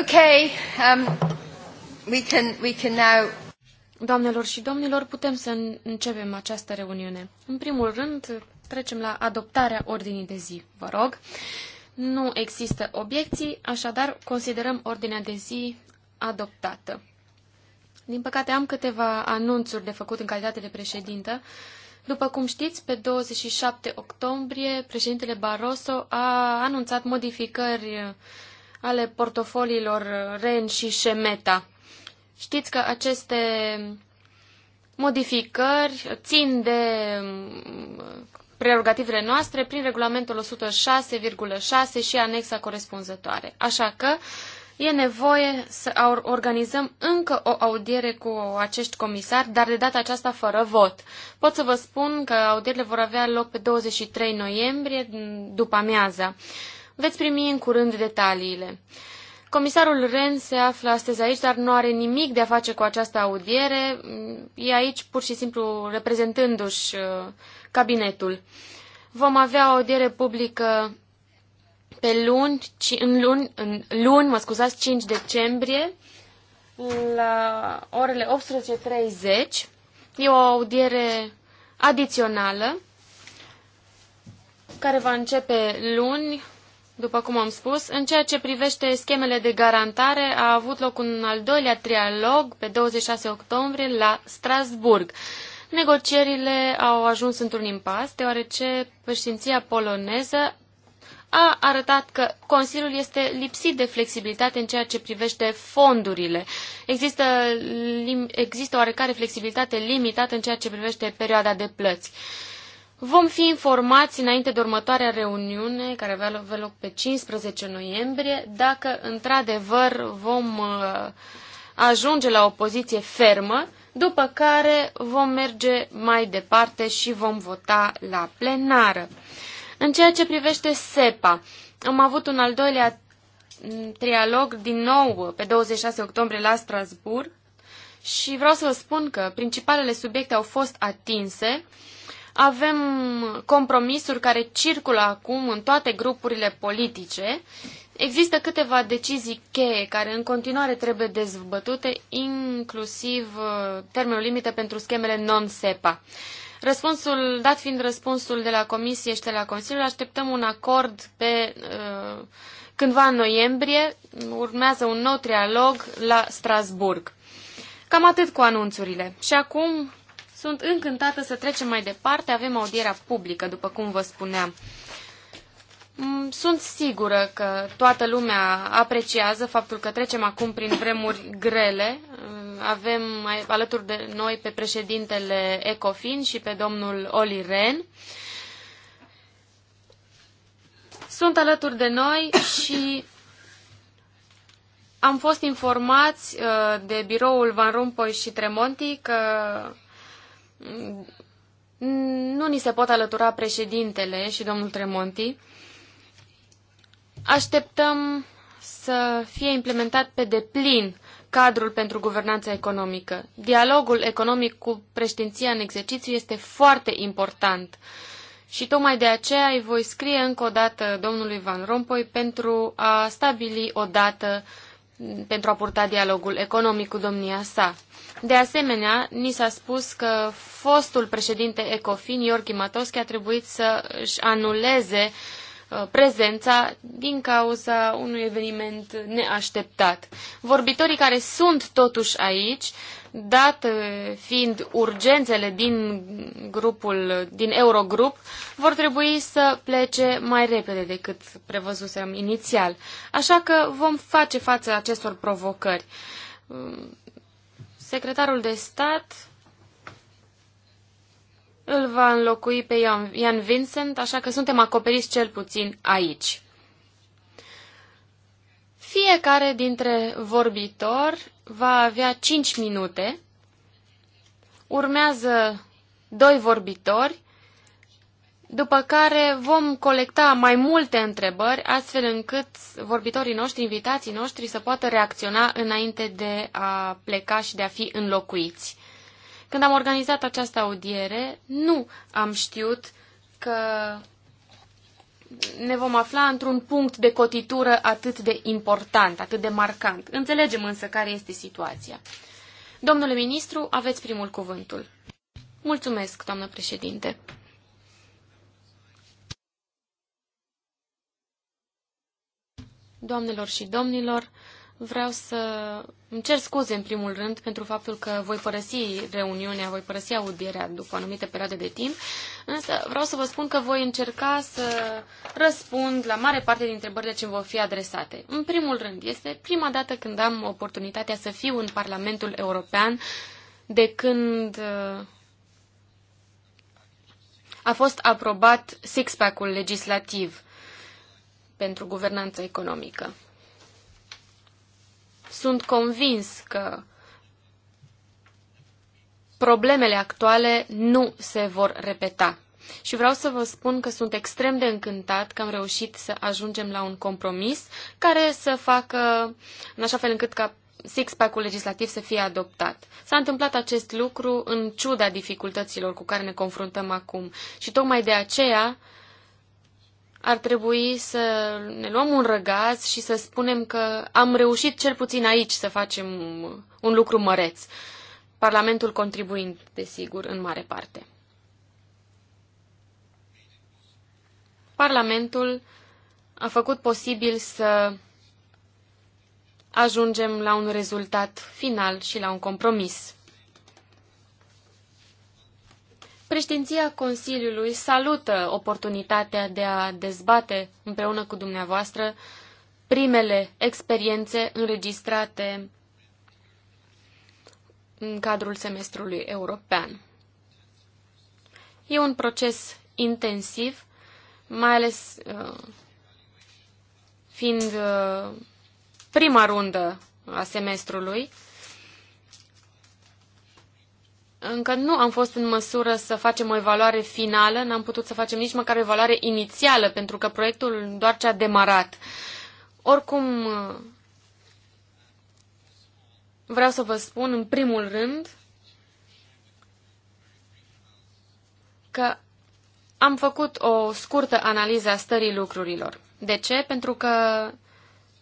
Okay, um, we can, we can now... Doamnelor și domnilor, putem să începem această reuniune. În primul rând, trecem la adoptarea ordinii de zi, vă rog. Nu există obiecții, așadar considerăm ordinea de zi adoptată. Din păcate am câteva anunțuri de făcut în calitate de președintă. După cum știți, pe 27 octombrie, președintele Barroso a anunțat modificări ale portofoliilor REN și Shemeta. Știți că aceste modificări țin de mm, prerogativele noastre prin regulamentul 106,6 și anexa corespunzătoare. Așa că e nevoie să organizăm încă o audiere cu acești comisari, dar de data aceasta fără vot. Pot să vă spun că audierile vor avea loc pe 23 noiembrie după amiaza. Veți primi în curând detaliile. Comisarul Ren se află astăzi aici, dar nu are nimic de a face cu această audiere. E aici pur și simplu reprezentându-și uh, cabinetul. Vom avea o audiere publică pe luni, în luni, în luni, mă scuzați, 5 decembrie, la orele 18.30. E o audiere adițională care va începe luni după cum am spus. În ceea ce privește schemele de garantare, a avut loc un al doilea trialog pe 26 octombrie la Strasburg. Negocierile au ajuns într-un impas, deoarece președinția poloneză a arătat că Consiliul este lipsit de flexibilitate în ceea ce privește fondurile. Există, există oarecare flexibilitate limitată în ceea ce privește perioada de plăți. Uh, Vom fi informați înainte de următoarea reuniune, care avea loc pe 15 noiembrie, dacă într-adevăr vom uh, ajunge la o poziție fermă, după care vom merge mai departe și vom vota la plenară. În ceea ce privește SEPA, am avut un al doilea mm, trialog din nou pe 26 octombrie la Strasburg și vreau să vă spun că principalele subiecte au fost atinse, avem compromisuri care circulă acum în toate grupurile politice. Există câteva decizii cheie care în continuare trebuie dezbătute, inclusiv uh, termenul limite pentru schemele non-SEPA. Răspunsul, dat fiind răspunsul de la Comisie și de la Consiliu, așteptăm un acord pe uh, cândva în noiembrie. Urmează un nou trialog la Strasburg. Cam atât cu anunțurile. Și acum sunt încântată să trecem mai departe. Avem audierea publică, după cum vă spuneam. Mm, sunt sigură că toată lumea apreciază faptul că trecem acum prin vremuri grele. Mm, avem alături de noi pe președintele Ecofin și pe domnul Oli Ren. Sunt alături de noi și am fost informați uh, de biroul Van Rompuy și Tremonti că nu ni se pot alătura președintele și domnul Tremonti. Așteptăm să fie implementat pe deplin cadrul pentru guvernanța economică. Dialogul economic cu președinția în exercițiu este foarte important. Și tocmai de aceea îi voi scrie încă o dată domnului Van Rompuy pentru a stabili o dată pentru a purta dialogul economic cu domnia sa. De asemenea, ni s-a spus că fostul președinte Ecofin, Iorghi Matoschi, a trebuit să își anuleze uh, prezența din cauza unui eveniment neașteptat. Vorbitorii care sunt totuși aici, dat uh, fiind urgențele din grupul, din Eurogrup, vor trebui să plece mai repede decât prevăzusem inițial. Așa că vom face față acestor provocări uh, Secretarul de stat îl va înlocui pe Ian Vincent, așa că suntem acoperiți cel puțin aici. Fiecare dintre vorbitor va avea 5 minute. Urmează doi vorbitori după care vom colecta mai multe întrebări, astfel încât vorbitorii noștri, invitații noștri, să poată reacționa înainte de a pleca și de a fi înlocuiți. Când am organizat această audiere, nu am știut că ne vom afla într-un punct de cotitură atât de important, atât de marcant. Înțelegem însă care este situația. Domnule ministru, aveți primul cuvântul. Mulțumesc, doamnă președinte. Doamnelor și domnilor, vreau să îmi cer scuze în primul rând pentru faptul că voi părăsi reuniunea, voi părăsi audierea după anumite perioade de timp, însă vreau să vă spun că voi încerca să răspund la mare parte din întrebările ce vor fi adresate. În primul rând, este prima dată când am oportunitatea să fiu în Parlamentul European de când uh, a fost aprobat six-pack-ul legislativ pentru guvernanță economică. Sunt convins că problemele actuale nu se vor repeta. Și vreau să vă spun că sunt extrem de încântat că am reușit să ajungem la un compromis care să facă în așa fel încât ca six-pack-ul legislativ să fie adoptat. S-a întâmplat acest lucru în ciuda dificultăților cu care ne confruntăm acum și tocmai de aceea ar trebui să ne luăm un răgaz și să spunem că am reușit cel puțin aici să facem un lucru măreț. Parlamentul contribuind, desigur, în mare parte. Parlamentul a făcut posibil să ajungem la un rezultat final și la un compromis. Președinția Consiliului salută oportunitatea de a dezbate împreună cu dumneavoastră primele experiențe înregistrate în cadrul semestrului european. E un proces intensiv, mai ales uh, fiind uh, prima rundă a semestrului, încă nu am fost în măsură să facem o evaluare finală, n-am putut să facem nici măcar o evaluare inițială, pentru că proiectul doar ce a demarat. Oricum, vreau să vă spun în primul rând că am făcut o scurtă analiză a stării lucrurilor. De ce? Pentru că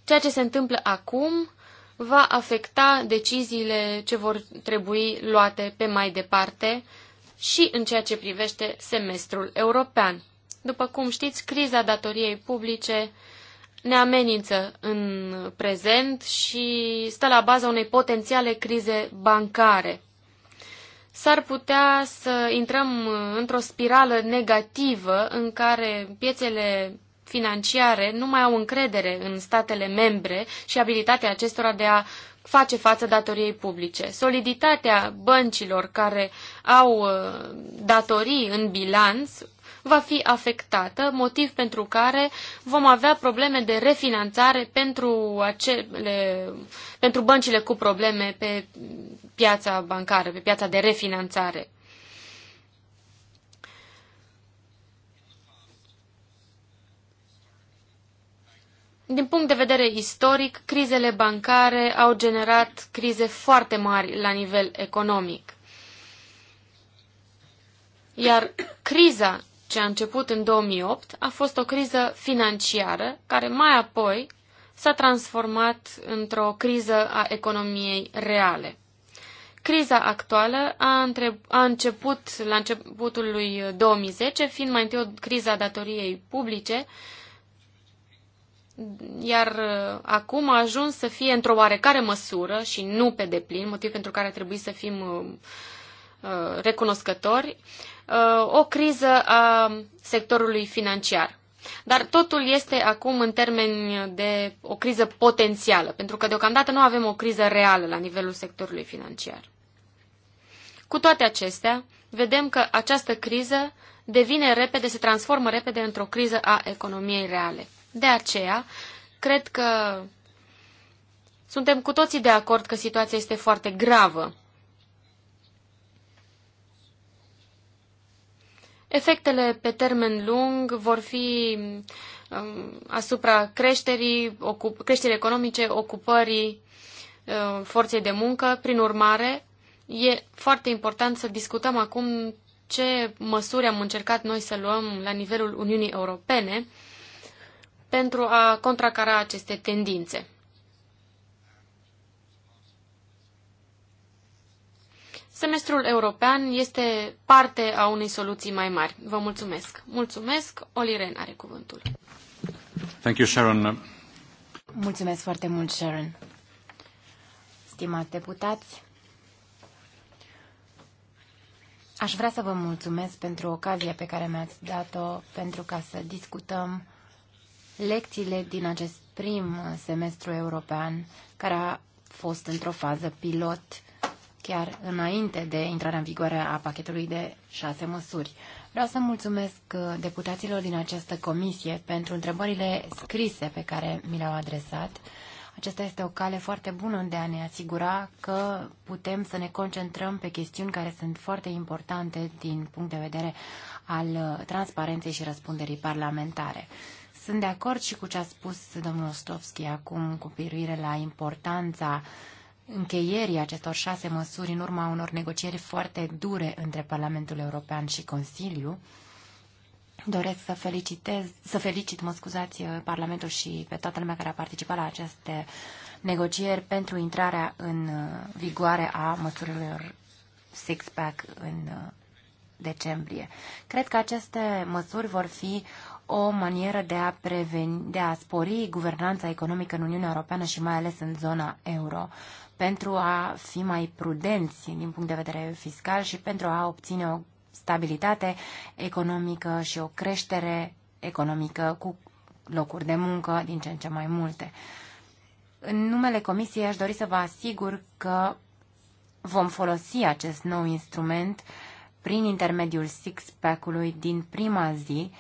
ceea ce se întâmplă acum va afecta deciziile ce vor trebui luate pe mai departe și în ceea ce privește semestrul european. După cum știți, criza datoriei publice ne amenință în prezent și stă la baza unei potențiale crize bancare. S-ar putea să intrăm într-o spirală negativă în care piețele financiare nu mai au încredere în statele membre și abilitatea acestora de a face față datoriei publice. Soliditatea băncilor care au uh, datorii în bilanț va fi afectată, motiv pentru care vom avea probleme de refinanțare pentru, acele, pentru băncile cu probleme pe piața bancară, pe piața de refinanțare. Din punct de vedere istoric, crizele bancare au generat crize foarte mari la nivel economic. Iar criza ce a început în 2008 a fost o criză financiară care mai apoi s-a transformat într-o criză a economiei reale. Criza actuală a, între, a început la începutul lui 2010, fiind mai întâi o criză a datoriei publice, iar uh, acum a ajuns să fie într-o oarecare măsură și nu pe deplin, motiv pentru care trebuie să fim uh, uh, recunoscători, o criză a sectorului financiar. Dar totul este acum în termeni de o criză potențială, pentru că deocamdată nu avem o criză reală la nivelul sectorului financiar. Cu toate acestea, vedem că această criză devine repede, se transformă repede într-o criză a economiei reale. De aceea, cred că suntem cu toții de acord că situația este foarte gravă. Efectele pe termen lung vor fi um, asupra creșterii, ocup, creșterii economice, ocupării uh, forței de muncă. Prin urmare, e foarte important să discutăm acum ce măsuri am încercat noi să luăm la nivelul Uniunii Europene pentru a contracara aceste tendințe. Semestrul european este parte a unei soluții mai mari. Vă mulțumesc. Mulțumesc. Oliren are cuvântul. Thank you, Sharon. Mulțumesc foarte mult, Sharon. Stimați deputați, aș vrea să vă mulțumesc pentru ocazia pe care mi-ați dat-o pentru ca să discutăm lecțiile din acest prim semestru european, care a fost într-o fază pilot chiar înainte de intrarea în vigoare a pachetului de șase măsuri. Vreau să mulțumesc deputaților din această comisie pentru întrebările scrise pe care mi le-au adresat. Aceasta este o cale foarte bună de a ne asigura că putem să ne concentrăm pe chestiuni care sunt foarte importante din punct de vedere al transparenței și răspunderii parlamentare. Sunt de acord și cu ce a spus domnul Ostovski acum cu privire la importanța încheierii acestor șase măsuri în urma unor negocieri foarte dure între Parlamentul European și Consiliu. Doresc să, felicitez, să felicit, mă scuzați, Parlamentul și pe toată lumea care a participat la aceste negocieri pentru intrarea în vigoare a măsurilor six-pack în uh, decembrie. Cred că aceste măsuri vor fi o manieră de a, preveni, de a spori guvernanța economică în Uniunea Europeană și mai ales în zona euro, pentru a fi mai prudenți din punct de vedere fiscal și pentru a obține o stabilitate economică și o creștere economică cu locuri de muncă din ce în ce mai multe. În numele Comisiei aș dori să vă asigur că vom folosi acest nou instrument prin intermediul six-pack-ului din prima zi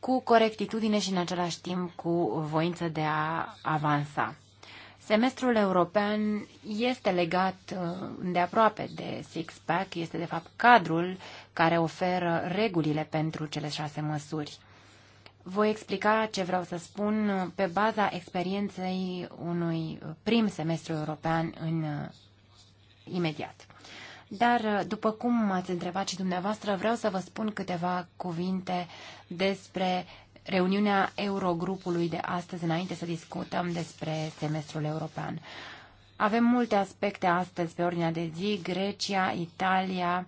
cu corectitudine și în același timp cu voință de a avansa. Semestrul european este legat uh, aproape de six-pack, este de fapt cadrul care oferă regulile pentru cele șase măsuri. Voi explica ce vreau să spun pe baza experienței unui prim semestru european în uh, imediat. Dar, uh, după cum m-ați întrebat și dumneavoastră, vreau să vă spun câteva cuvinte despre reuniunea Eurogrupului de astăzi, înainte să discutăm despre semestrul european. Avem multe aspecte astăzi pe ordinea de zi, Grecia, Italia,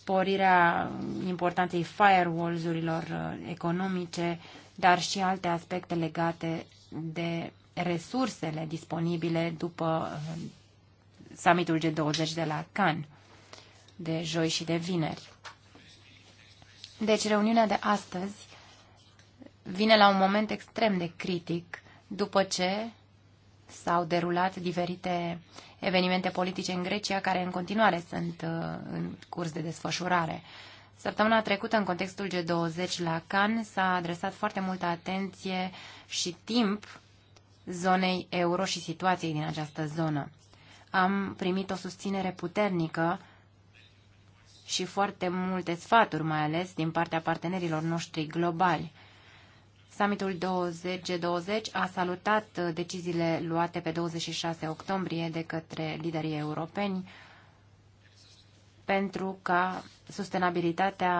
sporirea importanței firewalls-urilor uh, economice, dar și alte aspecte legate de resursele disponibile după uh, summitul G20 de la Cannes, de joi și de vineri. Deci reuniunea de astăzi vine la un moment extrem de critic după ce s-au derulat diferite evenimente politice în Grecia care în continuare sunt uh, în curs de desfășurare. Săptămâna trecută, în contextul G20 la Cannes, s-a adresat foarte multă atenție și timp zonei euro și situației din această zonă am primit o susținere puternică și foarte multe sfaturi, mai ales din partea partenerilor noștri globali. Summitul 2020 a salutat deciziile luate pe 26 octombrie de către liderii europeni pentru ca sustenabilitatea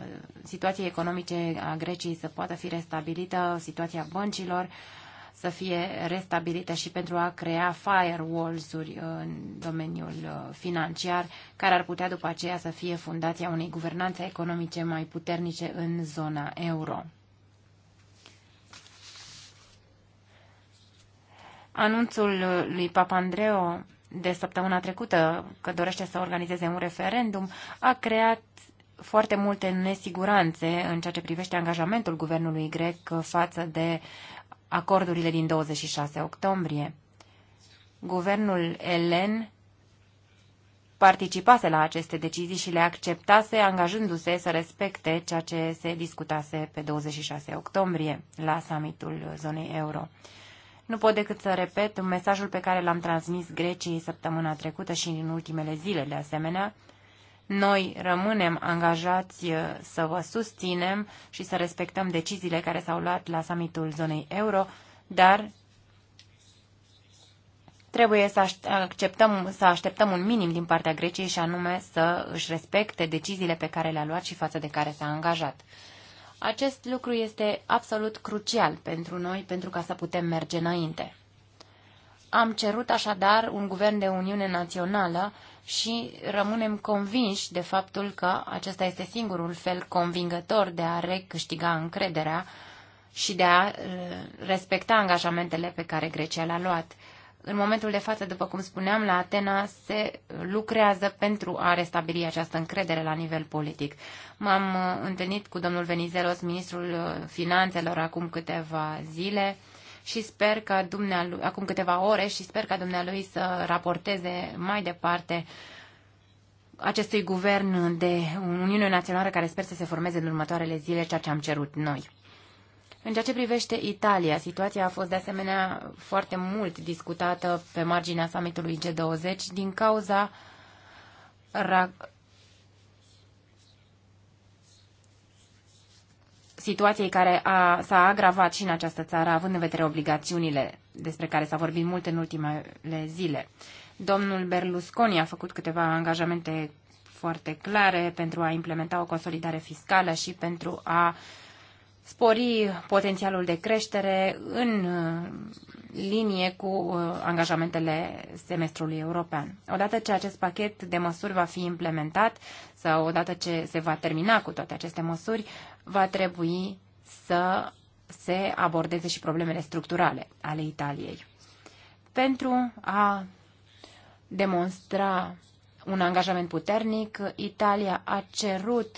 uh, situației economice a Greciei să poată fi restabilită, situația băncilor, să fie restabilită și pentru a crea firewalls-uri în domeniul uh, financiar, care ar putea după aceea să fie fundația unei guvernanțe economice mai puternice în zona euro. Anunțul lui Papandreou de săptămâna trecută că dorește să organizeze un referendum a creat foarte multe nesiguranțe în ceea ce privește angajamentul guvernului grec față de acordurile din 26 octombrie. Guvernul elen participase la aceste decizii și le acceptase, angajându-se să respecte ceea ce se discutase pe 26 octombrie la summitul zonei euro. Nu pot decât să repet mesajul pe care l-am transmis Greciei săptămâna trecută și în ultimele zile, de asemenea, noi rămânem angajați uh, să vă susținem și să respectăm deciziile care s-au luat la summitul zonei euro, dar trebuie să acceptăm, să așteptăm un minim din partea Greciei și anume să își respecte deciziile pe care le-a luat și față de care s-a angajat. Acest lucru este absolut crucial pentru noi pentru ca să putem merge înainte. Am cerut așadar un guvern de Uniune Națională și rămânem convinși de faptul că acesta este singurul fel convingător de a recâștiga încrederea și de a uh, respecta angajamentele pe care Grecia le-a luat. În momentul de față, după cum spuneam, la Atena se lucrează pentru a restabili această încredere la nivel politic. M-am uh, întâlnit cu domnul Venizelos, ministrul uh, finanțelor, acum câteva zile și sper că dumnealui, acum câteva ore, și sper ca dumnealui să raporteze mai departe acestui guvern de Uniune Națională care sper să se formeze în următoarele zile ceea ce am cerut noi. În ceea ce privește Italia, situația a fost de asemenea foarte mult discutată pe marginea summitului G20 din cauza situației care a, s-a agravat și în această țară, având în vedere obligațiunile despre care s-a vorbit mult în ultimele zile. Domnul Berlusconi a făcut câteva angajamente foarte clare pentru a implementa o consolidare fiscală și pentru a spori potențialul de creștere în uh, linie cu uh, angajamentele semestrului european. Odată ce acest pachet de măsuri va fi implementat sau odată ce se va termina cu toate aceste măsuri, va trebui să se abordeze și problemele structurale ale Italiei. Pentru a demonstra un angajament puternic, Italia a cerut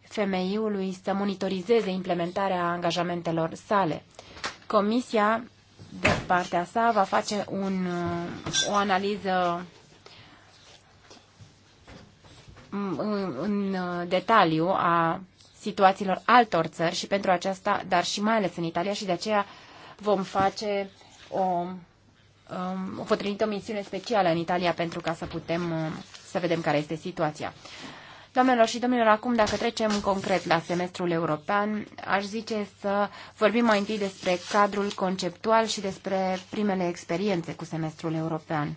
femeiului să monitorizeze implementarea angajamentelor sale. Comisia, de partea sa, va face un, o analiză mm, în, în detaliu a situațiilor altor țări și pentru aceasta, dar și mai ales în Italia și de aceea vom face o um, o o misiune specială în Italia pentru ca să putem um, să vedem care este situația. Doamnelor și domnilor, acum dacă trecem concret la semestrul european, aș zice să vorbim mai întâi despre cadrul conceptual și despre primele experiențe cu semestrul european.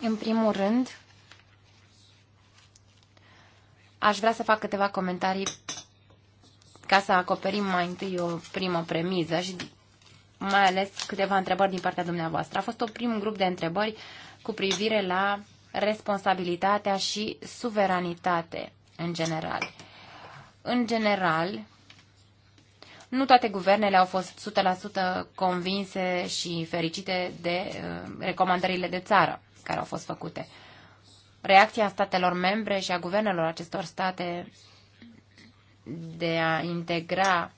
În primul rând, Aș vrea să fac câteva comentarii ca să acoperim mai întâi o primă premiză și mai ales câteva întrebări din partea dumneavoastră. A fost un prim grup de întrebări cu privire la responsabilitatea și suveranitate în general. În general, nu toate guvernele au fost 100% convinse și fericite de uh, recomandările de țară care au fost făcute reacția statelor membre și a guvernelor acestor state de a integra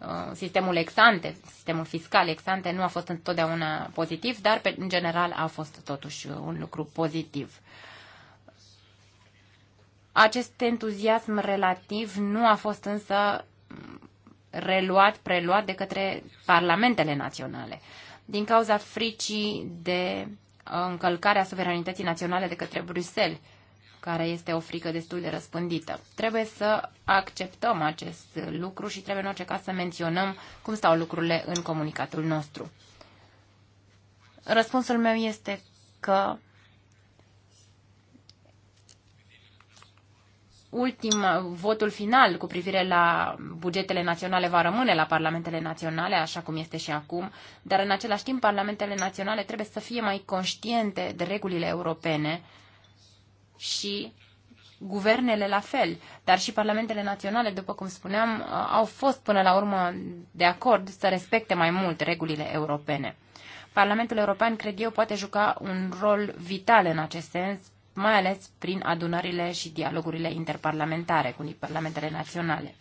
uh, sistemul exante, sistemul fiscal exante nu a fost întotdeauna pozitiv, dar pe, în general a fost totuși un lucru pozitiv. Acest entuziasm relativ nu a fost însă reluat, preluat de către parlamentele naționale, din cauza fricii de încălcarea suveranității naționale de către Bruxelles, care este o frică destul de răspândită. Trebuie să acceptăm acest lucru și trebuie în orice caz să menționăm cum stau lucrurile în comunicatul nostru. Răspunsul meu este că ultim uh, votul final cu privire la bugetele naționale va rămâne la parlamentele naționale, așa cum este și acum, dar în același timp parlamentele naționale trebuie să fie mai conștiente de regulile europene și guvernele la fel, dar și parlamentele naționale, după cum spuneam, uh, au fost până la urmă de acord să respecte mai mult regulile europene. Parlamentul European, cred eu, poate juca un rol vital în acest sens mai ales prin adunările și dialogurile interparlamentare cu parlamentele naționale.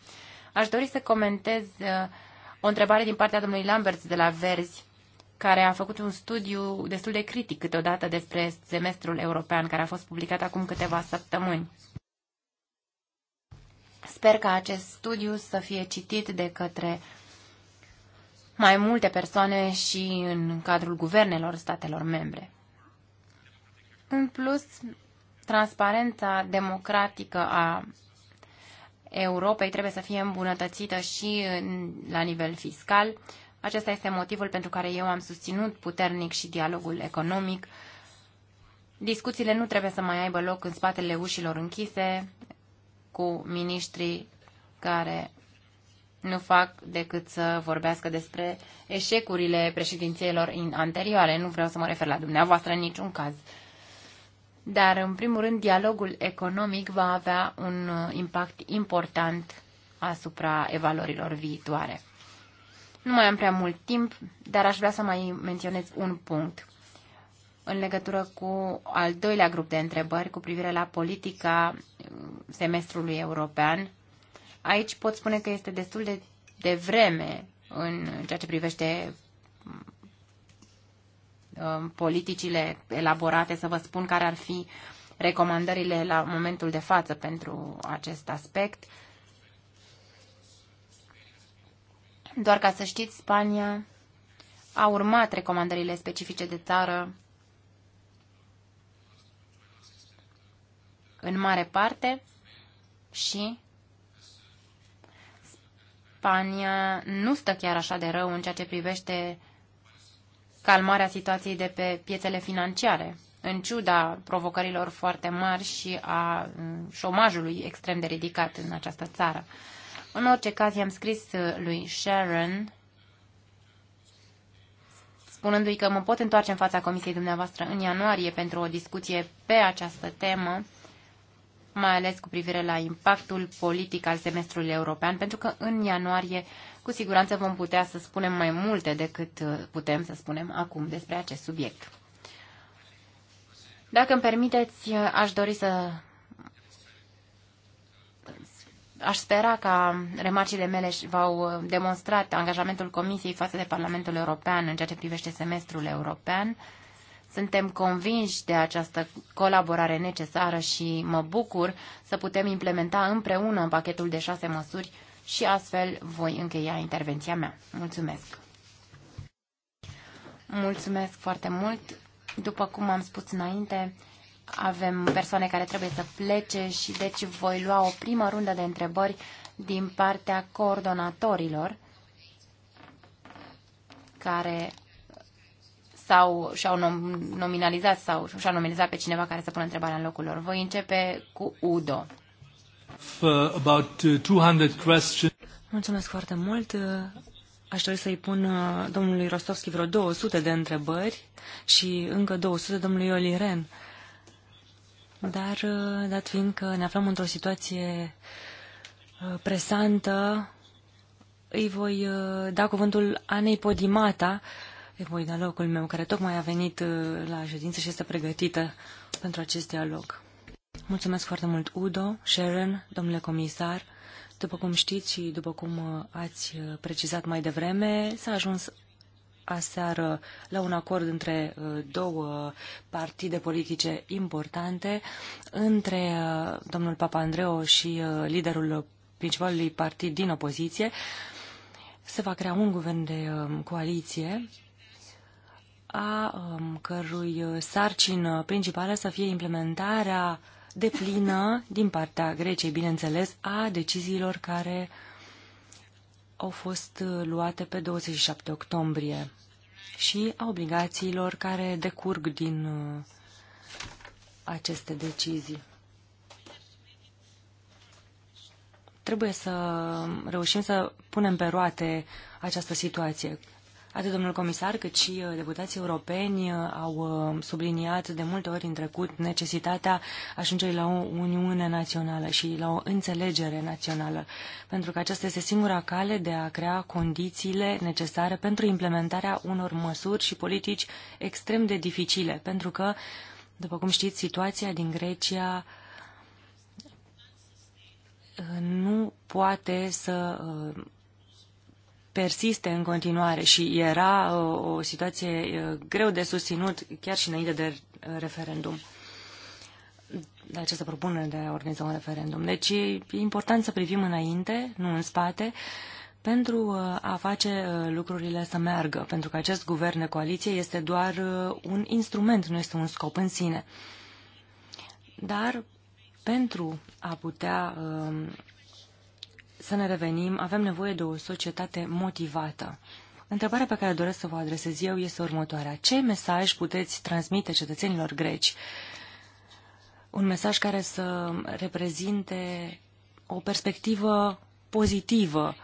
Aș dori să comentez uh, o întrebare din partea domnului Lamberts de la Verzi, care a făcut un studiu destul de critic câteodată despre semestrul european, care a fost publicat acum câteva săptămâni. Sper ca acest studiu să fie citit de către mai multe persoane și în cadrul guvernelor statelor membre. În plus, transparența democratică a Europei trebuie să fie îmbunătățită și în, la nivel fiscal. Acesta este motivul pentru care eu am susținut puternic și dialogul economic. Discuțiile nu trebuie să mai aibă loc în spatele ușilor închise cu miniștrii care nu fac decât să vorbească despre eșecurile președințiilor anterioare. Nu vreau să mă refer la dumneavoastră în niciun caz. Dar, în primul rând, dialogul economic va avea un uh, impact important asupra evaluărilor viitoare. Nu mai am prea mult timp, dar aș vrea să mai menționez un punct în legătură cu al doilea grup de întrebări cu privire la politica uh, semestrului european. Aici pot spune că este destul de, de vreme în ceea ce privește Um, politicile elaborate, să vă spun care ar fi recomandările la momentul de față pentru acest aspect. Doar ca să știți, Spania a urmat recomandările specifice de țară în mare parte și Spania nu stă chiar așa de rău în ceea ce privește calmarea situației de pe piețele financiare, în ciuda provocărilor foarte mari și a mm, șomajului extrem de ridicat în această țară. În orice caz, i-am scris uh, lui Sharon spunându-i că mă pot întoarce în fața comisiei dumneavoastră în ianuarie pentru o discuție pe această temă, mai ales cu privire la impactul politic al semestrului european, pentru că în ianuarie cu siguranță vom putea să spunem mai multe decât uh, putem să spunem acum despre acest subiect. Dacă îmi permiteți, uh, aș dori să aș spera ca remarcile mele v-au uh, demonstrat angajamentul Comisiei față de Parlamentul European în ceea ce privește semestrul european. Suntem convinși de această colaborare necesară și mă bucur să putem implementa împreună în pachetul de șase măsuri și astfel voi încheia intervenția mea. Mulțumesc! Mulțumesc foarte mult! După cum am spus înainte, avem persoane care trebuie să plece și deci voi lua o primă rundă de întrebări din partea coordonatorilor care sau și-au nominalizat sau și-au nominalizat pe cineva care să pună întrebarea în locul lor. Voi începe cu Udo. 200 uh, Mulțumesc foarte mult. Uh, aș dori să-i pun uh, domnului Rostovski vreo 200 de întrebări și încă 200 domnului Oliren. Dar, dat fiind că ne aflăm într-o situație presantă, îi voi da cuvântul Anei Podimata, îi voi da locul meu, care tocmai a venit la ședință și este pregătită pentru acest dialog. Mulțumesc foarte mult, Udo, Sharon, domnule comisar. După cum știți și după cum uh, ați uh, precizat mai devreme, s-a ajuns aseară la un acord între uh, două partide politice importante, între domnul Papa Andreu și liderul principalului partid din opoziție. Se va crea un guvern de coaliție a um, cărui sarcină principală să fie implementarea deplină din partea Greciei, bineînțeles, a deciziilor care au fost luate pe 27 octombrie și a obligațiilor care decurg din uh, aceste decizii. Trebuie să reușim să punem pe roate această situație. Atât domnul comisar cât și uh, deputații europeni uh, au uh, subliniat de multe ori în trecut necesitatea ajungerii la o uniune națională și la o înțelegere națională, pentru că aceasta este singura cale de a crea condițiile necesare pentru implementarea unor măsuri și politici extrem de dificile, pentru că, după cum știți, situația din Grecia nu poate să persiste în continuare și era o, uh, o situație uh, greu de susținut chiar și înainte de referendum de această propunere de a organiza un referendum. Deci e important să privim înainte, nu în spate, pentru uh, a face lucrurile să meargă, pentru că acest guvern de coaliție este doar un instrument, nu este un scop în sine. Dar pentru a putea să ne revenim, avem nevoie de o societate motivată. Întrebarea pe care doresc să vă adresez eu este următoarea. Ce mesaj puteți transmite cetățenilor greci? Un mesaj care să reprezinte o perspectivă pozitivă.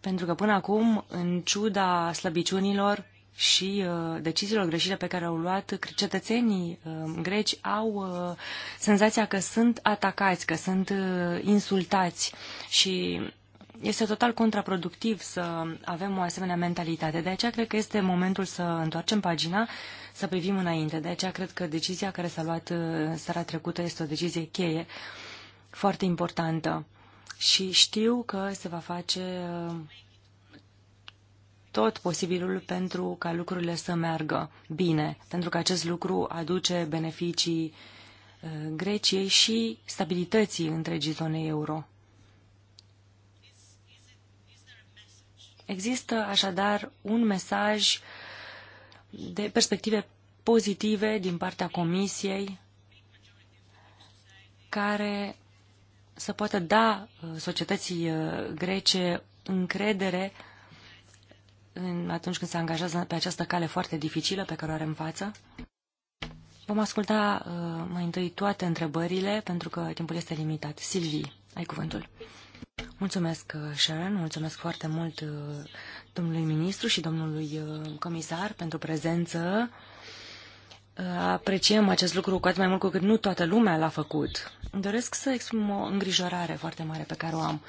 Pentru că până acum, în ciuda slăbiciunilor, și uh, deciziilor greșite pe care au luat cetățenii uh, greci au uh, senzația că sunt atacați, că sunt uh, insultați și este total contraproductiv să avem o asemenea mentalitate. De aceea cred că este momentul să întoarcem pagina, să privim înainte. De aceea cred că decizia care s-a luat uh, seara trecută este o decizie cheie, foarte importantă. Și știu că se va face uh, tot posibilul pentru ca lucrurile să meargă bine, pentru că acest lucru aduce beneficii uh, Greciei și stabilității întregii zone euro. Există așadar un mesaj de perspective pozitive din partea Comisiei care să poată da uh, societății uh, grece încredere în, atunci când se angajează pe această cale foarte dificilă pe care o are în față? Vom asculta uh, mai întâi toate întrebările, pentru că timpul este limitat. Silvii, ai cuvântul. Mulțumesc, uh, Sharon, mulțumesc foarte mult uh, domnului ministru și domnului uh, comisar pentru prezență. Uh, apreciem acest lucru cu atât mai mult cu cât nu toată lumea l-a făcut. Doresc să exprim o îngrijorare foarte mare pe care o am. Uh,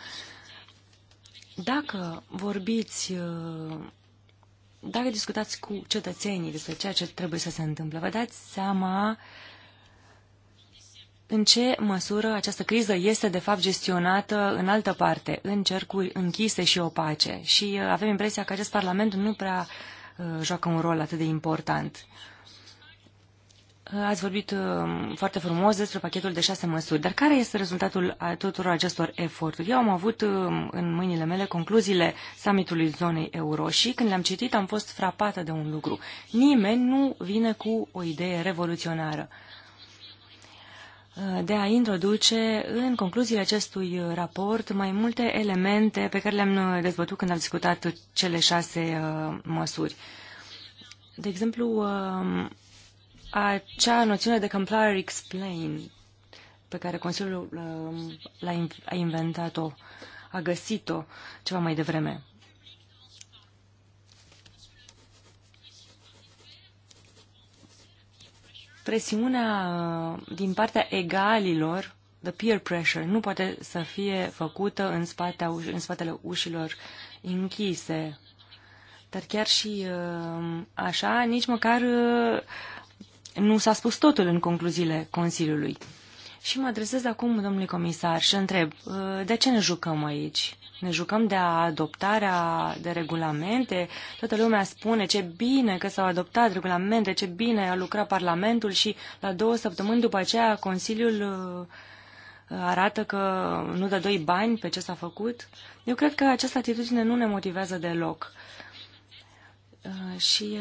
dacă vorbiți, uh, dacă discutați cu cetățenii despre ceea ce trebuie să se întâmple, vă dați seama în ce măsură această criză este de fapt gestionată în altă parte, în cercuri închise și opace. Și uh, avem impresia că acest Parlament nu prea uh, joacă un rol atât de important. Ați vorbit uh, foarte frumos despre pachetul de șase măsuri, dar care este rezultatul a tuturor acestor eforturi? Eu am avut uh, în mâinile mele concluziile summitului zonei euro și când le-am citit am fost frapată de un lucru. Nimeni nu vine cu o idee revoluționară uh, de a introduce în concluziile acestui raport mai multe elemente pe care le-am dezbătut când am discutat cele șase măsuri. De exemplu, acea noțiune de Complar Explain pe care Consiliul um, l-a, a inventat-o, a găsit-o ceva mai devreme. Presiunea uh, din partea egalilor, the peer pressure, nu poate să fie făcută în, spatea, în spatele ușilor închise. Dar chiar și uh, așa, nici măcar uh, nu s-a spus totul în concluziile Consiliului. Și mă adresez acum, domnului comisar, și întreb, uh, de ce ne jucăm aici? Ne jucăm de adoptarea de regulamente? Toată lumea spune ce bine că s-au adoptat regulamente, ce bine a lucrat Parlamentul și la două săptămâni după aceea Consiliul uh, arată că nu dă doi bani pe ce s-a făcut. Eu cred că această atitudine nu ne motivează deloc. Uh, și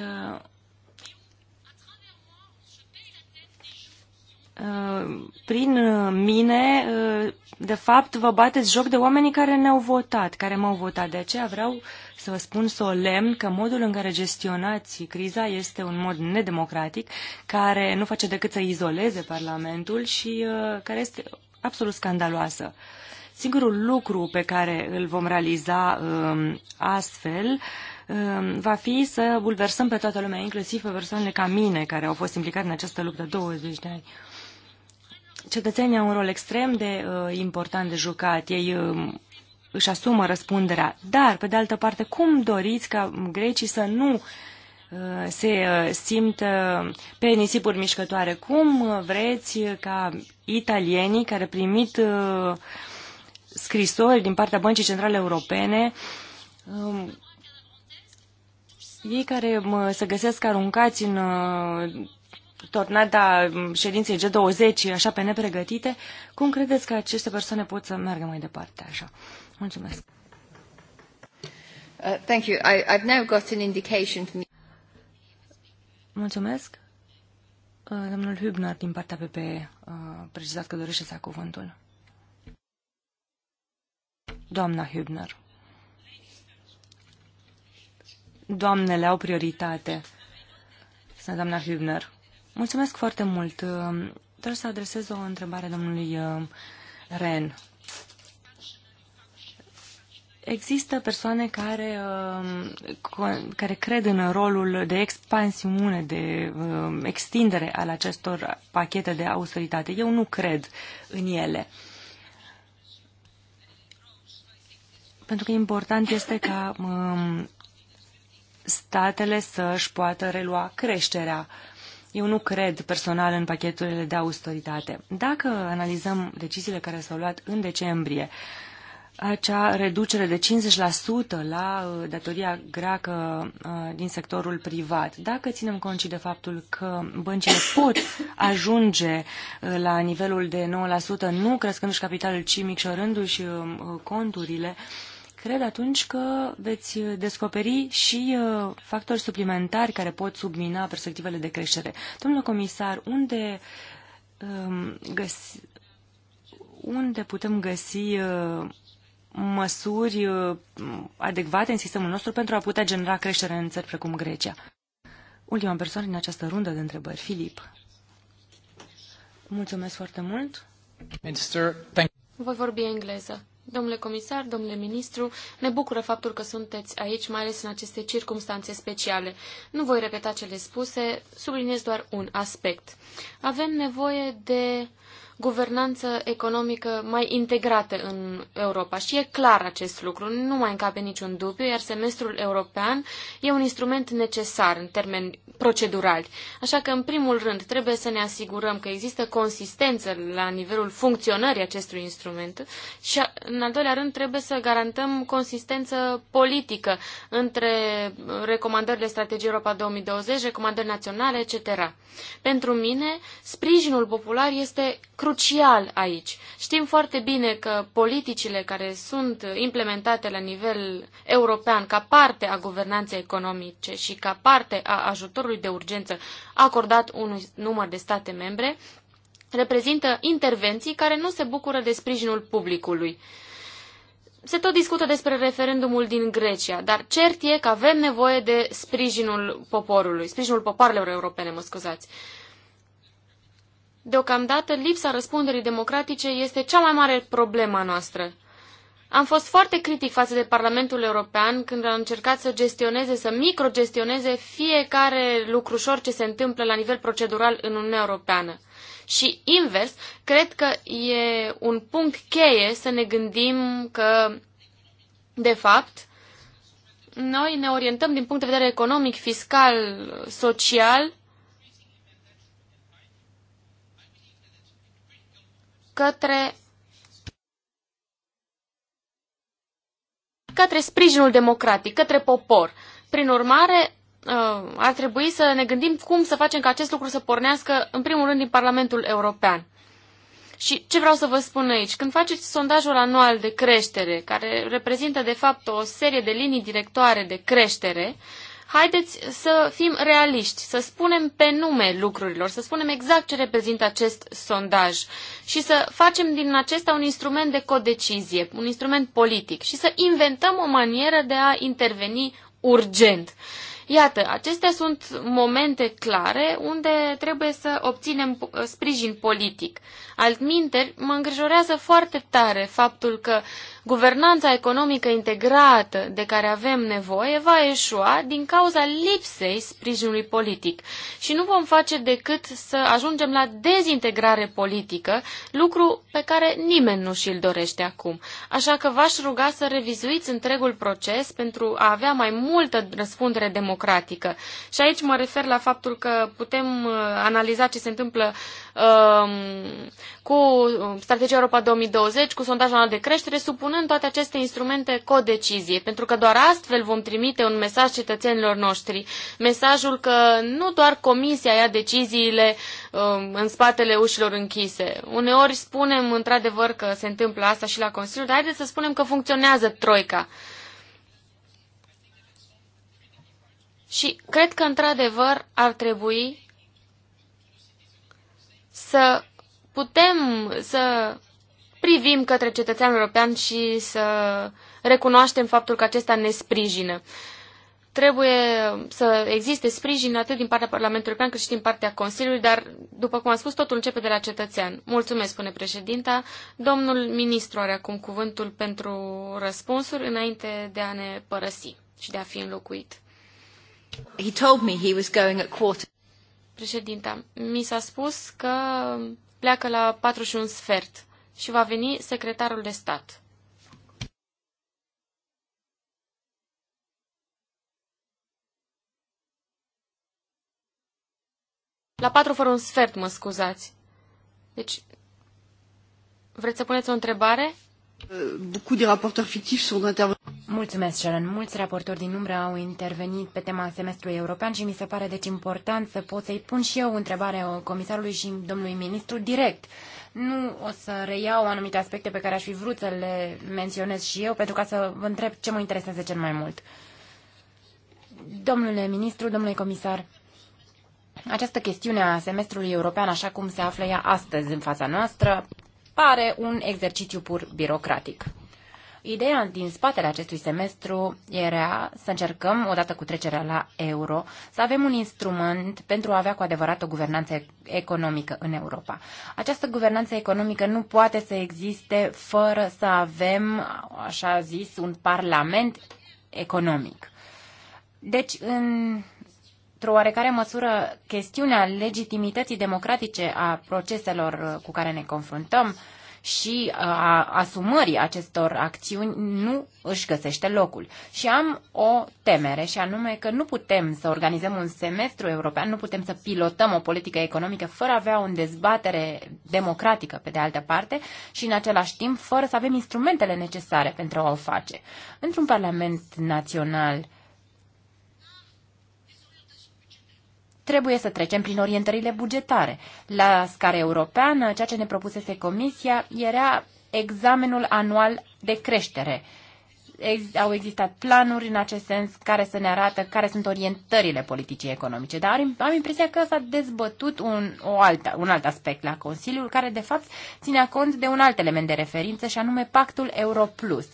Uh, prin uh, mine, uh, de fapt, vă bateți joc de oamenii care ne-au votat, care m-au votat. De aceea vreau să vă spun solemn că modul în care gestionați criza este un mod nedemocratic, care nu face decât să izoleze Parlamentul și care este absolut scandaloasă. Singurul lucru pe care îl vom realiza um, astfel um, va fi să bulversăm pe toată lumea, inclusiv pe persoanele ca mine, care au fost implicate în această luptă 20 de ani cetățenii au un rol extrem de uh, important de jucat. Ei uh, își asumă răspunderea. Dar, pe de altă parte, cum doriți ca grecii să nu uh, se uh, simt pe nisipuri mișcătoare? Cum uh, vreți ca italienii care primit scrisori din partea Băncii Centrale Europene um, ei care se găsesc aruncați în tornada ședinței G20, așa pe nepregătite, cum credeți că aceste persoane pot să meargă mai departe așa? Mulțumesc. Uh, thank you. I, I've now got an indication from... Mulțumesc. Uh, domnul Hübner, din partea PP, a uh, precizat că dorește să cuvântul. Doamna Hübner. Doamnele au prioritate. Sunt doamna Hübner. Mulțumesc foarte mult. Trebuie să adresez o întrebare domnului uh, Ren. Există persoane care, uh, care cred în rolul de expansiune, de uh, extindere al acestor pachete de austeritate. Eu nu cred în ele. Pentru că important este ca um, statele să-și poată relua creșterea. Uh, eu nu cred personal în pacheturile de austeritate. Dacă analizăm deciziile care s-au luat în decembrie, acea reducere de 50% la uh, datoria greacă uh, din sectorul privat. Dacă ținem cont și de faptul că băncile pot ajunge uh, la nivelul de 9%, nu crescându-și capitalul, ci micșorându-și conturile, Cred atunci că veți uh, descoperi și uh, factori suplimentari care pot submina perspectivele de creștere. Domnule comisar, unde, um, găs, unde putem găsi uh, măsuri adecvate în sistemul nostru pentru a putea genera creștere în țări precum Grecia? Ultima persoană din această rundă de întrebări, Filip. Mulțumesc foarte mult. Minister, thank Voi vorbi engleză. Domnule comisar, domnule ministru, ne bucură faptul că sunteți aici, mai ales în aceste circumstanțe speciale. Nu voi repeta cele spuse, subliniez doar un aspect. Avem nevoie de guvernanță economică mai integrată în Europa. Și e clar acest lucru, nu mai încape niciun dubiu, iar semestrul european e un instrument necesar în termeni procedurali. Așa că, în primul rând, trebuie să ne asigurăm că există consistență la nivelul funcționării acestui instrument și, în al doilea rând, trebuie să garantăm consistență politică între recomandările strategiei Europa 2020, recomandări naționale, etc. Pentru mine, sprijinul popular este crucial aici. Știm foarte bine că politicile care sunt implementate la nivel european ca parte a guvernanței economice și ca parte a ajutorului de urgență acordat unui număr de state membre reprezintă intervenții care nu se bucură de sprijinul publicului. Se tot discută despre referendumul din Grecia, dar cert e că avem nevoie de sprijinul poporului, sprijinul popoarelor europene, mă scuzați. Uh, Deocamdată, lipsa răspunderii democratice este cea mai mare problemă a noastră. Am fost foarte critic față de Parlamentul European când a încercat să gestioneze, să microgestioneze fiecare lucrușor ce se întâmplă la nivel procedural în Uniunea Europeană. Și invers, cred că e un punct cheie să ne gândim că, de fapt, noi ne orientăm din punct de vedere economic, fiscal, social către către sprijinul democratic, către popor. Prin urmare, uh, ar trebui să ne gândim cum să facem ca acest lucru să pornească, în primul rând, din Parlamentul European. Și ce vreau să vă spun aici? Când faceți sondajul anual de creștere, care reprezintă, de fapt, o serie de linii directoare de creștere, uh, Haideți să fim realiști, să spunem pe nume lucrurilor, să spunem exact ce reprezintă acest sondaj și să facem din acesta un instrument de codecizie, un instrument politic și să inventăm o manieră de a interveni urgent. Iată, acestea sunt momente clare unde trebuie să obținem sprijin politic. Altminteri, mă îngrijorează foarte tare faptul că Guvernanța economică integrată de care avem nevoie va eșua din cauza lipsei sprijinului politic și nu vom face decât să ajungem la dezintegrare politică, lucru pe care nimeni nu și-l dorește acum. Așa că v-aș ruga să revizuiți întregul proces pentru a avea mai multă răspundere democratică. Și aici mă refer la faptul că putem uh, analiza ce se întâmplă um, cu uh, strategia Europa 2020, cu sondajul anual de creștere, supun coordonăm toate aceste instrumente codecizie, pentru că doar astfel vom trimite un mesaj cetățenilor noștri, mesajul că nu doar comisia ia deciziile um, în spatele ușilor închise. Uneori spunem într-adevăr că se întâmplă asta și la Consiliu, dar haideți să spunem că funcționează troica. Și cred că într-adevăr ar trebui să putem să privim către cetățeanul european și să recunoaștem faptul că acesta ne sprijină. Trebuie să existe sprijin atât din partea Parlamentului European cât și din partea Consiliului, dar, după cum am spus, totul începe de la cetățean. Mulțumesc, spune președinta. Domnul ministru are acum cuvântul pentru răspunsuri înainte de a ne părăsi și de a fi înlocuit. He told me he was going at quarter. Președinta, mi s-a spus că pleacă la 41 sfert și va veni secretarul de stat. La patru fără un sfert, mă scuzați. Deci, vreți să puneți o întrebare? Euh, beaucoup de raportori fictivi Mulțumesc, Sharon. Mulți raportori din umbră au intervenit pe tema semestrului european și mi se pare deci important să pot să-i pun și eu întrebare comisarului și domnului ministru direct. Nu o să reiau anumite aspecte pe care aș fi vrut să le menționez și eu, pentru ca să vă întreb ce mă interesează cel mai mult. Domnule ministru, domnule comisar, această chestiune a semestrului european, așa cum se află ea astăzi în fața noastră, pare un exercițiu pur birocratic. Ideea din spatele acestui semestru era să încercăm, odată cu trecerea la euro, să avem un instrument pentru a avea cu adevărat o guvernanță economică în Europa. Această guvernanță economică nu poate să existe fără să avem, așa zis, un parlament economic. Deci, în într-o oarecare măsură, chestiunea legitimității democratice a proceselor uh, cu care ne confruntăm și uh, a asumării acestor acțiuni nu își găsește locul. Și am o temere și anume că nu putem să organizăm un semestru european, nu putem să pilotăm o politică economică fără a avea o dezbatere democratică pe de altă parte și în același timp fără să avem instrumentele necesare pentru a o face. Într-un parlament național trebuie să trecem prin orientările bugetare. La scară europeană, ceea ce ne propusese Comisia era examenul anual de creștere. Ex- au existat planuri în acest sens care să ne arată care sunt orientările politicii economice, dar am impresia că s-a dezbătut un, o altă, un alt aspect la Consiliul, care de fapt ținea cont de un alt element de referință și anume Pactul Euro Plus.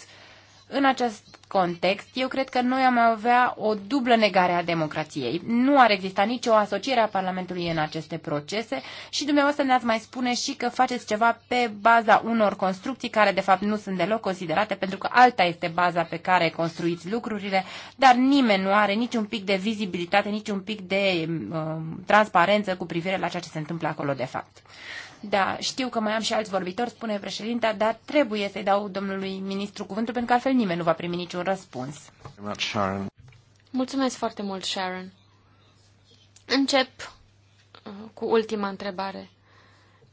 În acest context, eu cred că noi am avea o dublă negare a democrației. Nu ar exista nicio asociere a Parlamentului în aceste procese și dumneavoastră ne-ați mai spune și că faceți ceva pe baza unor construcții care de fapt nu sunt deloc considerate pentru că alta este baza pe care construiți lucrurile, dar nimeni nu are niciun pic de vizibilitate, niciun pic de uh, transparență cu privire la ceea ce se întâmplă acolo de fapt. Da, știu că mai am și alți vorbitori, spune președinta, dar trebuie să-i dau domnului ministru cuvântul, pentru că altfel nimeni nu va primi niciun răspuns. Mulțumesc foarte mult, Sharon. Încep uh, cu ultima întrebare.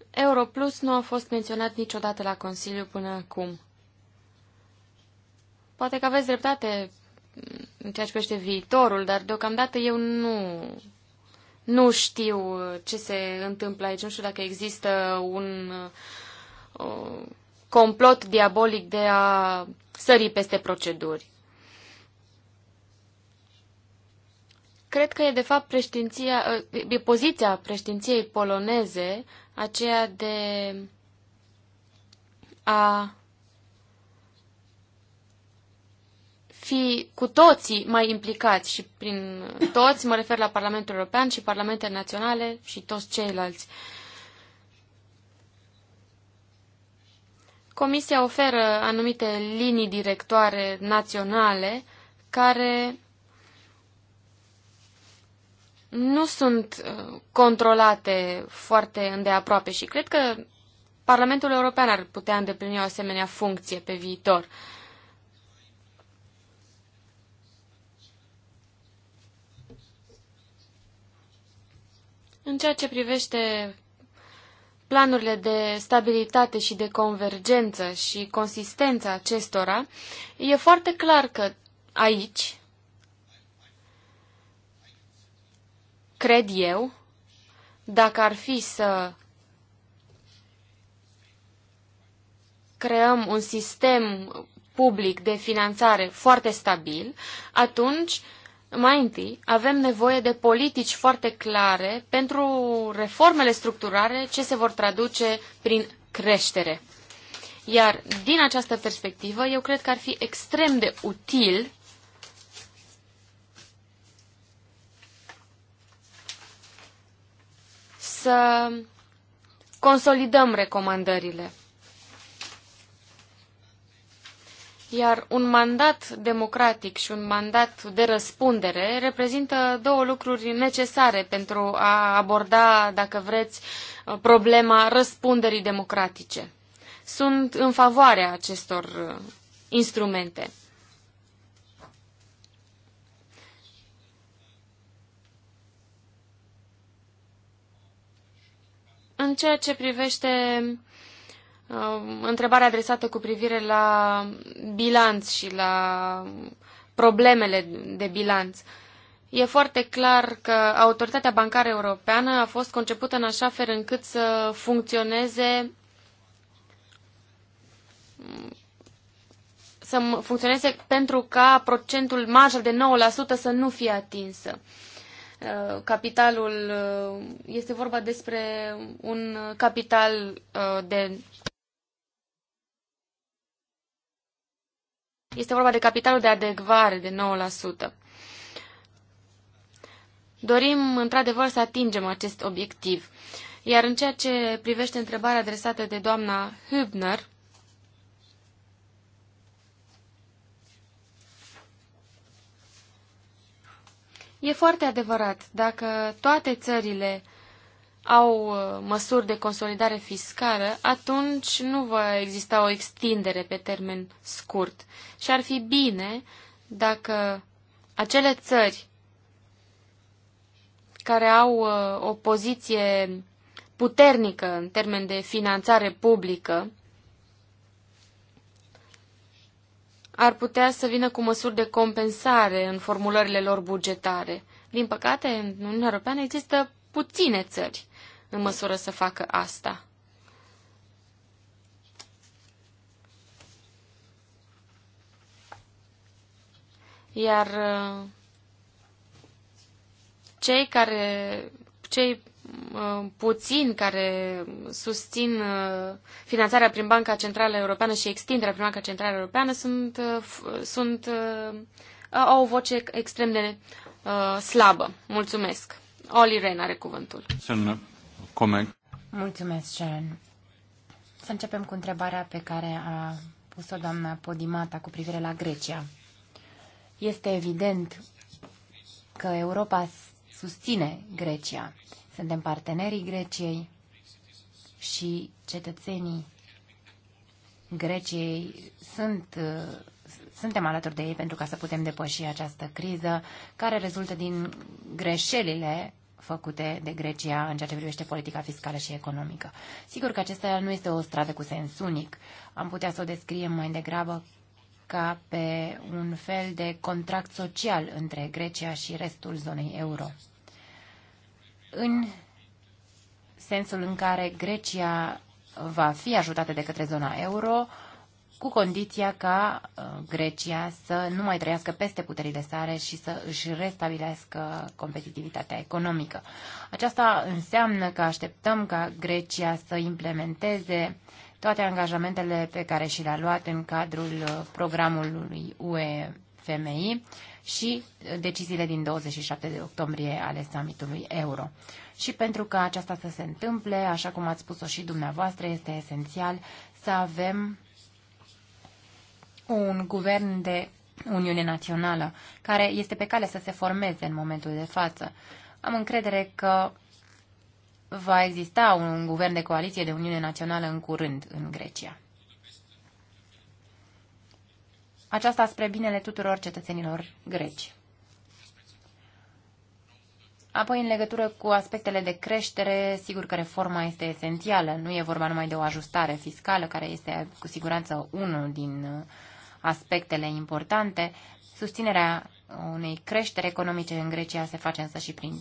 Europlus nu a fost menționat niciodată la Consiliu până acum. Poate că aveți dreptate mm, în ceea ce privește viitorul, dar deocamdată eu nu nu știu uh, ce se întâmplă aici, nu știu dacă există un uh, complot diabolic de a sări peste proceduri. Cred că e de fapt preștinția, uh, e poziția preștinției poloneze aceea de a fi cu toții mai implicați și prin toți mă refer la Parlamentul European și Parlamentele Naționale și toți ceilalți. Comisia oferă anumite linii directoare naționale care nu sunt uh, controlate foarte îndeaproape și cred că Parlamentul European ar putea îndeplini o asemenea funcție pe viitor. În ceea ce privește planurile de stabilitate și de convergență și consistența acestora, e foarte clar că aici, cred eu, dacă ar fi să creăm un sistem public de finanțare foarte stabil, atunci uh, mai întâi, avem nevoie de politici foarte clare pentru reformele structurale ce se vor traduce prin creștere. Iar din această perspectivă, eu cred că ar fi extrem de util să consolidăm recomandările. Iar un mandat democratic și un mandat de răspundere reprezintă două lucruri necesare pentru a aborda, dacă vreți, problema răspunderii democratice. Sunt în favoarea acestor uh, instrumente. În ceea ce privește Um, întrebarea adresată cu privire la bilanț și la problemele de bilanț. E foarte clar că autoritatea bancară europeană a fost concepută în așa fel încât să funcționeze să funcționeze pentru ca procentul major de 9% să nu fie atinsă. Uh, capitalul uh, este vorba despre un capital uh, de Este vorba de capitalul de adecvare de 9%. Dorim, într-adevăr, să atingem acest obiectiv. Iar în ceea ce privește întrebarea adresată de doamna Hübner, E foarte adevărat, dacă toate țările au uh, măsuri de consolidare fiscală, atunci nu va exista o extindere pe termen scurt. Și ar fi bine dacă acele țări care au uh, o poziție puternică în termen de finanțare publică ar putea să vină cu măsuri de compensare în formulările lor bugetare. Din păcate, în Uniunea Europeană există puține țări în măsură să facă asta. Iar uh, cei care cei uh, puțini care susțin uh, finanțarea prin Banca Centrală Europeană și extinderea prin Banca Centrală Europeană sunt, sunt, au o voce extrem de slabă. Mulțumesc. Oli Ren are cuvântul. Semnă comment. Mulțumesc, Sharon. Să începem cu întrebarea pe care a pus-o doamna Podimata cu privire la Grecia. Este evident că Europa susține Grecia. Suntem partenerii Greciei și cetățenii Greciei sunt, suntem alături de ei pentru ca să putem depăși această criză care rezultă din greșelile făcute de Grecia în ceea ce privește politica fiscală și economică. Sigur că acesta nu este o stradă cu sens unic. Am putea să o descriem mai degrabă ca pe un fel de contract social între Grecia și restul zonei euro. În sensul în care Grecia va fi ajutată de către zona euro, cu condiția ca uh, Grecia să nu mai trăiască peste puterile sale și să își restabilească competitivitatea economică. Aceasta înseamnă că așteptăm ca Grecia să implementeze toate angajamentele pe care și le-a luat în cadrul uh, programului UE fmi și uh, deciziile din 27 de octombrie ale summitului euro. Și pentru ca aceasta să se întâmple, așa cum ați spus-o și dumneavoastră, este esențial să avem un guvern de Uniune Națională, care este pe cale să se formeze în momentul de față. Am încredere că va exista un guvern de coaliție de Uniune Națională în curând în Grecia. Aceasta spre binele tuturor cetățenilor greci. Apoi, în legătură cu aspectele de creștere, sigur că reforma este esențială. Nu e vorba numai de o ajustare fiscală, care este cu siguranță unul din uh, aspectele importante. Susținerea unei creșteri economice în Grecia se face însă și prin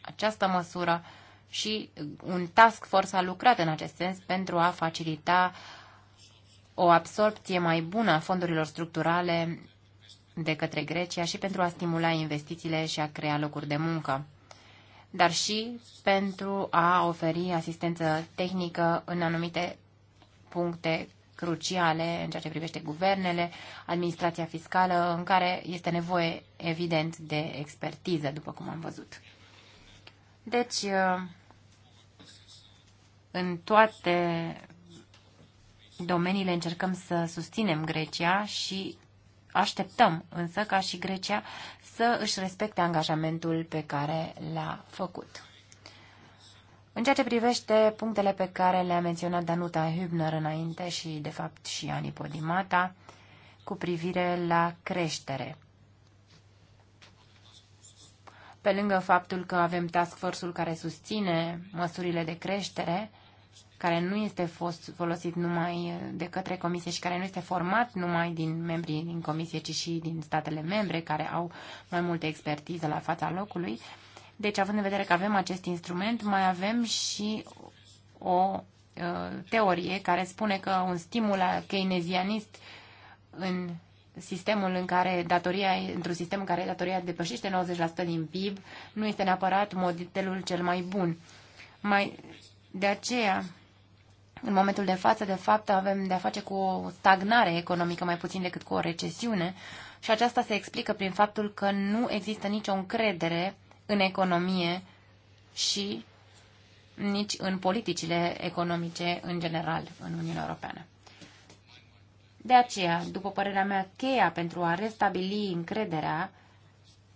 această măsură și un task force a lucrat în acest sens pentru a facilita o absorpție mai bună a fondurilor structurale de către Grecia și pentru a stimula investițiile și a crea locuri de muncă, dar și pentru a oferi asistență tehnică în anumite puncte cruciale în ceea ce privește guvernele, administrația fiscală, în care este nevoie, evident, de expertiză, după cum am văzut. Deci, uh, în toate domeniile încercăm să susținem Grecia și așteptăm însă ca și Grecia să își respecte angajamentul pe care l-a făcut. În ceea ce privește punctele pe care le-a menționat Danuta Hübner înainte și, de fapt, și Ani Podimata cu privire la creștere. Pe lângă faptul că avem task force-ul care susține măsurile de creștere, care nu este fost folosit numai de către comisie și care nu este format numai din membrii din comisie, ci și din statele membre care au mai multă expertiză la fața locului, deci, având în vedere că avem acest instrument, mai avem și o uh, teorie care spune că un stimul keynesianist în sistemul în care datoria, într-un sistem în care datoria depășește 90% din PIB, nu este neapărat modelul cel mai bun. Mai, de aceea, în momentul de față, de fapt, avem de-a face cu o stagnare economică mai puțin decât cu o recesiune și aceasta se explică prin faptul că nu există nicio încredere în economie și nici în politicile economice în general în Uniunea Europeană. De aceea, după părerea mea, cheia pentru a restabili încrederea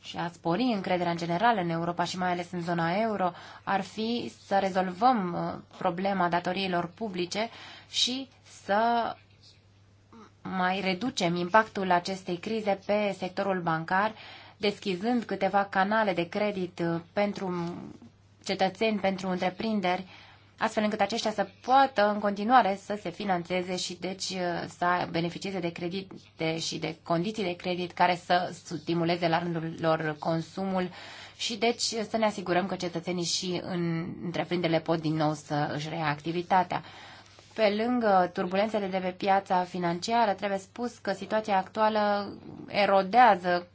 și a spori încrederea în general în Europa și mai ales în zona euro ar fi să rezolvăm uh, problema datoriilor publice și să mai reducem impactul acestei crize pe sectorul bancar deschizând câteva canale de credit uh, pentru cetățeni, pentru întreprinderi, astfel încât aceștia să poată în continuare să se financeze și deci uh, să beneficieze de credite și de condiții de credit care să stimuleze la rândul lor consumul și deci să ne asigurăm că cetățenii și în întreprinderile pot din nou să își reia activitatea. Pe lângă turbulențele de pe piața financiară, trebuie spus că situația actuală erodează,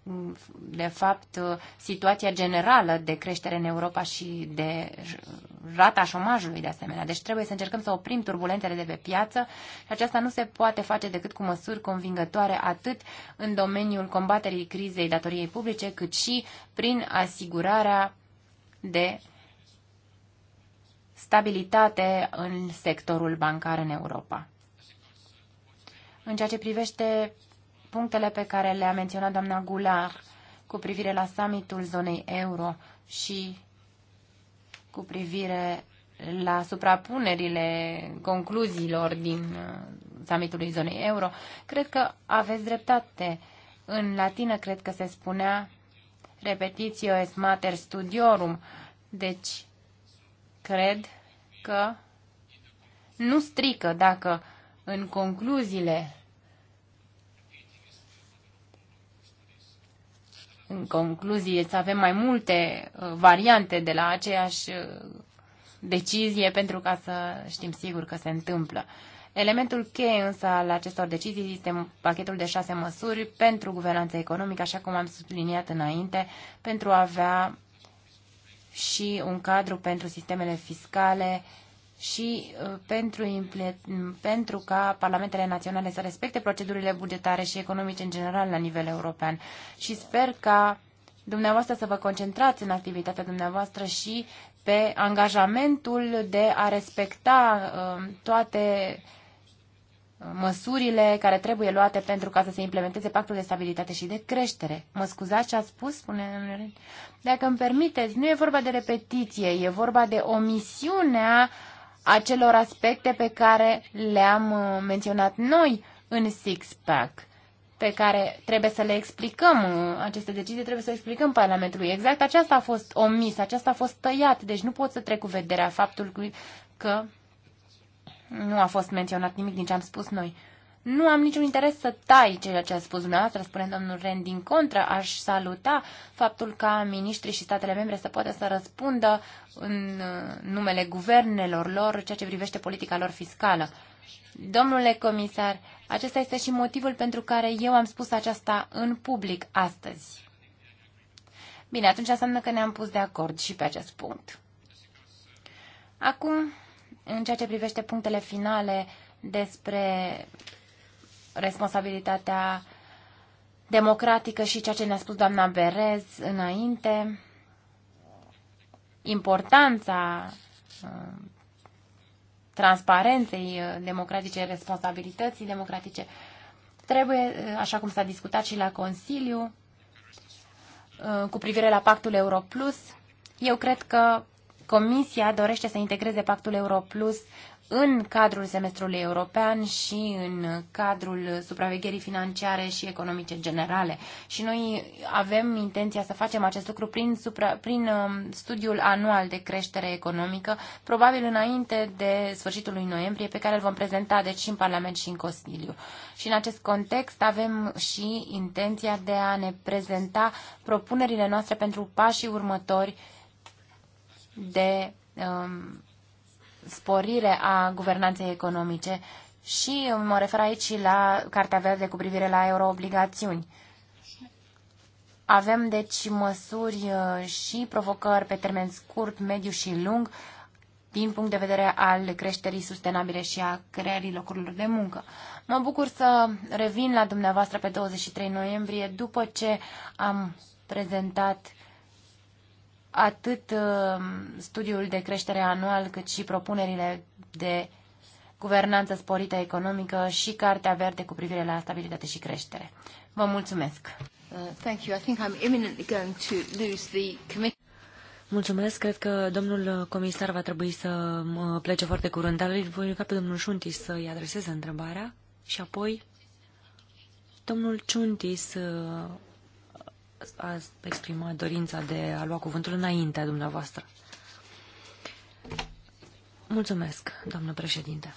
de fapt, situația generală de creștere în Europa și de rata șomajului, de asemenea. Deci trebuie să încercăm să oprim turbulențele de pe piață și aceasta nu se poate face decât cu măsuri convingătoare atât în domeniul combaterii crizei datoriei publice, cât și prin asigurarea de stabilitate în sectorul bancar în Europa. În ceea ce privește punctele pe care le-a menționat doamna Goulart cu privire la summitul zonei euro și cu privire la suprapunerile concluziilor din uh, summitului zonei euro, cred că aveți dreptate. În latină cred că se spunea repetitio est mater studiorum, deci cred că nu strică dacă în concluziile în concluzie să avem mai multe uh, variante de la aceeași uh, decizie pentru ca să știm sigur că se întâmplă. Elementul cheie însă al acestor decizii este pachetul de șase măsuri pentru guvernanță economică, așa cum am subliniat înainte, pentru a avea și un cadru pentru sistemele fiscale și uh, pentru, pentru ca parlamentele naționale să respecte procedurile bugetare și economice în general la nivel european. Și sper ca dumneavoastră să vă concentrați în activitatea dumneavoastră și pe angajamentul de a respecta uh, toate uh, măsurile care trebuie luate pentru ca să se implementeze pactul de stabilitate și de creștere. Mă scuzați ce a spus? Spune Dacă îmi permiteți, nu e vorba de repetiție, e vorba de omisiunea acelor aspecte pe care le-am uh, menționat noi în six-pack pe care trebuie să le explicăm, uh, aceste decizii trebuie să le explicăm Parlamentului. Exact aceasta a fost omis, aceasta a fost tăiat, deci nu pot să trec cu vederea faptul că nu a fost menționat nimic din ce am spus noi. Nu am niciun interes să tai ceea ce a spus dumneavoastră, spune domnul Ren. Din contră, aș saluta faptul ca miniștrii și statele membre să poată să răspundă în uh, numele guvernelor lor ceea ce privește politica lor fiscală. Domnule comisar, acesta este și motivul pentru care eu am spus aceasta în public astăzi. Bine, atunci înseamnă că ne-am pus de acord și pe acest punct. Acum în ceea ce privește punctele finale despre responsabilitatea democratică și ceea ce ne-a spus doamna Berez înainte, importanța uh, transparenței uh, democratice, responsabilității democratice, trebuie, uh, așa cum s-a discutat și la Consiliu, cu privire la pactul Europlus, eu cred că Comisia dorește să integreze Pactul Euro Plus în cadrul semestrului european și în cadrul supravegherii financiare și economice generale. Și noi avem intenția să facem acest lucru prin, supra, prin um, studiul anual de creștere economică, probabil înainte de sfârșitul lui noiembrie, pe care îl vom prezenta deci și în Parlament și în Consiliu. Și în acest context avem și intenția de a ne prezenta propunerile noastre pentru pașii următori de um, sporire a guvernanței economice și mă refer aici și la Cartea Verde cu privire la euroobligațiuni. Avem deci măsuri uh, și provocări pe termen scurt, mediu și lung din punct de vedere al creșterii sustenabile și a creării locurilor de muncă. Mă bucur să revin la dumneavoastră pe 23 noiembrie după ce am prezentat atât um, studiul de creștere anual, cât și propunerile de guvernanță sporită economică și Cartea Verde cu privire la stabilitate și creștere. Vă mulțumesc! Uh, mulțumesc. Cred că domnul comisar va trebui să uh, plece foarte curând, dar îl voi ruga pe domnul Șuntis să-i adreseze întrebarea și apoi domnul Ciuntis uh, a exprimat dorința de a lua cuvântul înaintea dumneavoastră. Mulțumesc, doamnă președinte.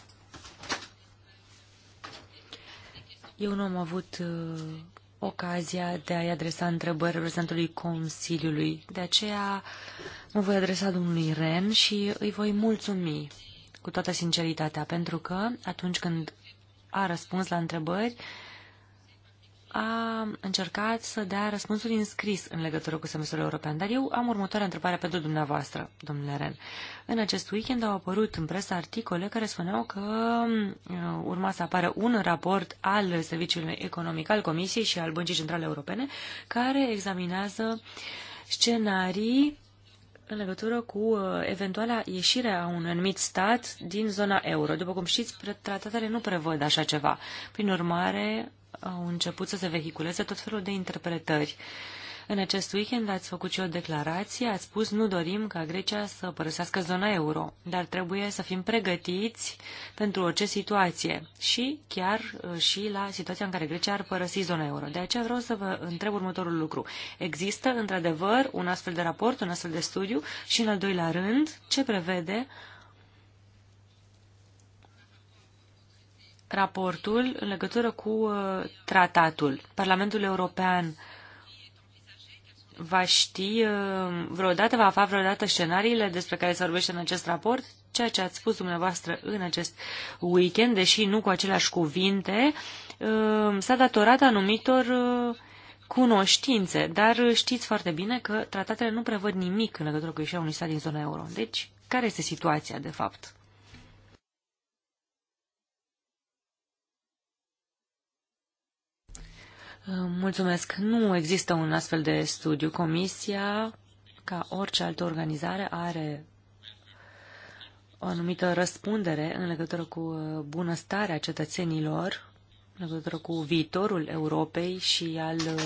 Eu nu am avut uh, ocazia de a-i adresa întrebări reprezentantului Consiliului, de aceea mă voi adresa domnului Ren și îi voi mulțumi cu toată sinceritatea, pentru că atunci când a răspuns la întrebări, uh, a încercat să dea răspunsul înscris în legătură cu semestrul european, dar eu am următoarea întrebare pentru dumneavoastră, domnule Ren. În acest weekend au apărut în presă articole care spuneau că uh, urma să apară un raport al Serviciului Economic al Comisiei și al Băncii Centrale Europene care examinează scenarii în legătură cu uh, eventuala ieșire a unui anumit stat din zona euro. După cum știți, tratatele nu prevăd așa ceva. Prin urmare, au început să se vehiculeze tot felul de interpretări. În acest weekend ați făcut și o declarație, ați spus nu dorim ca Grecia să părăsească zona euro, dar trebuie să fim pregătiți pentru orice situație și chiar uh, și la situația în care Grecia ar părăsi zona euro. De aceea vreau să vă întreb următorul lucru. Există într-adevăr un astfel de raport, un astfel de studiu și în al doilea rând ce prevede raportul în legătură cu uh, tratatul. Parlamentul European va ști uh, vreodată, va afla vreodată scenariile despre care se vorbește în acest raport, ceea ce ați spus dumneavoastră în acest weekend, deși nu cu aceleași cuvinte, uh, s-a datorat anumitor cunoștințe, dar știți foarte bine că tratatele nu prevăd nimic în legătură cu ieșirea unui stat din zona euro. Deci, care este situația, de fapt? Mulțumesc. Nu există un astfel de studiu. Comisia, ca orice altă organizare, are o anumită răspundere în legătură cu uh, bunăstarea cetățenilor, în legătură cu viitorul Europei și al uh,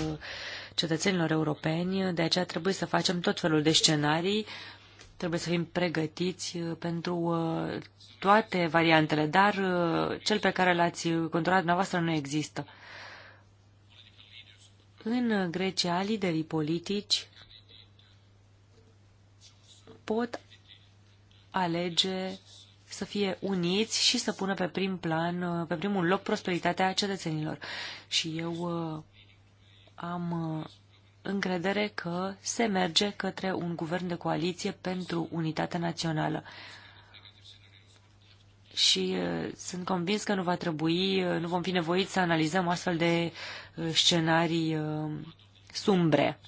cetățenilor europeni. De aceea trebuie să facem tot felul de scenarii, trebuie să fim pregătiți uh, pentru toate variantele, dar cel pe care l-ați controlat dumneavoastră nu există. În Grecia, liderii politici pot alege să fie uniți și să pună pe prim plan, pe primul loc, prosperitatea cetățenilor. Și eu uh, am uh, încredere că se merge către un guvern de coaliție pentru unitatea națională și uh, sunt convins că nu va trebui, uh, nu vom fi nevoiți să analizăm astfel de uh, scenarii sumbre.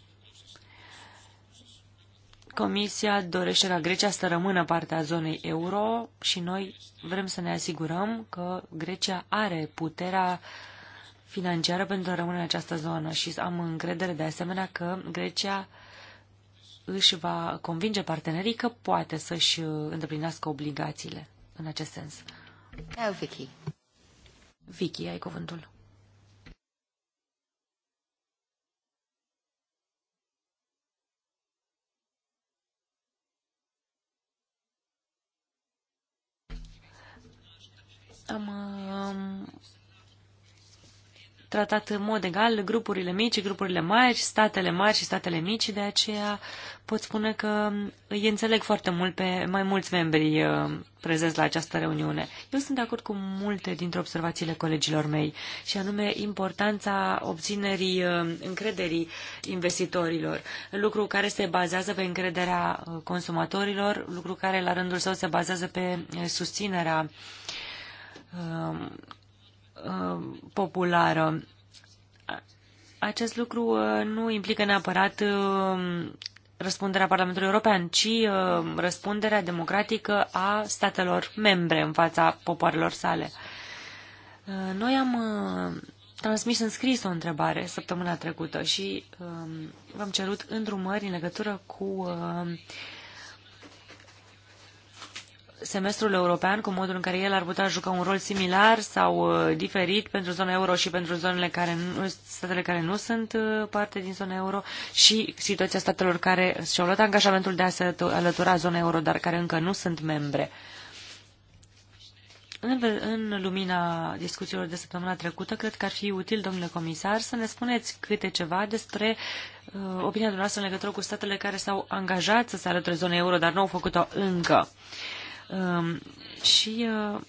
Comisia dorește ca Grecia să rămână partea zonei euro și noi vrem să ne asigurăm că Grecia are puterea financiară pentru a rămâne în această zonă și am încredere de asemenea că Grecia își va convinge partenerii că poate să-și îndeplinească obligațiile în acest sens. Eu, Vicky. Vicky, ai cuvântul. Am um, tratat în mod egal grupurile mici, grupurile mari, statele mari și statele mici, de aceea pot spune că îi înțeleg foarte mult pe mai mulți membri uh, prezenți la această reuniune. Eu sunt de acord cu multe dintre observațiile colegilor mei, și anume importanța obținerii uh, încrederii investitorilor, lucru care se bazează pe încrederea uh, consumatorilor, lucru care la rândul său se bazează pe susținerea Uh, populară. Acest lucru uh, nu implică neapărat uh, răspunderea Parlamentului European, ci răspunderea democratică a statelor membre în fața popoarelor sale. Noi am transmis în scris o întrebare săptămâna trecută și um, v-am cerut îndrumări în legătură cu semestrul european, cu modul în care el ar putea juca un rol similar sau uh, diferit pentru zona euro și pentru zonele care nu, statele care nu sunt uh, parte din zona euro și situația statelor care și-au luat angajamentul de a se alătura zona euro, dar care încă nu sunt membre. În, în lumina discuțiilor de săptămâna trecută, cred că ar fi util, domnule comisar, să ne spuneți câte ceva despre uh, opinia dumneavoastră în legătură cu statele care s-au angajat să se alăture zonei euro, dar nu au făcut-o încă. Uh, Um, și uh,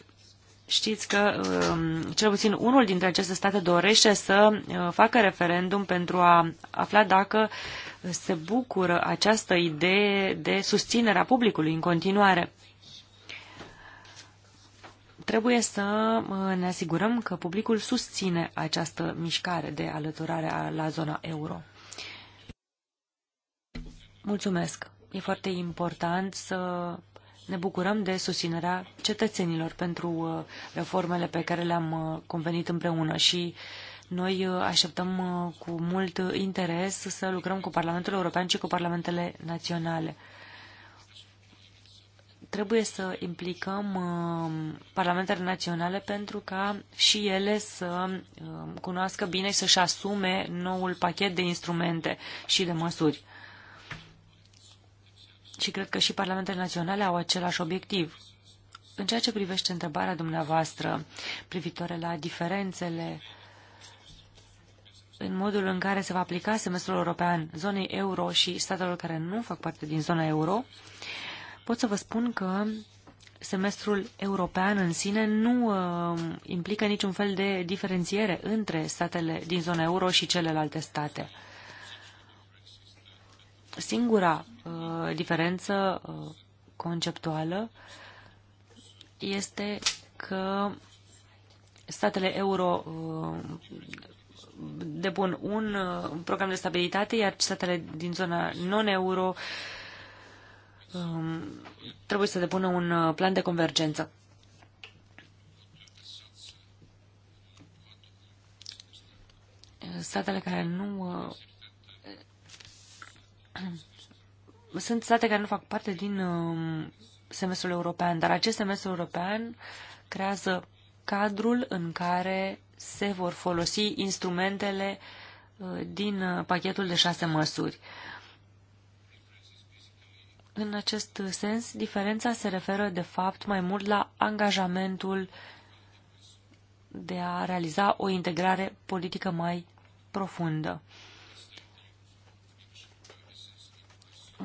știți că um, cel puțin unul dintre aceste state dorește să uh, facă referendum pentru a afla dacă se bucură această idee de susținere a publicului în continuare. Trebuie să uh, ne asigurăm că publicul susține această mișcare de alăturare la zona euro. Mulțumesc! E foarte important să ne bucurăm de susținerea cetățenilor pentru uh, reformele pe care le-am uh, convenit împreună și noi uh, așteptăm cu mult interes să lucrăm cu Parlamentul European și cu Parlamentele Naționale. Trebuie să implicăm Parlamentele Naționale pentru ca și ele să cunoască bine și să-și asume noul pachet de instrumente și de măsuri și cred că și parlamentele naționale au același obiectiv. În ceea ce privește întrebarea dumneavoastră privitoare la diferențele în modul în care se va aplica semestrul european zonei euro și statelor care nu fac parte din zona euro, pot să vă spun că semestrul european în sine nu uh, implică niciun fel de diferențiere între statele din zona euro și celelalte state. Singura uh, diferență uh, conceptuală este că statele euro uh, depun un, uh, program de stabilitate, iar statele din zona non-euro um, trebuie să depună un uh, plan de convergență. Statele care nu uh, sunt state care nu fac parte din um, semestrul european, dar acest semestru european creează cadrul în care se vor folosi instrumentele uh, din uh, pachetul de șase măsuri. În acest sens, diferența se referă de fapt mai mult la angajamentul de a realiza o integrare politică mai profundă.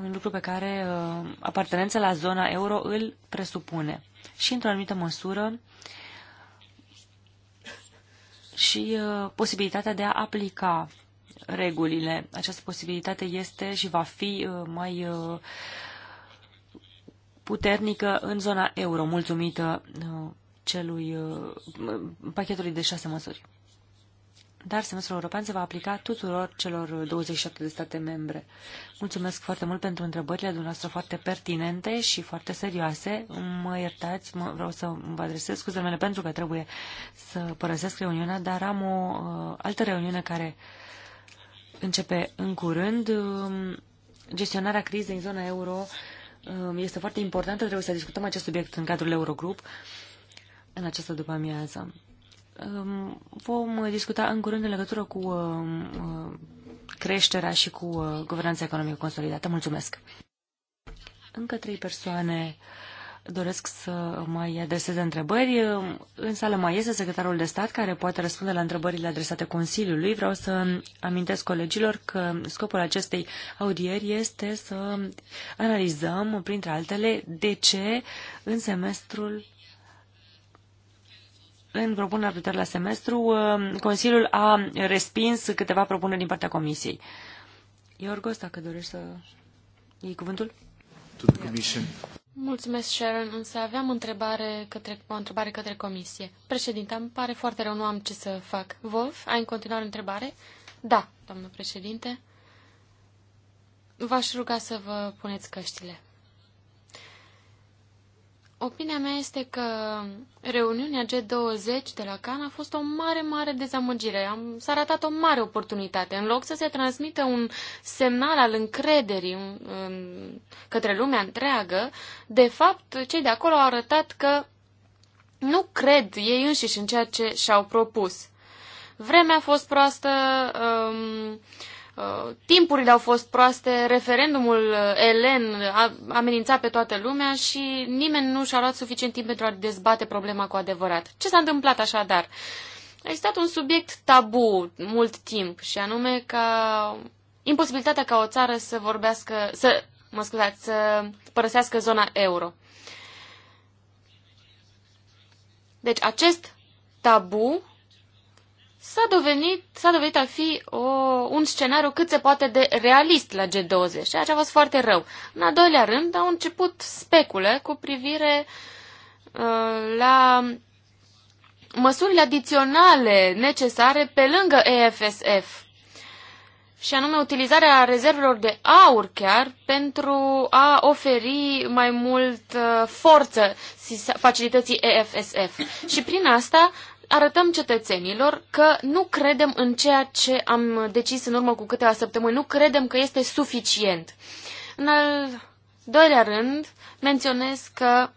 un lucru pe care uh, apartenența la zona euro îl presupune. Și, într-o anumită măsură, și uh, posibilitatea de a aplica regulile. Această posibilitate este și va fi uh, mai uh, puternică în zona euro, mulțumită uh, celui uh, pachetului de șase măsuri dar semestrul european se va aplica tuturor celor 27 de state membre. Mulțumesc foarte mult pentru întrebările dumneavoastră foarte pertinente și foarte serioase. Mă iertați, mă, vreau să vă adresez scuzele mele pentru că trebuie să părăsesc reuniunea, dar am o uh, altă reuniune care începe în curând. Uh, gestionarea crizei în zona euro uh, este foarte importantă, trebuie să discutăm acest subiect în cadrul Eurogrup în această după amiază. Vom discuta în curând în legătură cu uh, creșterea și cu uh, guvernanța economică consolidată. Mulțumesc! Încă trei persoane doresc să mai adreseze întrebări. În sală mai este secretarul de stat care poate răspunde la întrebările adresate Consiliului. Vreau să amintesc colegilor că scopul acestei audieri este să analizăm, printre altele, de ce în semestrul în propunerea de la semestru, um, Consiliul a respins câteva propuneri din partea Comisiei. Iorgos, dacă dorești să iei cuvântul? Mulțumesc, Sharon, însă aveam întrebare către, o întrebare către comisie. Președinte, îmi pare foarte rău, nu am ce să fac. Wolf, ai în continuare întrebare? Da, doamnă președinte. V-aș ruga să vă puneți căștile. Opinia mea este că reuniunea G20 de la Cannes a fost o mare, mare dezamăgire. Am, s-a ratat o mare oportunitate. În loc să se transmită un semnal al încrederii în, în, către lumea întreagă, de fapt, cei de acolo au arătat că nu cred ei înșiși în ceea ce și-au propus. Vremea a fost proastă, um, Uh, timpurile au fost proaste, referendumul uh, elen uh, a amenințat pe toată lumea și nimeni nu și-a luat suficient timp pentru a dezbate problema cu adevărat. Ce s-a întâmplat așadar? A existat un subiect tabu mult timp și anume ca imposibilitatea ca o țară să vorbească, să, mă scuzați, să părăsească zona euro. Deci acest tabu s-a dovedit, s-a dovedit a fi o, un scenariu cât se poate de realist la G20, ceea ce a fost foarte rău. În a doilea rând au început specule cu privire uh, la măsurile adiționale necesare pe lângă EFSF, și anume utilizarea rezervelor de aur chiar pentru a oferi mai mult uh, forță facilității EFSF. Și prin asta arătăm cetățenilor că nu credem în ceea ce am decis în urmă cu câteva săptămâni, nu credem că este suficient. În al doilea rând, menționez că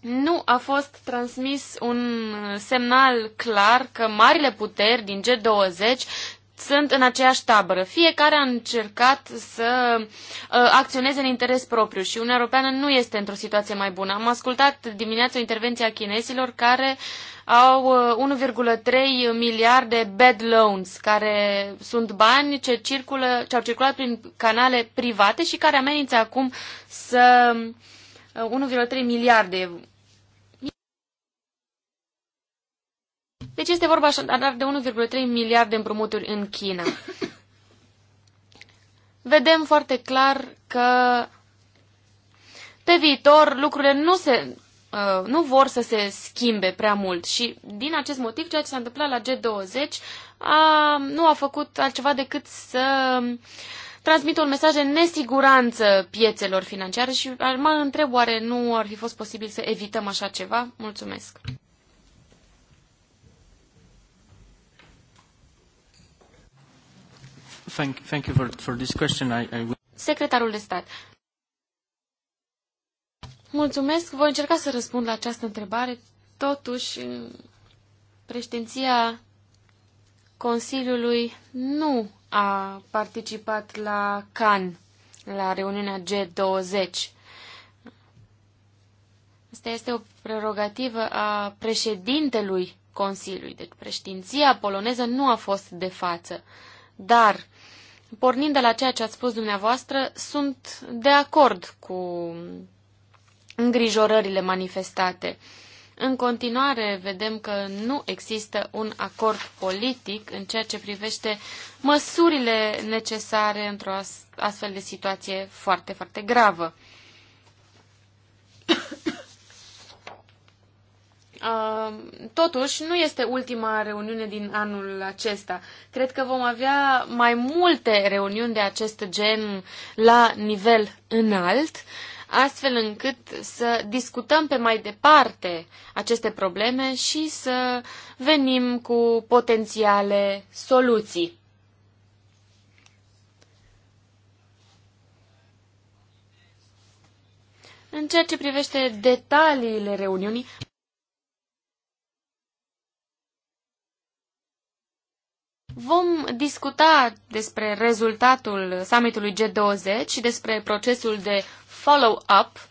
nu a fost transmis un semnal clar că marile puteri din G20 sunt în aceeași tabără. Fiecare a încercat să uh, acționeze în interes propriu și Uniunea Europeană nu este într-o situație mai bună. Am ascultat dimineața o intervenție a chinezilor care au 1,3 uh, miliarde bad loans, care sunt bani ce, circulă, ce au circulat prin canale private și care amenință acum să 1,3 uh, miliarde Deci este vorba așadar de 1,3 miliarde împrumuturi în China. Vedem foarte clar că pe viitor lucrurile nu, se, uh, nu vor să se schimbe prea mult și din acest motiv ceea ce s-a întâmplat la G20 a, nu a făcut altceva decât să transmită un mesaj de nesiguranță piețelor financiare și mă întreb oare nu ar fi fost posibil să evităm așa ceva? Mulțumesc! Thank, thank you for, for this question. I, I will... Secretarul de stat. Mulțumesc. Voi încerca să răspund la această întrebare. Totuși, președinția Consiliului nu a participat la CAN, la reuniunea G20. Asta este o prerogativă a președintelui Consiliului, deci președinția poloneză nu a fost de față. Dar pornind de la ceea ce ați spus dumneavoastră, sunt de acord cu îngrijorările manifestate. În continuare, vedem că nu există un acord politic în ceea ce privește măsurile necesare într-o astfel de situație foarte, foarte gravă. Um, totuși, nu este ultima reuniune din anul acesta. Cred că vom avea mai multe reuniuni de acest gen la nivel înalt, astfel încât să discutăm pe mai departe aceste probleme și să venim cu potențiale soluții. În ceea ce privește detaliile reuniunii, Vom discuta despre rezultatul summitului G20 și despre procesul de follow-up.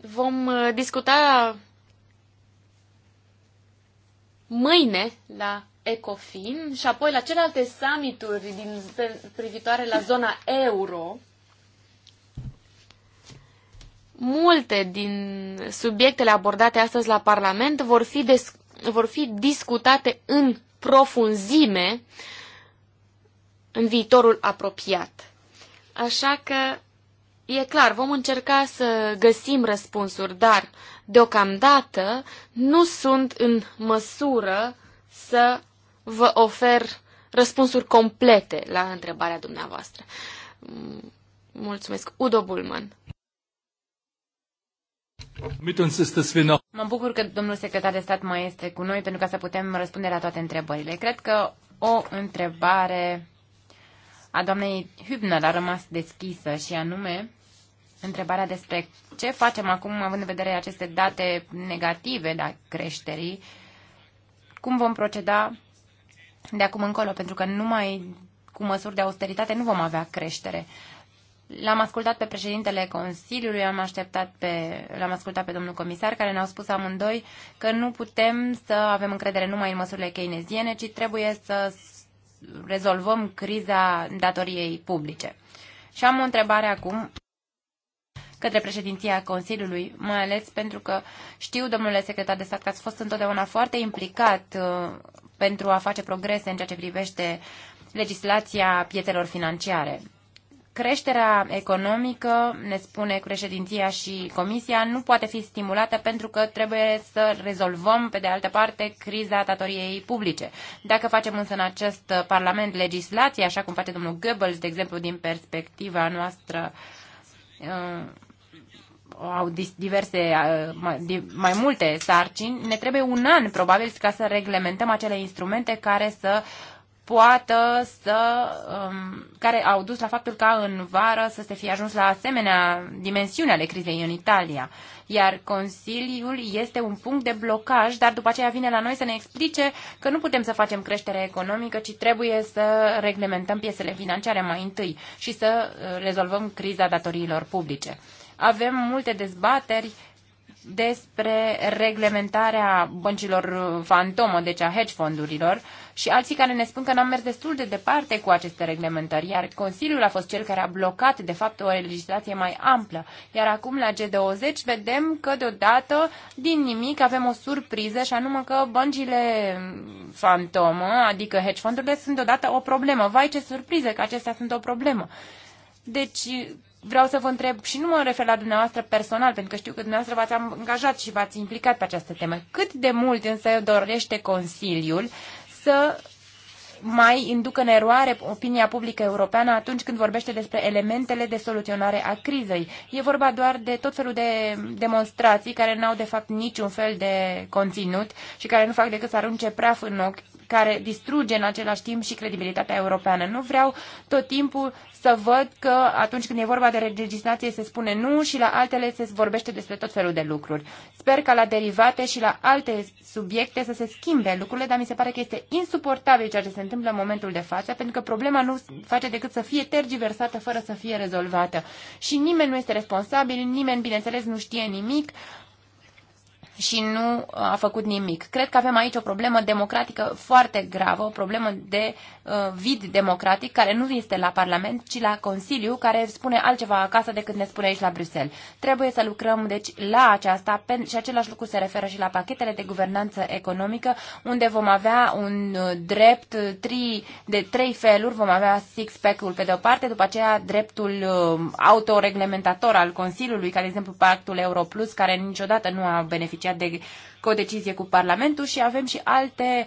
Vom uh, discuta mâine la ECOFIN și apoi la celelalte summituri din, privitoare la zona euro multe din subiectele abordate astăzi la Parlament vor fi, des, vor fi discutate în profunzime în viitorul apropiat. Așa că, e clar, vom încerca să găsim răspunsuri, dar, deocamdată, nu sunt în măsură să vă ofer răspunsuri complete la întrebarea dumneavoastră. Mulțumesc, Udo Bulman. Mă bucur că domnul secretar de stat mai este cu noi pentru ca să putem răspunde la toate întrebările. Cred că o întrebare a doamnei Hübner a rămas deschisă și anume întrebarea despre ce facem acum având în vedere aceste date negative de creșterii, cum vom proceda de acum încolo, pentru că numai cu măsuri de austeritate nu vom avea creștere. L-am ascultat pe președintele Consiliului, am așteptat pe, l-am ascultat pe domnul comisar, care ne-au spus amândoi că nu putem să avem încredere numai în măsurile keyneziene, ci trebuie să rezolvăm criza datoriei publice. Și am o întrebare acum către președinția Consiliului, mai ales pentru că știu, domnule secretar de stat, că ați fost întotdeauna foarte implicat uh, pentru a face progrese în ceea ce privește legislația piețelor financiare. Creșterea economică, ne spune președinția și comisia, nu poate fi stimulată pentru că trebuie să rezolvăm, pe de altă parte, criza datoriei publice. Dacă facem însă în acest Parlament legislație, așa cum face domnul Goebbels, de exemplu, din perspectiva noastră, uh, au diverse, uh, mai multe sarcini, ne trebuie un an, probabil, ca să reglementăm acele instrumente care să uh, poată să, um, care au dus la faptul ca în vară să se fie ajuns la asemenea dimensiune ale crizei în Italia. Iar Consiliul este un punct de blocaj, dar după aceea vine la noi să ne explice că nu putem să facem creștere economică, ci trebuie să reglementăm piesele financiare mai întâi și să uh, rezolvăm criza datoriilor publice. Avem multe dezbateri despre reglementarea băncilor uh, fantomă, deci a hedge fondurilor, uh, și alții care ne spun că n-am mers destul de departe cu aceste reglementări, iar Consiliul a fost cel care a blocat, de fapt, o legislație mai amplă. Iar acum, la G20, vedem că, deodată, din nimic, avem o surpriză, și anume că băncile fantomă, adică hedge fundurile, sunt deodată o problemă. Vai, ce surpriză că acestea sunt o problemă. Deci, vreau să vă întreb și nu mă refer la dumneavoastră personal, pentru că știu că dumneavoastră v-ați angajat și v-ați implicat pe această temă. Cât de mult însă dorește Consiliul să mai inducă în eroare opinia publică europeană atunci când vorbește despre elementele de soluționare a crizei. E vorba doar de tot felul de demonstrații care n-au de fapt niciun fel de conținut și care nu fac decât să arunce praf în ochi care distruge în același timp și credibilitatea europeană. Nu vreau tot timpul să văd că atunci când e vorba de legislație se spune nu și la altele se vorbește despre tot felul de lucruri. Sper ca la derivate și la alte subiecte să se schimbe lucrurile, dar mi se pare că este insuportabil ceea ce se întâmplă în momentul de față, pentru că problema nu face decât să fie tergiversată fără să fie rezolvată. Și nimeni nu este responsabil, nimeni, bineînțeles, nu știe nimic și nu a făcut nimic. Cred că avem aici o problemă democratică foarte gravă, o problemă de uh, vid democratic care nu este la Parlament, ci la Consiliu, care spune altceva acasă decât ne spune aici la Bruxelles. Trebuie să lucrăm, deci, la aceasta și același lucru se referă și la pachetele de guvernanță economică, unde vom avea un uh, drept tri, de trei feluri, vom avea six-pack-ul pe de o parte, după aceea dreptul uh, autoreglementator al Consiliului, ca de exemplu pactul Euro Plus, care niciodată nu a beneficiat beneficiat de codecizie cu Parlamentul și avem și alte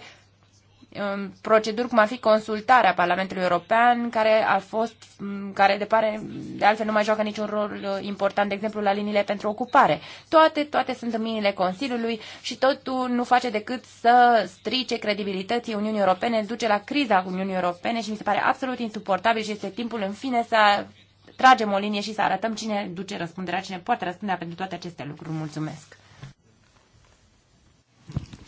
um, proceduri, cum ar fi consultarea Parlamentului European, care a fost, um, care de, pare, de altfel nu mai joacă niciun rol uh, important, de exemplu, la liniile pentru ocupare. Toate, toate sunt în liniile Consiliului și totul nu face decât să strice credibilității Uniunii Europene, duce la criza Uniunii Europene și mi se pare absolut insuportabil și este timpul, în fine, să tragem o linie și să arătăm cine duce răspunderea, cine poate răspunderea pentru toate aceste lucruri. Mulțumesc!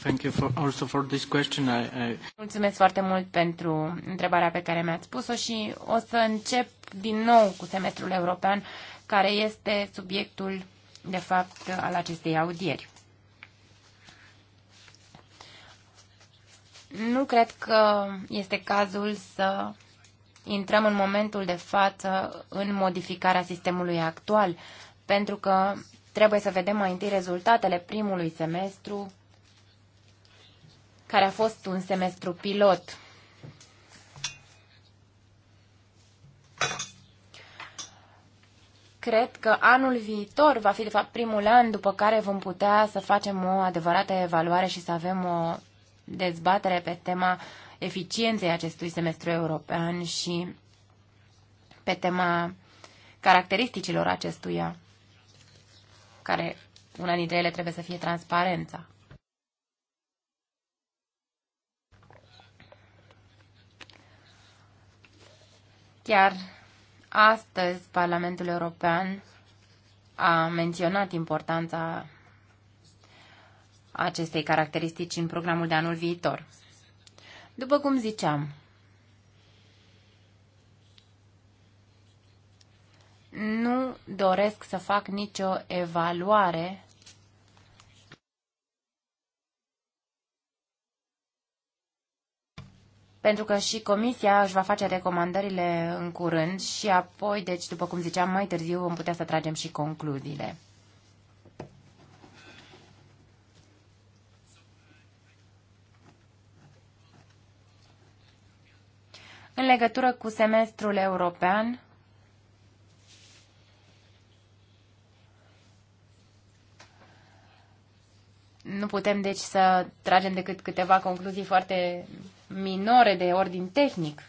Thank you for, also for this question. I, I... Mulțumesc foarte mult pentru întrebarea pe care mi-ați pus-o și o să încep din nou cu semestrul european, care este subiectul, de fapt, al acestei audieri. Nu cred că este cazul să intrăm în momentul de față în modificarea sistemului actual, pentru că trebuie să vedem mai întâi rezultatele primului semestru care a fost un semestru pilot. Cred că anul viitor va fi, de fapt, primul an după care vom putea să facem o adevărată evaluare și să avem o dezbatere pe tema eficienței acestui semestru european și pe tema caracteristicilor acestuia, care una dintre ele trebuie să fie transparența. Chiar astăzi Parlamentul European a menționat importanța acestei caracteristici în programul de anul viitor. După cum ziceam, nu doresc să fac nicio evaluare pentru că și Comisia își va face recomandările în curând și apoi, deci, după cum ziceam, mai târziu vom putea să tragem și concluziile. În legătură cu semestrul european, nu putem deci să tragem decât câteva concluzii foarte minore de ordin tehnic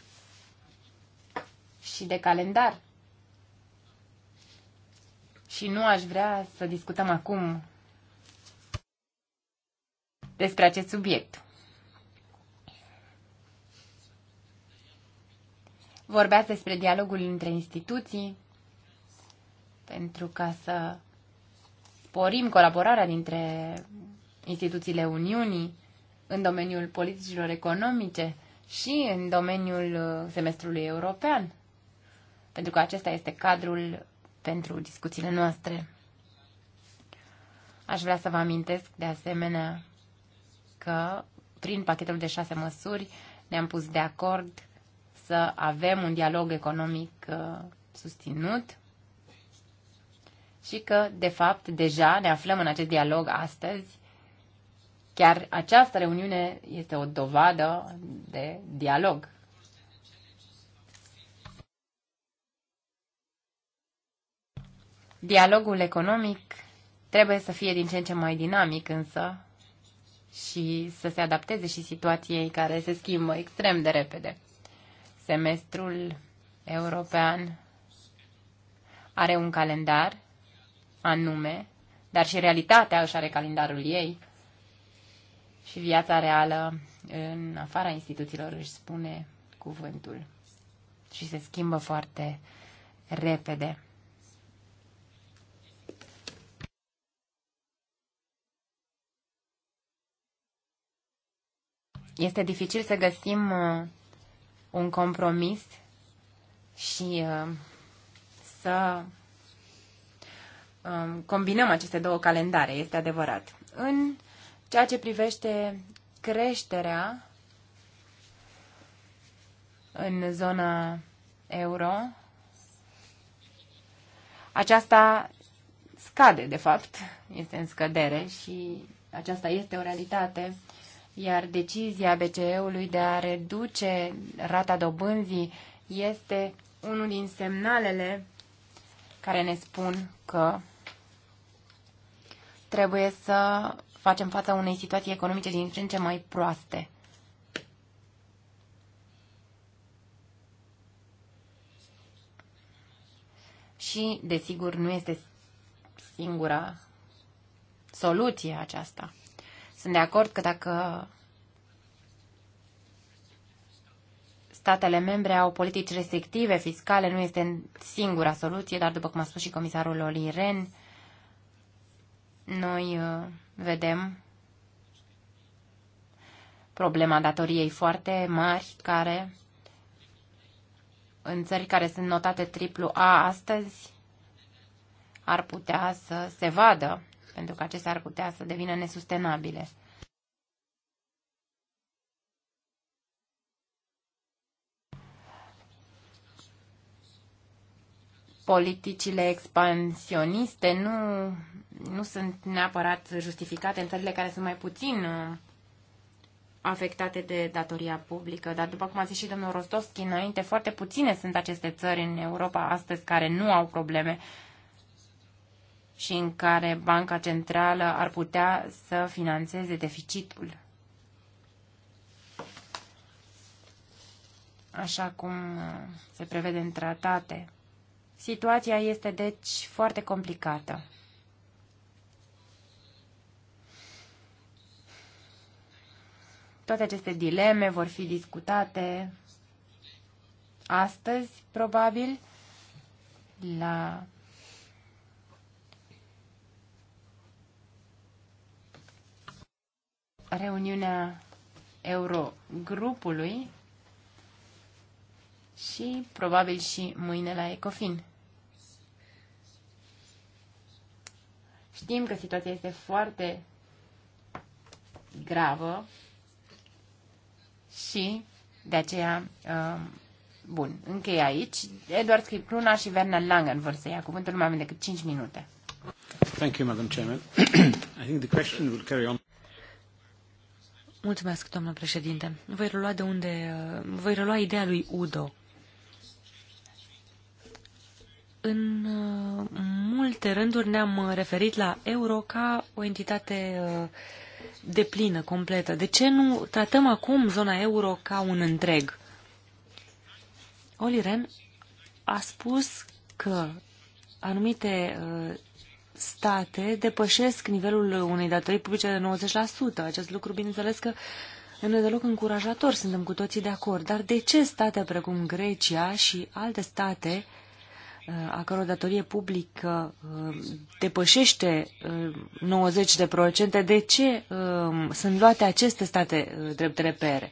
și de calendar. Și nu aș vrea să discutăm acum despre acest subiect. Vorbeați despre dialogul între instituții pentru ca să sporim colaborarea dintre instituțiile Uniunii în domeniul politicilor economice și în domeniul uh, semestrului european, pentru că acesta este cadrul pentru discuțiile noastre. Aș vrea să vă amintesc de asemenea că prin pachetul de șase măsuri ne-am pus de acord să avem un dialog economic uh, susținut și că, de fapt, deja ne aflăm în acest dialog astăzi Chiar această reuniune este o dovadă de dialog. Dialogul economic trebuie să fie din ce în ce mai dinamic însă și să se adapteze și situației care se schimbă extrem de repede. Semestrul european are un calendar anume, dar și realitatea își are calendarul ei și viața reală în afara instituțiilor își spune cuvântul și se schimbă foarte repede. Este dificil să găsim uh, un compromis și uh, să um, combinăm aceste două calendare, este adevărat. În Ceea ce privește creșterea în zona euro, aceasta scade, de fapt, este în scădere și aceasta este o realitate, iar decizia BCE-ului de a reduce rata dobânzii este unul din semnalele care ne spun că trebuie să facem fața unei situații economice din ce în ce mai proaste. Și, desigur, nu este singura soluție aceasta. Sunt de acord că dacă statele membre au politici restrictive fiscale, nu este singura soluție, dar după cum a spus și comisarul Oli Ren, noi uh, vedem problema datoriei foarte mari care în țări care sunt notate triplu A astăzi ar putea să se vadă, pentru că acestea ar putea să devină nesustenabile. Politicile expansioniste nu nu sunt neapărat justificate în țările care sunt mai puțin uh, afectate de datoria publică, dar după cum a zis și domnul Rostovski înainte, foarte puține sunt aceste țări în Europa astăzi care nu au probleme și în care Banca Centrală ar putea să financeze deficitul. Așa cum uh, se prevede în tratate. Situația este deci foarte complicată. Toate aceste dileme vor fi discutate astăzi, probabil, la reuniunea Eurogrupului și probabil și mâine la Ecofin. Știm că situația este foarte gravă și de aceea, uh, bun, închei aici. Edward Schipluna și Werner Langen vor să ia cuvântul mai mult decât 5 minute. Thank you, Madam Chairman. I think the question will carry on. Mulțumesc, domnule președinte. Voi relua de unde... Uh, voi relua ideea lui Udo. În uh, multe rânduri ne-am referit la euro ca o entitate uh, deplină, completă. De ce nu tratăm acum zona euro ca un întreg? Oli Ren a spus că anumite uh, state depășesc nivelul unei datorii publice de 90%. Acest lucru, bineînțeles că nu e deloc încurajator, suntem cu toții de acord. Dar de ce state precum Grecia și alte state a căror datorie publică uh, depășește 90%, uh, de ce um, sunt luate aceste state uh, drept repere?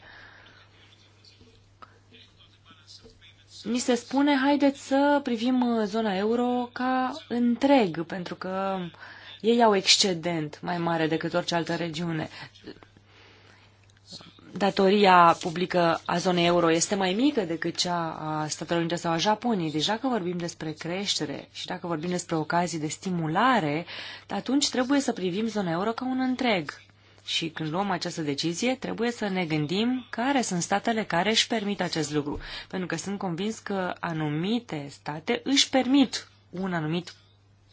Mi se spune, haideți să privim zona euro ca întreg, pentru că ei au excedent mai mare decât orice altă regiune datoria publică a zonei euro este mai mică decât cea a Statelor Unite sau a Japoniei. Deja deci că vorbim despre creștere și dacă vorbim despre ocazii de stimulare, atunci trebuie să privim zona euro ca un întreg. Și când luăm această decizie, trebuie să ne gândim care sunt statele care își permit acest lucru. Pentru că sunt convins că anumite state își permit un anumit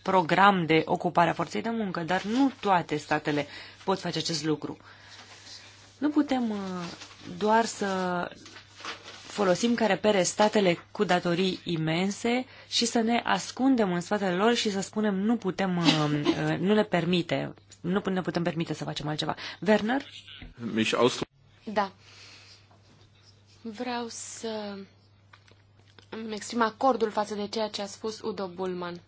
program de ocupare a forței de muncă, dar nu toate statele pot face acest lucru. Nu putem uh, doar să folosim ca repere statele cu datorii imense și să ne ascundem în spatele lor și să spunem nu putem, uh, uh, nu le permite, nu ne putem permite să facem altceva. Werner? Da. Vreau să îmi exprim acordul față de ceea ce a spus Udo Bullman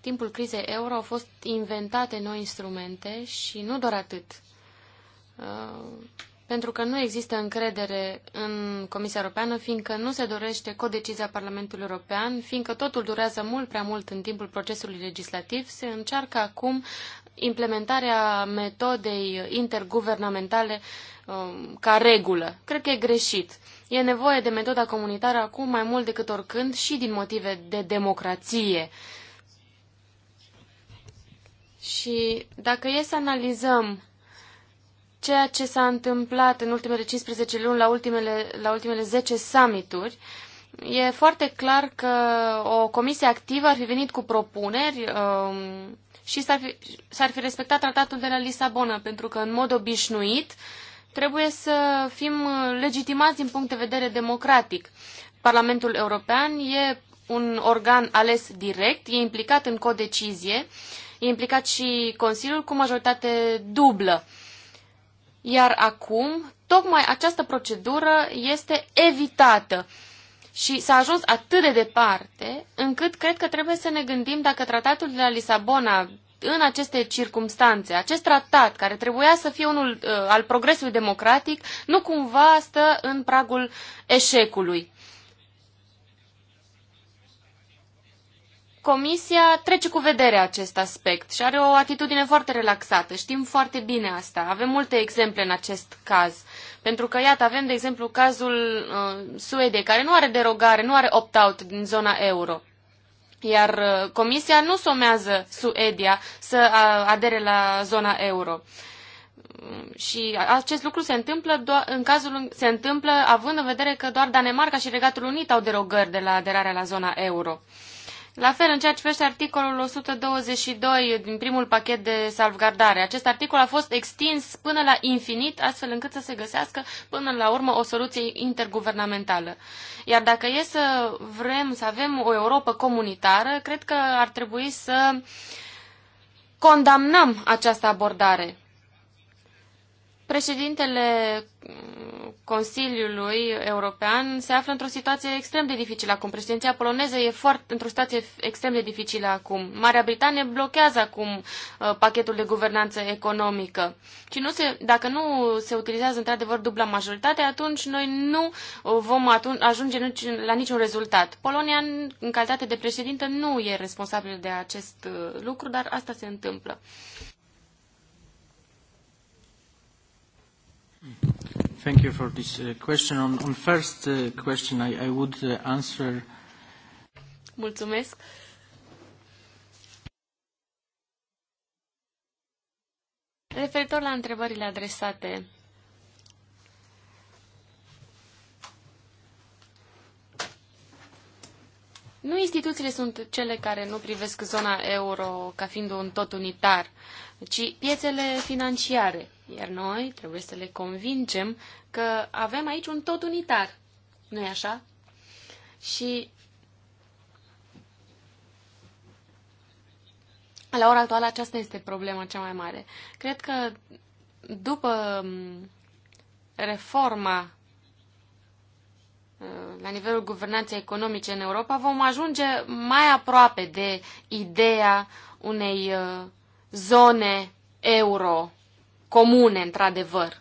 timpul crizei euro au fost inventate noi instrumente și nu doar atât. Uh, pentru că nu există încredere în Comisia Europeană, fiindcă nu se dorește codecizia Parlamentului European, fiindcă totul durează mult prea mult în timpul procesului legislativ, se încearcă acum implementarea metodei interguvernamentale um, ca regulă. Cred că e greșit. E nevoie de metoda comunitară acum mai mult decât oricând și din motive de democrație. Uh, și dacă e să analizăm ceea ce s-a întâmplat în ultimele 15 luni la ultimele, la ultimele 10 summituri, e foarte clar că o comisie activă ar fi venit cu propuneri um, și s-ar fi, s-ar fi respectat tratatul de la Lisabona, pentru că în mod obișnuit trebuie să fim legitimați din punct de vedere democratic. Parlamentul European e un organ ales direct, e implicat în codecizie decizie implicat și Consiliul cu majoritate dublă. Iar acum, tocmai această procedură este evitată. Și s-a ajuns atât de departe, încât cred că trebuie să ne gândim dacă tratatul de la Lisabona, în aceste circumstanțe, acest tratat, care trebuia să fie unul uh, al progresului democratic, nu cumva stă în pragul eșecului. Comisia trece cu vedere acest aspect și are o atitudine foarte relaxată. Știm foarte bine asta. Avem multe exemple în acest caz. Pentru că, iată, avem, de exemplu, cazul uh, Suediei, care nu are derogare, nu are opt-out din zona euro. Iar uh, Comisia nu somează Suedia să uh, adere la zona euro. Și acest lucru se întâmplă în cazul se întâmplă având în vedere că doar Danemarca și Regatul Unit au derogări de la aderarea la zona euro. Uh, la fel, în ceea ce privește articolul 122 din primul pachet de salvgardare, acest articol a fost extins până la infinit, astfel încât să se găsească până la urmă o soluție interguvernamentală. Iar dacă e să vrem să avem o Europa comunitară, cred că ar trebui să condamnăm această abordare. Președintele Consiliului European se află într-o situație extrem de dificilă acum. Președinția poloneză e foarte, într-o situație extrem de dificilă acum. Marea Britanie blochează acum uh, pachetul de guvernanță economică. Și nu se, dacă nu se utilizează într-adevăr dubla majoritate, atunci noi nu uh, vom atun- ajunge nici, la niciun rezultat. Polonia, în calitate de președintă, nu e responsabilă de acest uh, lucru, dar asta se întâmplă. Thank you for this uh, question. On, on first uh, question, I, I would uh, answer. Mulțumesc. Referitor la întrebările adresate, nu instituțiile sunt cele care nu privesc zona euro ca fiind un tot unitar, ci piețele financiare. Iar noi trebuie să le convingem că avem aici un tot unitar. nu e așa? Și la ora actuală aceasta este problema cea mai mare. Cred că după reforma uh, la nivelul guvernanței economice în Europa, vom ajunge mai aproape de ideea unei uh, zone euro comune, într-adevăr.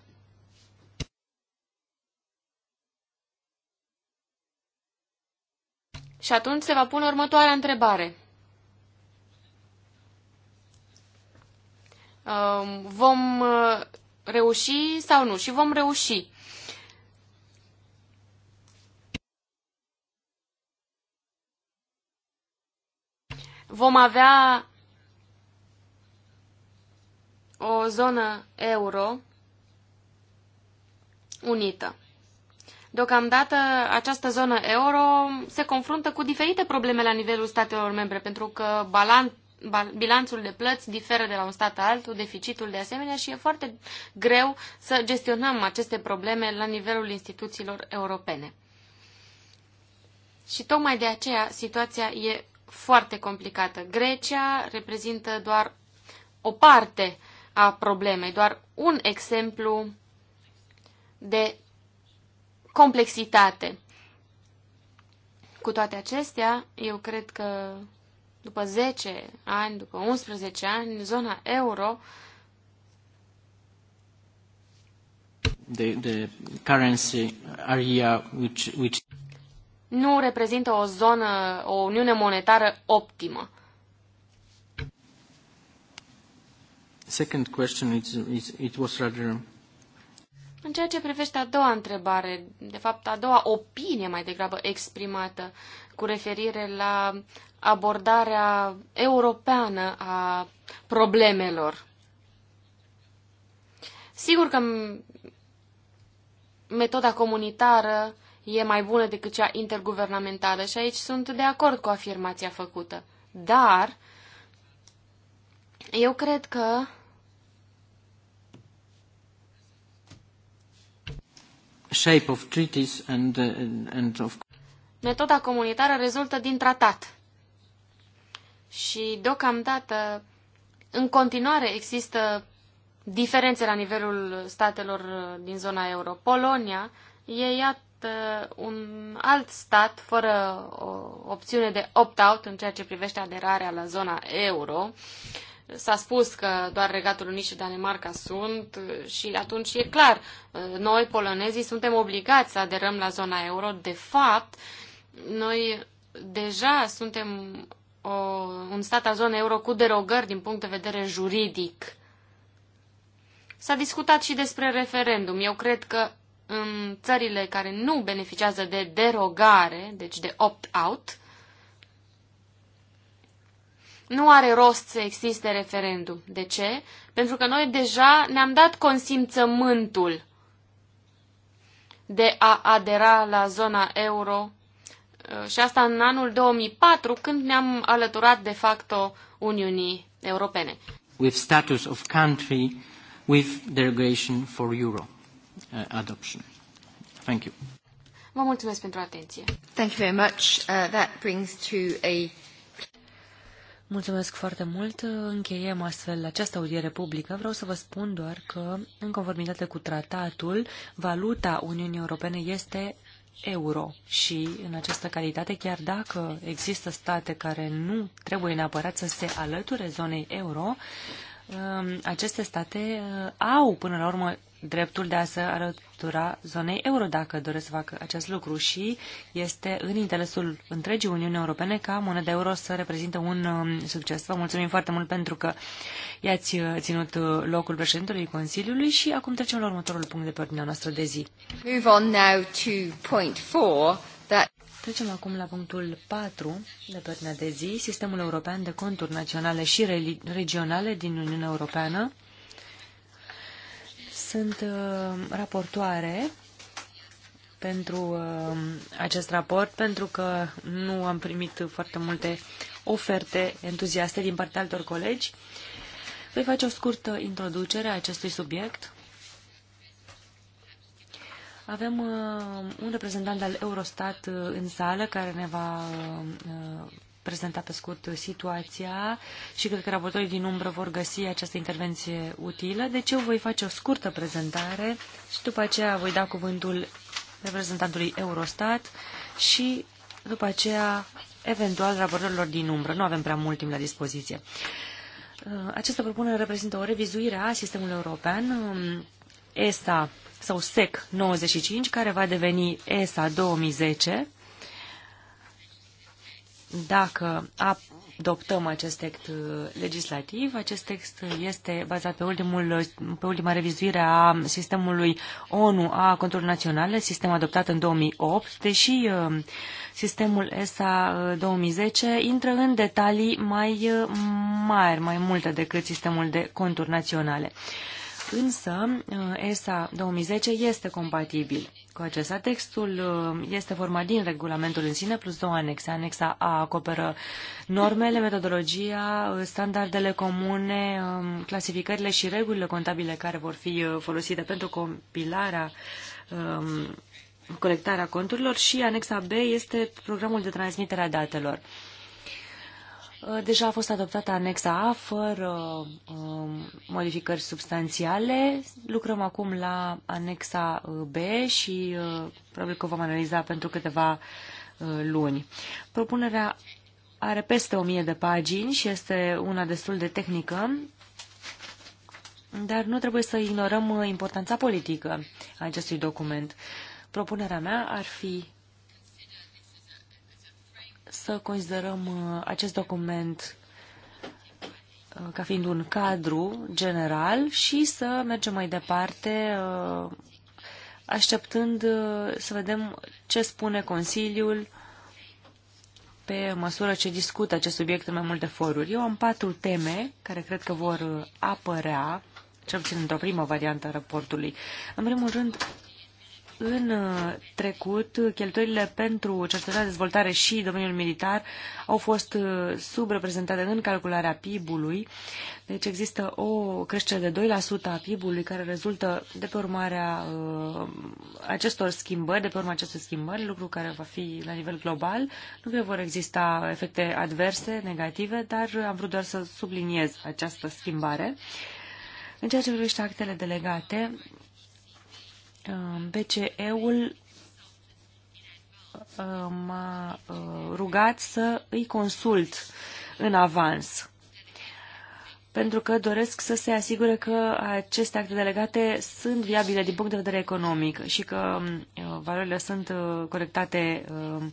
Și atunci se va pune următoarea întrebare. Um, vom uh, reuși sau nu? Și vom reuși. Vom avea o zonă euro unită. Deocamdată, această zonă euro se confruntă cu diferite probleme la nivelul statelor membre, pentru că balan, bilanțul de plăți diferă de la un stat altul, deficitul de asemenea și e foarte greu să gestionăm aceste probleme la nivelul instituțiilor europene. Și tocmai de aceea situația e foarte complicată. Grecia reprezintă doar o parte a problemei, doar un exemplu de complexitate. Cu toate acestea, eu cred că după 10 ani, după 11 ani, zona euro the, the currency area which, which... nu reprezintă o zonă, o uniune monetară optimă. second question, it's, it's, it was rather... Um, În ceea ce privește a doua întrebare, de fapt a doua opinie mai degrabă exprimată cu referire la abordarea europeană a problemelor. Sigur că metoda comunitară e mai bună decât cea interguvernamentală și aici sunt de acord cu afirmația făcută. Dar eu cred că shape of treaties and, uh, and of... Metoda comunitară rezultă din tratat. Și deocamdată, în continuare, există diferențe la nivelul statelor uh, din zona euro. Polonia e, iată, un alt stat fără o opțiune de opt-out în ceea ce privește aderarea la zona euro. Uh, S-a spus că doar Regatul Unit și Danemarca sunt și atunci e clar, noi polonezii suntem obligați să aderăm la zona euro. De fapt, noi deja suntem o, un stat al zonei euro cu derogări din punct de vedere juridic. S-a discutat și despre referendum. Eu cred că în țările care nu beneficiază de derogare, deci de opt-out, nu are rost să existe referendum. De ce? Pentru că noi deja ne-am dat consimțământul de a adera la zona euro uh, și asta în anul 2004 când ne-am alăturat de facto Uniunii Europene. With status of country with derogation for euro uh, adoption. Thank you. Vă mulțumesc pentru atenție. Thank you very much. Uh, that brings to a Mulțumesc foarte mult. Încheiem astfel această audiere publică. Vreau să vă spun doar că, în conformitate cu tratatul, valuta Uniunii Europene este euro și în această calitate, chiar dacă există state care nu trebuie neapărat să se alăture zonei euro, um, aceste state uh, au până la urmă dreptul de a se alătura zonei euro dacă doresc să facă acest lucru și este în interesul întregii Uniuni Europene ca moneda euro să reprezinte un um, succes. Vă mulțumim foarte mult pentru că i-ați uh, ținut uh, locul președintelui Consiliului și acum trecem la următorul punct de pe ordinea noastră de zi. Move on now to point four, that... Trecem acum la punctul 4 de pe ordinea de zi, Sistemul European de Conturi Naționale și Regionale din Uniunea Europeană sunt uh, raportoare pentru uh, acest raport, pentru că nu am primit foarte multe oferte entuziaste din partea altor colegi. Voi face o scurtă introducere a acestui subiect. Avem uh, un reprezentant al Eurostat în sală care ne va prezenta pe scurt situația și cred că raportorii din umbră vor găsi această intervenție utilă. Deci eu voi face o scurtă prezentare și după aceea voi da cuvântul reprezentantului Eurostat și după aceea eventual raportorilor din umbră. Nu avem prea mult timp la dispoziție. Uh, această propunere reprezintă o revizuire a sistemului european um, ESA sau SEC 95, care va deveni ESA 2010 dacă adoptăm acest text uh, legislativ, acest text este bazat pe, ultimul, pe ultima revizuire a sistemului ONU a controlului naționale, sistem adoptat în 2008, deși uh, sistemul ESA 2010 uh, intră în detalii mai mari, mai multe decât sistemul de conturi naționale însă eh, ESA 2010 este compatibil cu acesta. Textul eh, este format din regulamentul în sine plus două anexe. Anexa A acoperă normele, metodologia, eh, standardele comune, clasificările și regulile contabile care vor fi folosite pentru compilarea colectarea conturilor și anexa B este programul de transmitere a datelor. Uh, deja a fost adoptată anexa A fără um, modificări substanțiale. Lucrăm acum la anexa uh, B și uh, probabil că o vom analiza pentru câteva luni. Propunerea are peste 1000 de pagini și este una destul de tehnică, dar nu trebuie să ignorăm importanța politică a acestui document. Propunerea mea ar fi să considerăm uh, acest document uh, ca fiind un cadru general și să mergem mai departe uh, așteptând să vedem ce spune Consiliul pe măsură ce discută acest subiect în mai multe foruri. Eu am patru teme care cred că vor apărea, cel puțin într-o primă variantă a raportului. În primul rând, în uh, trecut, cheltuielile pentru cercetare, dezvoltare și domeniul militar au fost uh, subreprezentate în calcularea PIB-ului. Deci există o creștere de 2% a PIB-ului care rezultă de pe urmarea uh, acestor schimbări, de pe urma acestor schimbări, lucru care va fi la nivel global. Nu cred că vor exista efecte adverse, negative, dar am vrut doar să subliniez această schimbare. În ceea ce privește actele delegate, Um, BCE-ul uh, m-a uh, rugat să îi consult în avans pentru că doresc să se asigure că aceste acte delegate sunt viabile din punct de vedere economic și că uh, valorile sunt uh, corectate uh,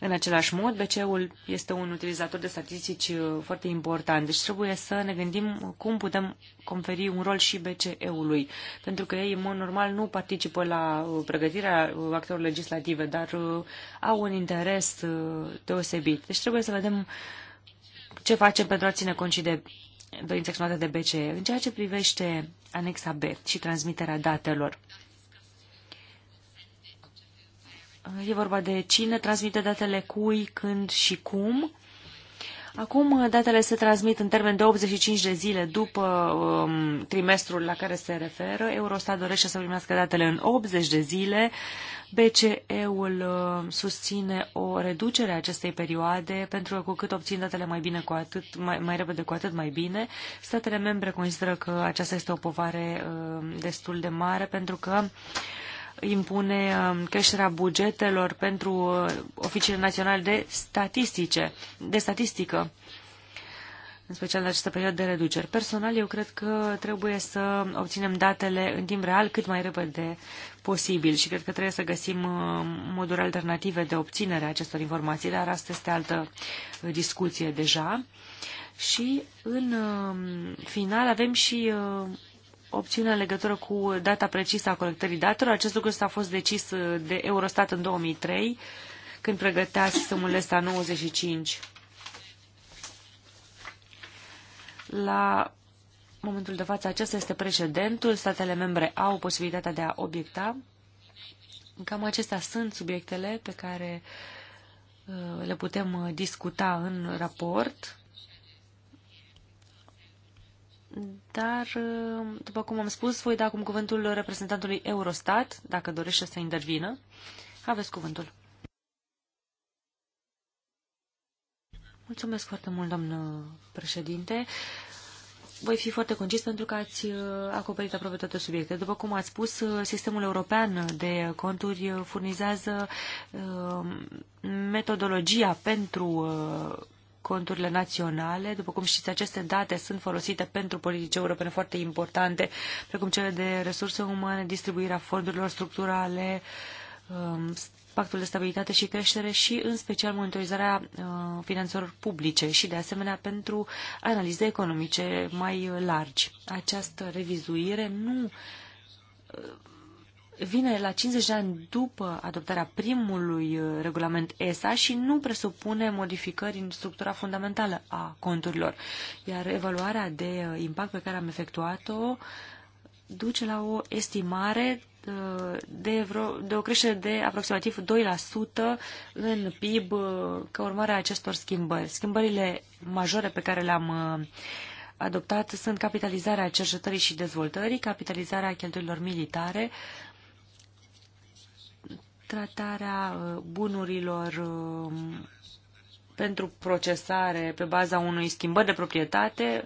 în același mod. BCE-ul este un utilizator de statistici foarte important, deci trebuie să ne gândim cum putem conferi un rol și BCE-ului, pentru că ei, în mod normal, nu participă la pregătirea actelor legislative, dar au un interes deosebit. Deci trebuie să vedem ce facem pentru a ține cont de dorința exprimată de BCE. În ceea ce privește anexa B și transmiterea datelor, e vorba de cine transmite datele cui, când și cum. Acum datele se transmit în termen de 85 de zile după um, trimestrul la care se referă. Eurostat dorește să primească datele în 80 de zile BCE-ul uh, susține o reducere a acestei perioade, pentru că cu cât obțin datele mai bine cu atât, mai, mai repede cu atât mai bine, statele membre consideră că aceasta este o povare uh, destul de mare, pentru că impune um, creșterea bugetelor pentru uh, oficiile naționale de statistice, de statistică în special în această perioadă de reduceri. Personal, eu cred că trebuie să obținem datele în timp real cât mai repede posibil și cred că trebuie să găsim uh, moduri alternative de obținere a acestor informații, dar asta este altă uh, discuție deja. Și în uh, final avem și opțiunea în legătură cu data precisă a colectării datelor. Acest lucru s-a fost decis de Eurostat în 2003, când pregătea sistemul ESA 95 La momentul de față acesta este precedentul, statele membre au posibilitatea de a obiecta. Cam acestea sunt subiectele pe care uh, le putem uh, discuta în raport. Dar, uh, după cum am spus, voi da acum cuvântul reprezentantului Eurostat, dacă dorește să intervină. Aveți cuvântul. Mulțumesc foarte mult, doamnă președinte. Voi fi foarte concis pentru că ați uh, acoperit aproape toate subiectele. După cum ați spus, uh, sistemul european de conturi furnizează uh, metodologia pentru conturile naționale. După cum știți, aceste date sunt folosite pentru politici europene foarte importante, precum cele de resurse umane, distribuirea fondurilor structurale, um, pactul de stabilitate și creștere și în special monitorizarea uh, finanțelor publice și de asemenea pentru analize economice mai largi. Această revizuire nu uh, vine la 50 de ani după adoptarea primului uh, regulament ESA și nu presupune modificări în structura fundamentală a conturilor, iar evaluarea de impact pe care am efectuat-o duce la o estimare de, vreo, de o creștere de aproximativ 2% în PIB uh, ca urmare a acestor schimbări. Schimbările majore pe care le-am uh, adoptat sunt capitalizarea cercetării și dezvoltării, capitalizarea cheltuielor militare, tratarea uh, bunurilor um, pentru procesare pe baza unui schimbări de proprietate,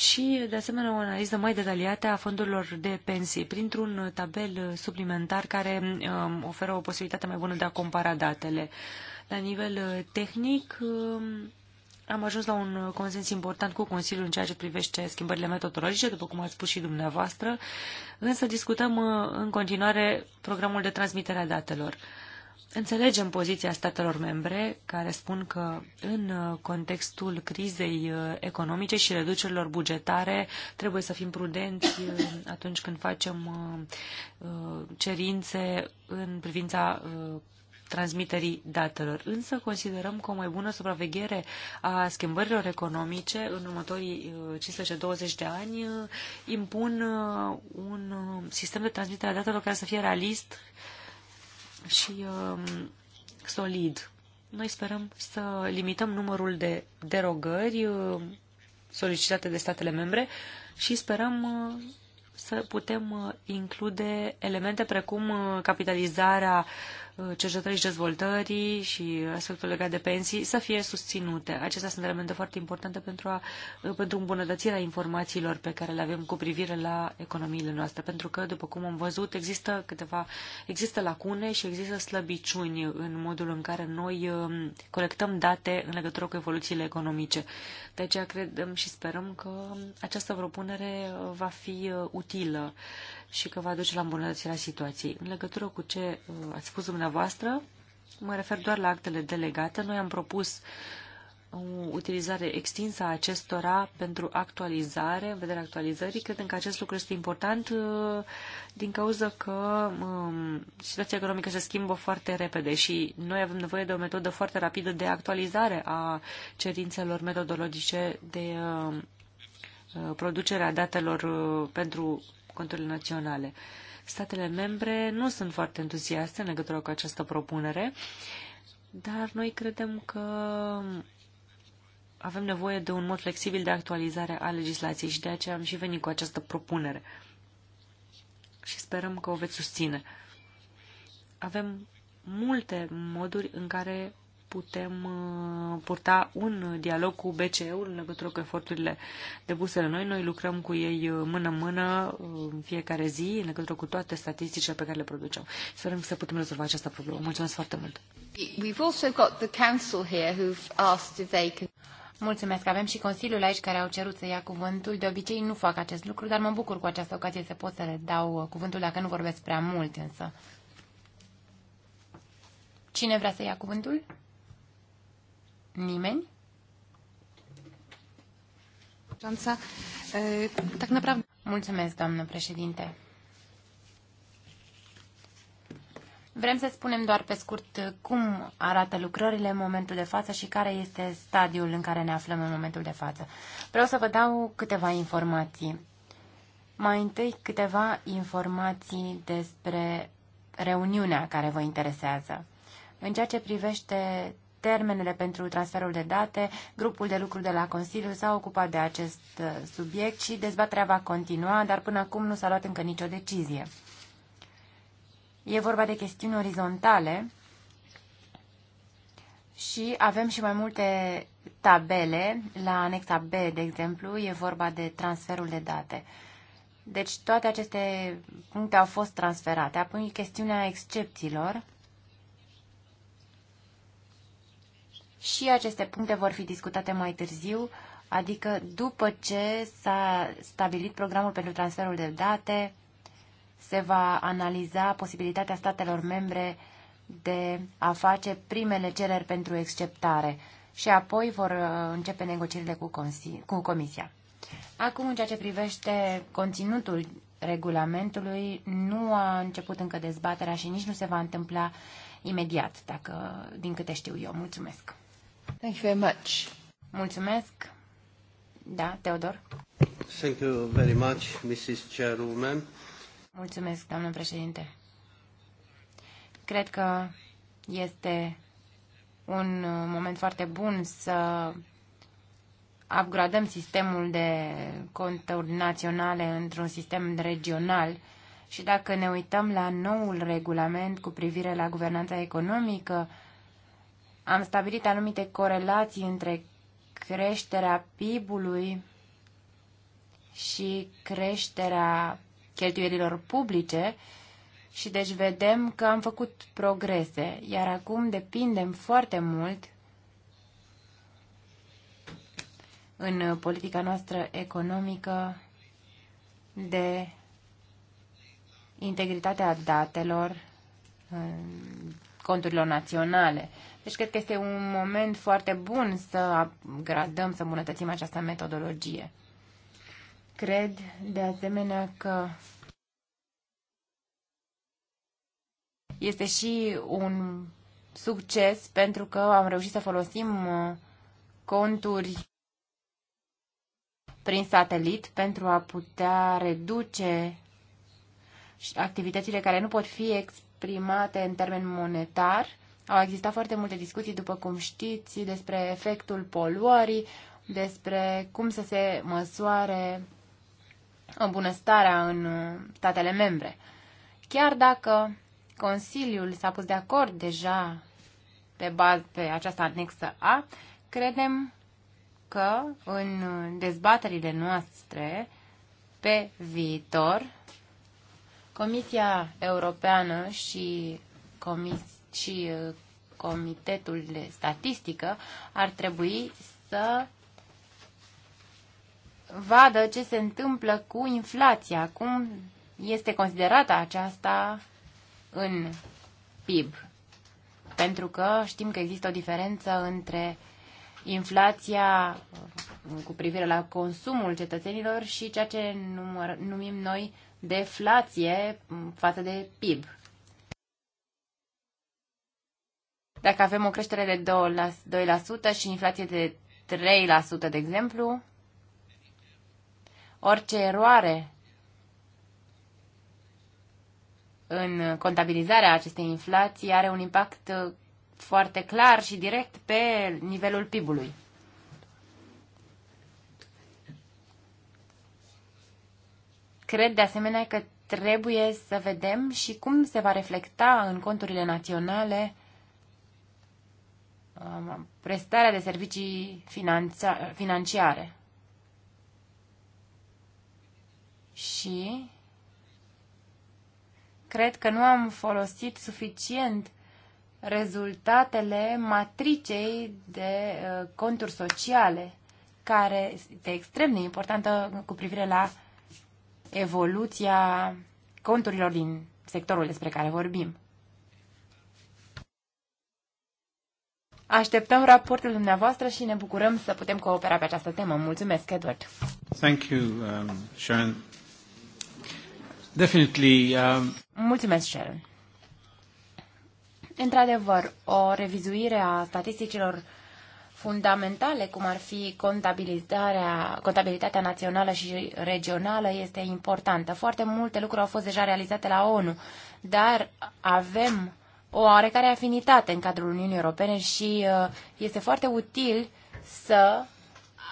și, de asemenea, o analiză mai detaliată a fondurilor de pensii printr-un tabel suplimentar care um, oferă o posibilitate mai bună de a compara datele. La nivel uh, tehnic, um, am ajuns la un consens important cu Consiliul în ceea ce privește schimbările metodologice, după cum ați spus și dumneavoastră, însă discutăm uh, în continuare programul de transmitere a datelor. Înțelegem poziția statelor membre care spun că în uh, contextul crizei uh, economice și reducerilor bugetare trebuie să fim prudenți uh, atunci când facem cerințe în privința transmiterii datelor. Însă considerăm că o mai bună supraveghere a schimbărilor economice în următorii 15-20 de ani impun un sistem de transmitere a datelor care să fie realist și um, solid. Noi sperăm să limităm numărul de derogări um, solicitate de statele membre și sperăm uh, să putem uh, include elemente precum uh, capitalizarea uh, cercetării și dezvoltării și aspectul legat de pensii să fie susținute. Acestea sunt elemente foarte importante pentru, a, pentru îmbunătățirea informațiilor pe care le avem cu privire la economiile noastre, pentru că, după cum am văzut, există câteva, există lacune și există slăbiciuni în modul în care noi um, colectăm date în legătură cu evoluțiile economice. De aceea credem și sperăm că această propunere va fi uh, utilă și că va duce la îmbunătățirea situației. În legătură cu ce uh, ați spus dumneavoastră, mă refer doar la actele delegate. Noi am propus o uh, utilizare extinsă a acestora pentru actualizare, în vederea actualizării. Credem că acest lucru este important uh, din cauza că um, situația economică se schimbă foarte repede și noi avem nevoie de o metodă foarte rapidă de actualizare a cerințelor metodologice de uh, producerea datelor pentru conturile naționale. Statele membre nu sunt foarte entuziaste în legătură cu această propunere, dar noi credem că avem nevoie de un mod flexibil de actualizare a legislației și de aceea am și venit cu această propunere. Și sperăm că o veți susține. Avem multe moduri în care putem uh, purta un dialog cu BCE-ul în legătură cu eforturile depuse la noi. Noi lucrăm cu ei uh, mână-mână uh, în fiecare zi, în legătură cu toate statisticile pe care le producem. Sperăm să putem rezolva această problemă. Mulțumesc foarte mult! We've also got the council here who've asked if they can... Mulțumesc. Avem și Consiliul aici care au cerut să ia cuvântul. De obicei nu fac acest lucru, dar mă bucur cu această ocazie să pot să le dau cuvântul dacă nu vorbesc prea mult însă. Cine vrea să ia cuvântul? Nimeni? Mulțumesc, doamnă președinte. Vrem să spunem doar pe scurt cum arată lucrările în momentul de față și care este stadiul în care ne aflăm în momentul de față. Vreau să vă dau câteva informații. Mai întâi câteva informații despre reuniunea care vă interesează. În ceea ce privește termenele pentru transferul de date. Grupul de lucru de la Consiliu s-a ocupat de acest uh, subiect și dezbaterea va continua, dar până acum nu s-a luat încă nicio decizie. E vorba de chestiuni orizontale și avem și mai multe tabele. La anexa B, de exemplu, e vorba de transferul de date. Deci toate aceste puncte au fost transferate. Apoi chestiunea excepțiilor. și aceste puncte vor fi discutate mai târziu, adică după ce s-a stabilit programul pentru transferul de date, se va analiza posibilitatea statelor membre de a face primele cereri pentru exceptare și apoi vor uh, începe negocierile cu, cu Comisia. Acum, în ceea ce privește conținutul regulamentului, nu a început încă dezbaterea și nici nu se va întâmpla imediat, dacă din câte știu eu. Mulțumesc! Thank you very much. Mulțumesc. Da, Teodor. Thank you very much, Mrs. Chairwoman. Mulțumesc, doamnă președinte. Cred că este un moment foarte bun să upgradăm sistemul de conturi naționale într-un sistem regional și dacă ne uităm la noul regulament cu privire la guvernanța economică, am stabilit anumite corelații între creșterea PIB-ului și creșterea cheltuielilor publice și deci vedem că am făcut progrese, iar acum depindem foarte mult în politica noastră economică de integritatea datelor conturilor naționale. Deci cred că este un moment foarte bun să gradăm, să îmbunătățim această metodologie. Cred de asemenea că este și un succes pentru că am reușit să folosim uh, conturi prin satelit pentru a putea reduce activitățile care nu pot fi exprimate în termen monetar au existat foarte multe discuții, după cum știți, despre efectul poluării, despre cum să se măsoare bunăstarea în statele membre. Chiar dacă Consiliul s-a pus de acord deja pe, baz, pe această anexă A, credem că în dezbaterile noastre pe viitor, Comisia Europeană și Comisia și uh, Comitetul de Statistică ar trebui să vadă ce se întâmplă cu inflația, cum este considerată aceasta în PIB. Pentru că știm că există o diferență între inflația uh, cu privire la consumul cetățenilor și ceea ce numim noi deflație mm, față de PIB. Dacă avem o creștere de 2% și inflație de 3%, de exemplu, orice eroare în contabilizarea acestei inflații are un impact foarte clar și direct pe nivelul PIB-ului. Cred de asemenea că trebuie să vedem și cum se va reflecta în conturile naționale Um, prestarea de servicii financiare. Și cred că nu am folosit suficient rezultatele matricei de uh, conturi sociale, care este extrem de importantă cu privire la evoluția conturilor din sectorul despre care vorbim. Așteptăm raportul dumneavoastră și ne bucurăm să putem coopera pe această temă. Mulțumesc, Edward. Thank you, um, Sharon. Definitely. Um... Mulțumesc, Sharon. Într-adevăr, o revizuire a statisticilor fundamentale, cum ar fi contabilizarea, contabilitatea națională și regională, este importantă. Foarte multe lucruri au fost deja realizate la ONU, dar avem o oarecare afinitate în cadrul Uniunii Europene și uh, este foarte util să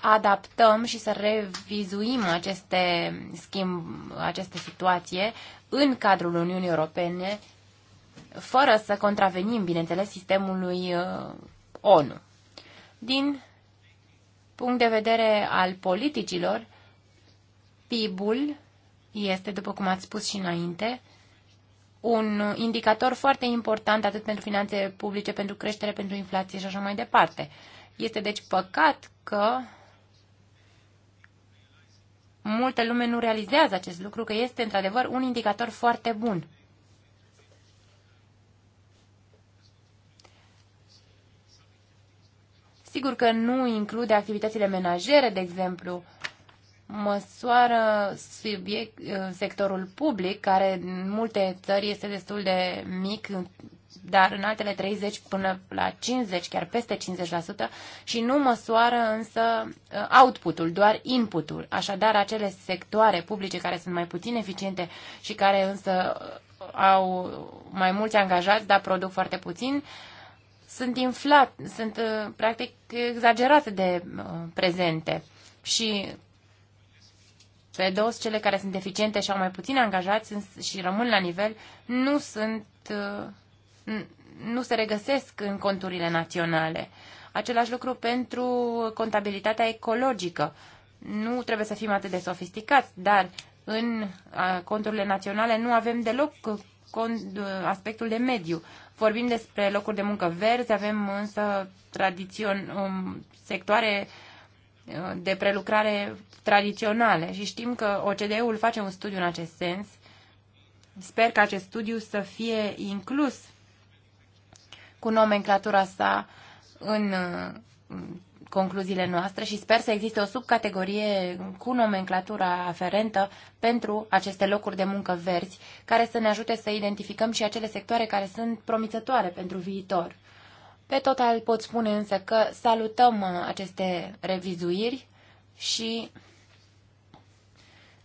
adaptăm și să revizuim aceste schimb, aceste situație în cadrul Uniunii Europene, fără să contravenim, bineînțeles, sistemului uh, ONU. Din punct de vedere al politicilor, PIB-ul este, după cum ați spus și înainte, un indicator foarte important atât pentru finanțe publice, pentru creștere, pentru inflație și așa mai departe. Este deci păcat că multă lume nu realizează acest lucru, că este într-adevăr un indicator foarte bun. Sigur că nu include activitățile menajere, de exemplu, măsoară subiect, sectorul public, care în multe țări este destul de mic, dar în altele 30 până la 50, chiar peste 50% și nu măsoară însă uh, outputul, doar inputul. Așadar, acele sectoare publice care sunt mai puțin eficiente și care însă uh, au mai mulți angajați, dar produc foarte puțin, sunt inflat, sunt uh, practic exagerate de prezente. Și pe dos, cele care sunt eficiente și au mai puțin angajați și rămân la nivel, nu sunt, uh, nu se regăsesc în conturile naționale. Același lucru pentru contabilitatea ecologică. Nu trebuie să fim atât de sofisticați, dar în uh, conturile naționale nu avem deloc uh, aspectul de mediu. Vorbim despre locuri de muncă verzi, avem însă tradițion, um, sectoare uh, de prelucrare tradiționale și știm că OCDE-ul face un studiu în acest sens. Sper că acest studiu să fie inclus cu nomenclatura sa în concluziile noastre și sper să existe o subcategorie cu nomenclatura aferentă pentru aceste locuri de muncă verzi, care să ne ajute să identificăm și acele sectoare care sunt promițătoare pentru viitor. Pe total pot spune însă că salutăm uh, aceste revizuiri și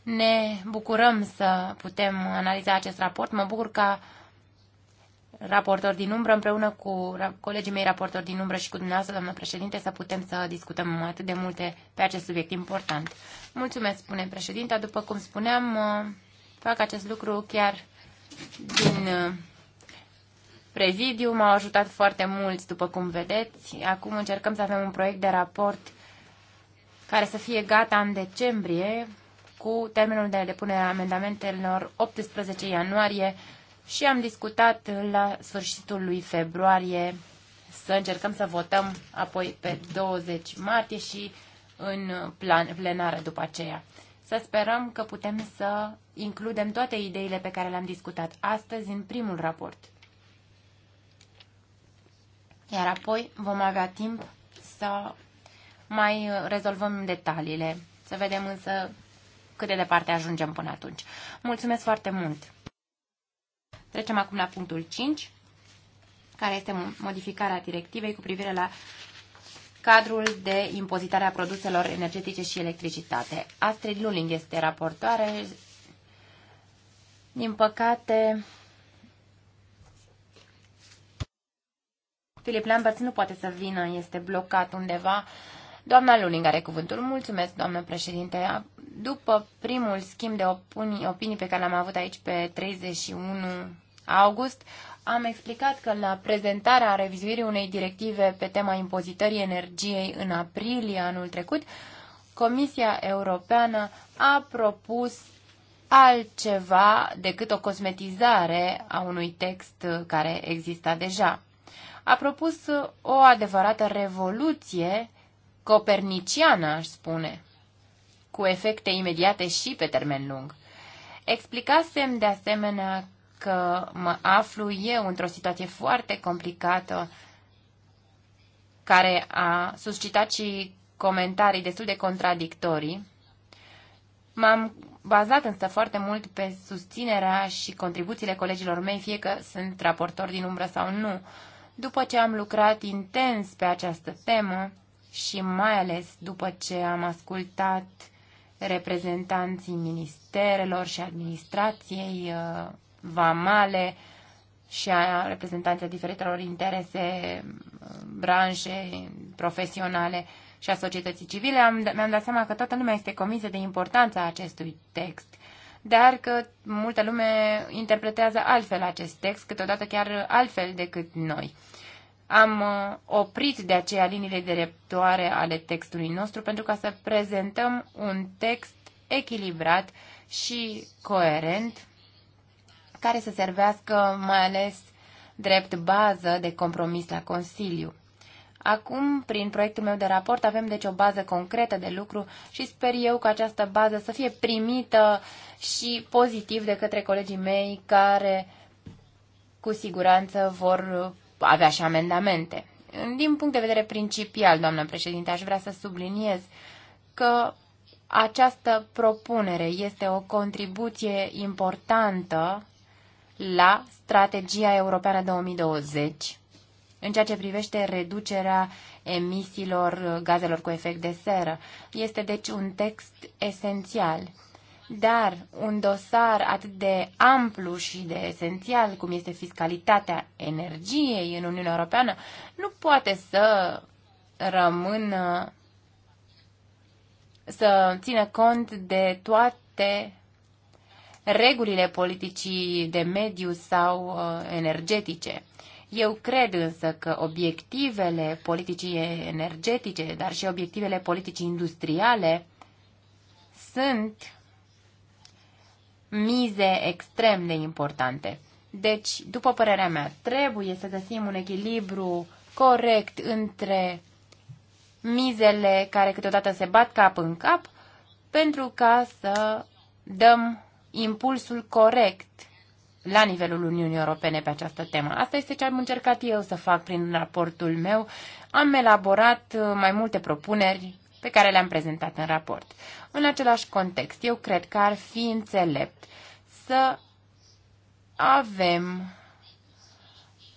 ne bucurăm să putem analiza acest raport. Mă bucur ca raportor din umbră, împreună cu colegii mei raportori din umbră și cu dumneavoastră, doamnă președinte, să putem să discutăm atât de multe pe acest subiect important. Mulțumesc, spune președinta. După cum spuneam, uh, fac acest lucru chiar din uh, prezidiu, m-au ajutat foarte mult, după cum vedeți. Acum încercăm să avem un proiect de raport care să fie gata în decembrie, cu termenul de depunere a amendamentelor 18 ianuarie și am discutat la sfârșitul lui februarie să încercăm să votăm apoi pe 20 martie și în plan, plenară după aceea. Să sperăm că putem să includem toate ideile pe care le-am discutat astăzi în primul raport. Iar apoi vom avea timp să mai uh, rezolvăm detaliile, să vedem însă cât de departe ajungem până atunci. Mulțumesc foarte mult! Trecem acum la punctul 5, care este modificarea directivei cu privire la cadrul de impozitare a produselor energetice și electricitate. Astrid Luling este raportoare. Din păcate, Filip Lambert nu poate să vină, este blocat undeva. Doamna Luling are cuvântul. Mulțumesc, doamnă președinte. După primul schimb de opinii, opinii pe care l-am avut aici pe 31 august, am explicat că la prezentarea revizuirii unei directive pe tema impozitării energiei în aprilie anul trecut, Comisia Europeană a propus altceva decât o cosmetizare a unui text care exista deja a propus uh, o adevărată revoluție coperniciană, aș spune, cu efecte imediate și pe termen lung. Explicasem de asemenea că mă aflu eu într-o situație foarte complicată care a suscitat și comentarii destul de contradictorii. M-am bazat însă foarte mult pe susținerea și contribuțiile colegilor mei, fie că sunt raportori din umbră sau nu. După ce am lucrat intens pe această temă și mai ales după ce am ascultat reprezentanții ministerelor și administrației uh, vamale și a reprezentanții diferitelor interese, branșe profesionale și a societății civile, am, da, mi-am dat seama că toată lumea este convinsă de importanța acestui text dar că multă lume interpretează altfel acest text, câteodată chiar altfel decât noi. Am uh, oprit de aceea liniile directoare ale textului nostru pentru ca să prezentăm un text echilibrat și coerent care să servească mai ales drept bază de compromis la Consiliu. Acum, prin proiectul meu de raport, avem deci o bază concretă de lucru și sper eu că această bază să fie primită și pozitiv de către colegii mei care cu siguranță vor avea și amendamente. Din punct de vedere principial, doamnă președinte, aș vrea să subliniez că această propunere este o contribuție importantă la strategia europeană 2020 în ceea ce privește reducerea emisiilor gazelor cu efect de seră. Este deci un text esențial dar un dosar atât de amplu și de esențial cum este fiscalitatea energiei în Uniunea Europeană nu poate să rămână să țină cont de toate regulile politicii de mediu sau uh, energetice. Eu cred însă că obiectivele politicii energetice, dar și obiectivele politicii industriale sunt mize extrem de importante. Deci, după părerea mea, trebuie să găsim un echilibru corect între mizele care câteodată se bat cap în cap pentru ca să dăm impulsul corect la nivelul Uniunii Europene pe această temă. Asta este ce am încercat eu să fac prin raportul meu. Am elaborat mai multe propuneri pe care le-am prezentat în raport. În același context, eu cred că ar fi înțelept să avem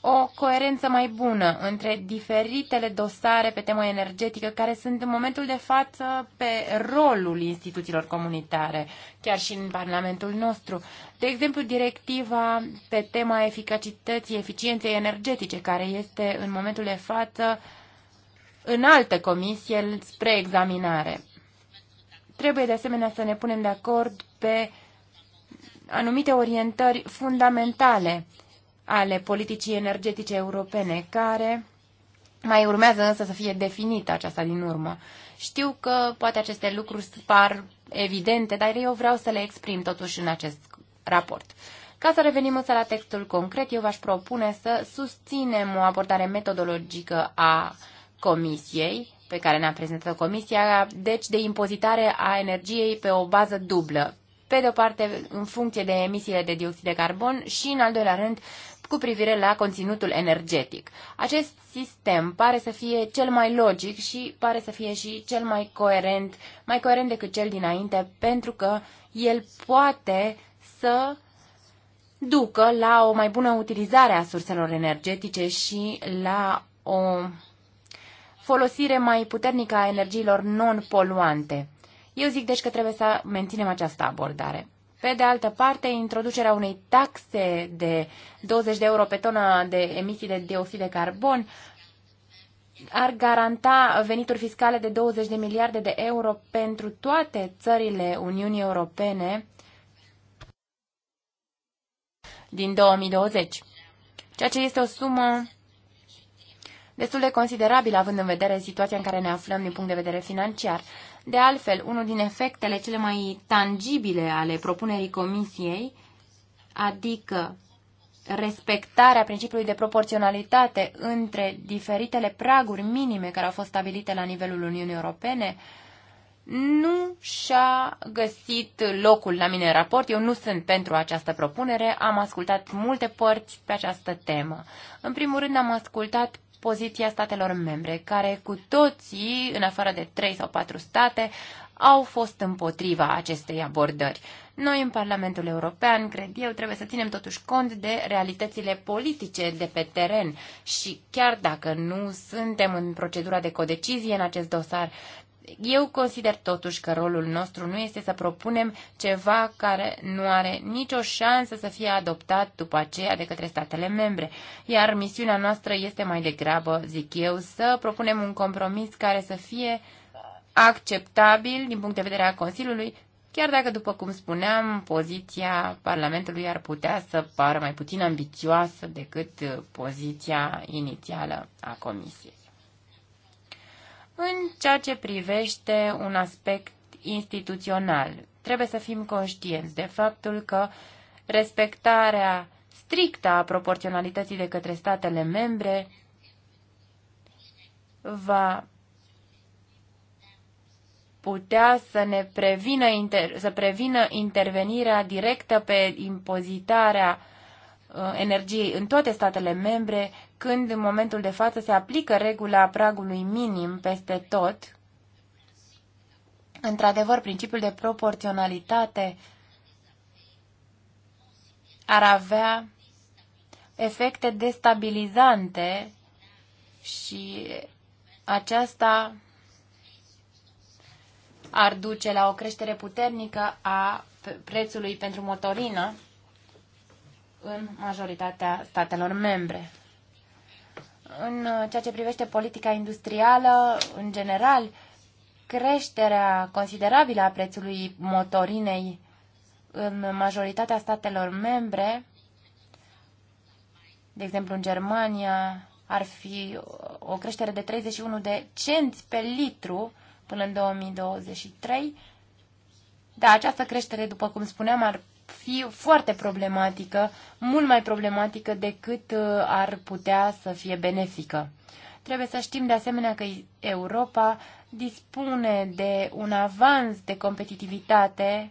o coerență mai bună între diferitele dosare pe temă energetică care sunt în momentul de față pe rolul instituțiilor comunitare, chiar și în Parlamentul nostru. De exemplu, directiva pe tema eficacității, eficienței energetice, care este în momentul de față uh, în alte comisie spre examinare. Trebuie de asemenea să ne punem de acord pe anumite orientări fundamentale ale politicii energetice europene, care mai urmează însă să fie definită aceasta din urmă. Știu că poate aceste lucruri par evidente, dar eu vreau să le exprim totuși în acest raport. Ca să revenim însă la textul concret, eu v-aș propune să susținem o abordare metodologică a uh, Comisiei, pe care ne-a prezentat Comisia, deci de impozitare a energiei pe o bază dublă. Pe de o parte, în funcție de emisiile de dioxid de carbon și, în al doilea rând, cu privire la conținutul energetic. Acest sistem pare să fie cel mai logic și pare să fie și cel mai coerent, mai coerent decât cel dinainte, pentru că el poate să ducă la o mai bună utilizare a surselor energetice și la o folosire mai puternică a energiilor non-poluante. Eu zic deci că trebuie să menținem această abordare. Pe de altă parte, introducerea unei taxe de 20 de euro pe tonă de emisii de dioxid de carbon ar garanta venituri fiscale de 20 de miliarde de euro pentru toate țările Uniunii Europene din 2020, ceea ce este o sumă destul de considerabil având în vedere situația în care ne aflăm din punct de vedere financiar. De altfel, unul din efectele cele mai tangibile ale propunerii Comisiei, adică respectarea principiului de proporționalitate între diferitele praguri minime care au fost stabilite la nivelul Uniunii Europene, nu și-a găsit locul la mine în raport. Eu nu sunt pentru această propunere. Am ascultat multe părți pe această temă. În primul rând am ascultat poziția statelor membre, care cu toții, în afară de trei sau patru state, au fost împotriva acestei abordări. Noi, în Parlamentul European, cred eu, trebuie să ținem totuși cont de realitățile politice de pe teren și chiar dacă nu suntem în procedura de codecizie în acest dosar, eu consider totuși că rolul nostru nu este să propunem ceva care nu are nicio șansă să fie adoptat după aceea de către statele membre, iar misiunea noastră este mai degrabă, zic eu, să propunem un compromis care să fie acceptabil din punct de vedere al Consiliului, chiar dacă, după cum spuneam, poziția Parlamentului ar putea să pară mai puțin ambițioasă decât poziția inițială a Comisiei. În ceea ce privește un aspect instituțional, trebuie să fim conștienți de faptul că respectarea strictă a proporționalității de către statele membre va putea să ne prevină, inter, să prevină intervenirea directă pe impozitarea uh, energiei în toate statele membre când în momentul de față se aplică regula pragului minim peste tot, într-adevăr, principiul de proporționalitate ar avea efecte destabilizante și aceasta ar duce la o creștere puternică a prețului pentru motorină în majoritatea statelor membre. În uh, ceea ce privește politica industrială, în general, creșterea considerabilă a prețului motorinei în majoritatea statelor membre, de exemplu în Germania, ar fi o creștere de 31 de cenți pe litru până în 2023. Da, această creștere, după cum spuneam, ar fi foarte problematică, mult mai problematică decât uh, ar putea să fie benefică. Trebuie să știm de asemenea că Europa dispune de un avans de competitivitate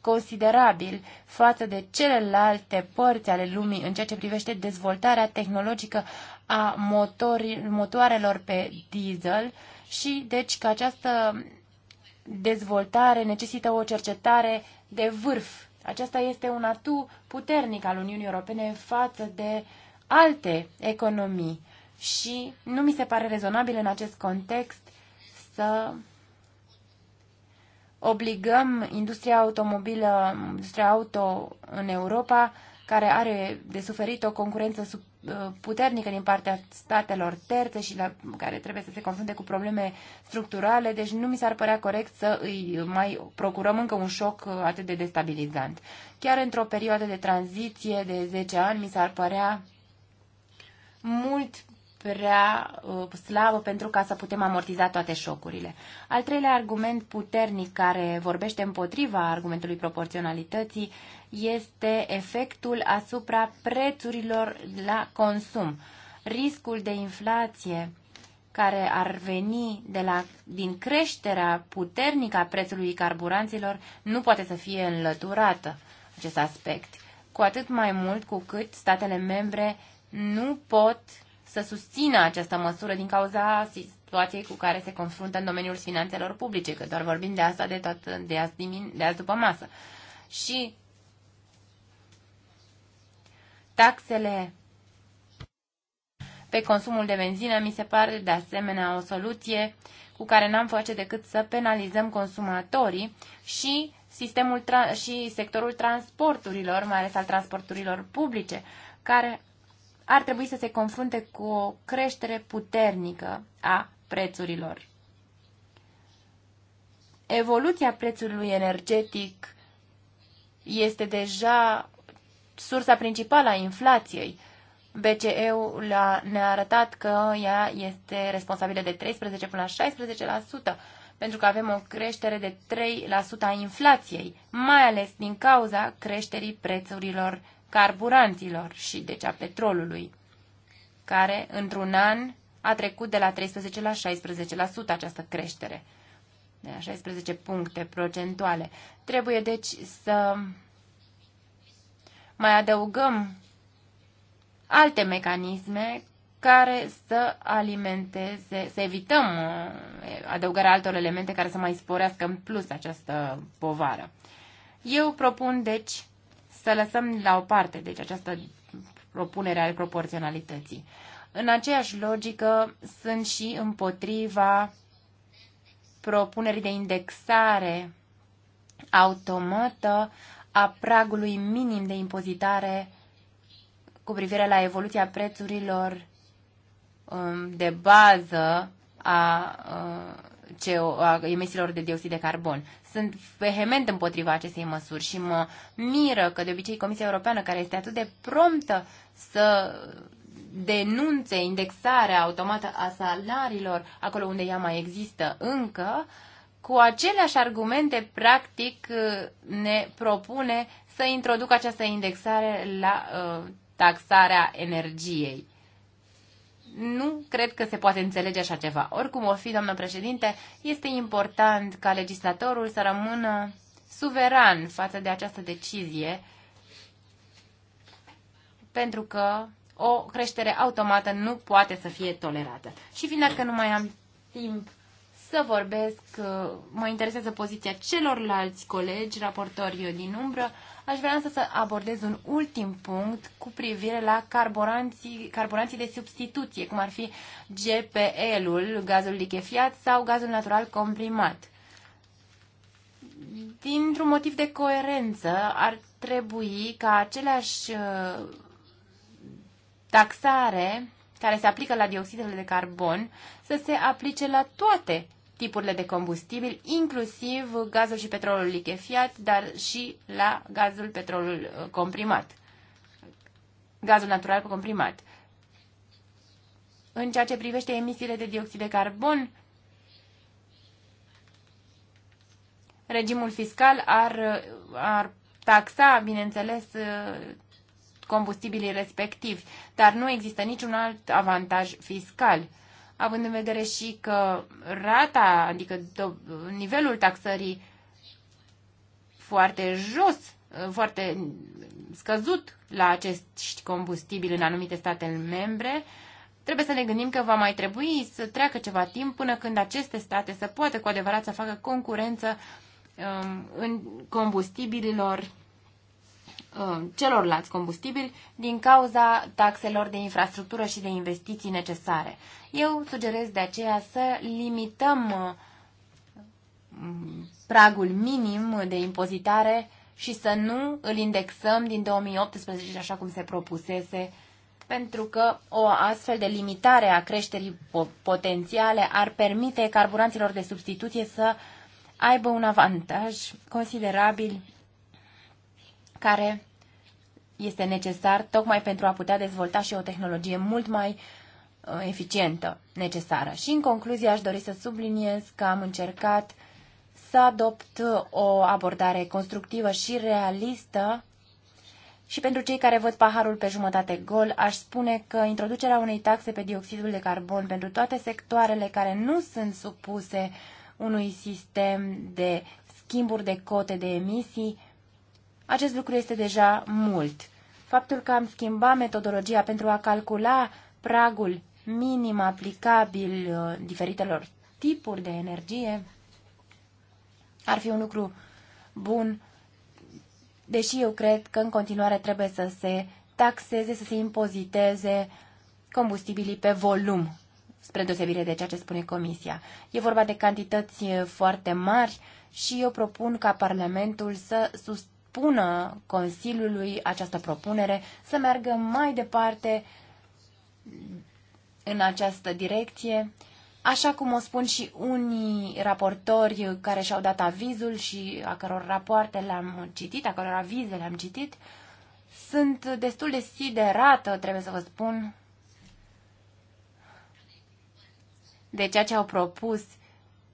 considerabil față de celelalte părți ale lumii în ceea ce privește dezvoltarea tehnologică a motori, motoarelor pe diesel și deci că această dezvoltare necesită o cercetare de vârf acesta este un atu puternic al Uniunii Europene față de alte economii și nu mi se pare rezonabil în acest context să obligăm industria automobilă, industria auto în Europa, care are de suferit o concurență sub Uh, puternică din partea statelor terțe și la, care trebuie să se confrunte cu probleme structurale, deci nu mi s-ar părea corect să îi mai procurăm încă un șoc uh, atât de destabilizant. Chiar într-o perioadă de tranziție de 10 ani, mi s-ar părea mult prea uh, slabă pentru ca să putem amortiza toate șocurile. Al treilea argument puternic care vorbește împotriva argumentului proporționalității este efectul asupra prețurilor la consum. Riscul de inflație care ar veni de la, din creșterea puternică a prețului carburanților nu poate să fie înlăturată acest aspect. Cu atât mai mult cu cât statele membre nu pot să susțină această măsură din cauza situației cu care se confruntă în domeniul finanțelor publice, că doar vorbim de asta de, tot, de, azi, dimin, de azi după masă. Și taxele pe consumul de benzină mi se pare de asemenea o soluție cu care n-am face decât să penalizăm consumatorii și sistemul și sectorul transporturilor, mai ales al transporturilor publice, care ar trebui să se confrunte cu o creștere puternică a prețurilor. Evoluția prețului energetic este deja sursa principală a inflației. BCE-ul ne-a arătat că ea este responsabilă de 13 până la 16%, pentru că avem o creștere de 3% a inflației, mai ales din cauza creșterii prețurilor carburanților și deci a petrolului, care într-un an a trecut de la 13 la 16% această creștere, de la 16 puncte procentuale. Trebuie deci să mai adăugăm alte mecanisme care să alimenteze, să evităm uh, adăugarea altor elemente care să mai sporească în plus această povară. Eu propun, deci, să lăsăm la o parte deci această propunere al proporționalității. În aceeași logică sunt și împotriva propunerii de indexare automată a pragului minim de impozitare cu privire la evoluția prețurilor um, de bază a uh, CO, a emisiilor de dioxid de carbon. Sunt vehement împotriva acestei măsuri și mă miră că de obicei Comisia Europeană, care este atât de promptă să denunțe indexarea automată a salariilor acolo unde ea mai există încă, cu aceleași argumente, practic, ne propune să introducă această indexare la uh, taxarea energiei nu cred că se poate înțelege așa ceva. Oricum o fi, doamnă președinte, este important ca legislatorul să rămână suveran față de această decizie, pentru că o creștere automată nu poate să fie tolerată. Și fiindcă că nu mai am timp să vorbesc, uh, mă interesează poziția celorlalți colegi, raportori din umbră. Aș vrea să abordez un ultim punct cu privire la carburanții, carburanții de substituție, cum ar fi GPL-ul, gazul lichefiat sau gazul natural comprimat. Dintr-un motiv de coerență, ar trebui ca aceleași uh, taxare care se aplică la dioxidele de carbon să se aplice la toate tipurile de combustibil, inclusiv gazul și petrolul lichefiat, dar și la gazul, petrolul uh, comprimat, gazul natural comprimat. În ceea ce privește emisiile de dioxid de carbon, regimul fiscal ar, uh, ar taxa, bineînțeles, uh, combustibilii respectivi, dar nu există niciun alt avantaj fiscal având în vedere și că rata, adică nivelul taxării foarte jos, foarte scăzut la acești combustibili în anumite state membre, trebuie să ne gândim că va mai trebui să treacă ceva timp până când aceste state să poată cu adevărat să facă concurență um, în combustibililor Uh, celorlalți combustibili din cauza taxelor de infrastructură și de investiții necesare. Eu sugerez de aceea să limităm uh, pragul minim de impozitare și să nu îl indexăm din 2018 așa cum se propusese, pentru că o astfel de limitare a creșterii potențiale ar permite carburanților de substituție să aibă un avantaj considerabil care este necesar tocmai pentru a putea dezvolta și o tehnologie mult mai uh, eficientă necesară. Și în concluzie aș dori să subliniez că am încercat să adopt uh, o abordare constructivă și realistă și pentru cei care văd paharul pe jumătate gol, aș spune că introducerea unei taxe pe dioxidul de carbon pentru toate sectoarele care nu sunt supuse unui sistem de schimburi de cote de emisii acest lucru este deja mult. Faptul că am schimbat metodologia pentru a calcula pragul minim aplicabil uh, diferitelor tipuri de energie ar fi un lucru bun, deși eu cred că în continuare trebuie să se taxeze, să se impoziteze combustibilii pe volum, spre deosebire de ceea ce spune Comisia. E vorba de cantități uh, foarte mari și eu propun ca Parlamentul să susțină pună Consiliului această propunere să meargă mai departe în această direcție, așa cum o spun și unii raportori care și-au dat avizul și a căror rapoarte le-am citit, a căror avize le-am citit, sunt destul de siderată, trebuie să vă spun, de ceea ce au propus.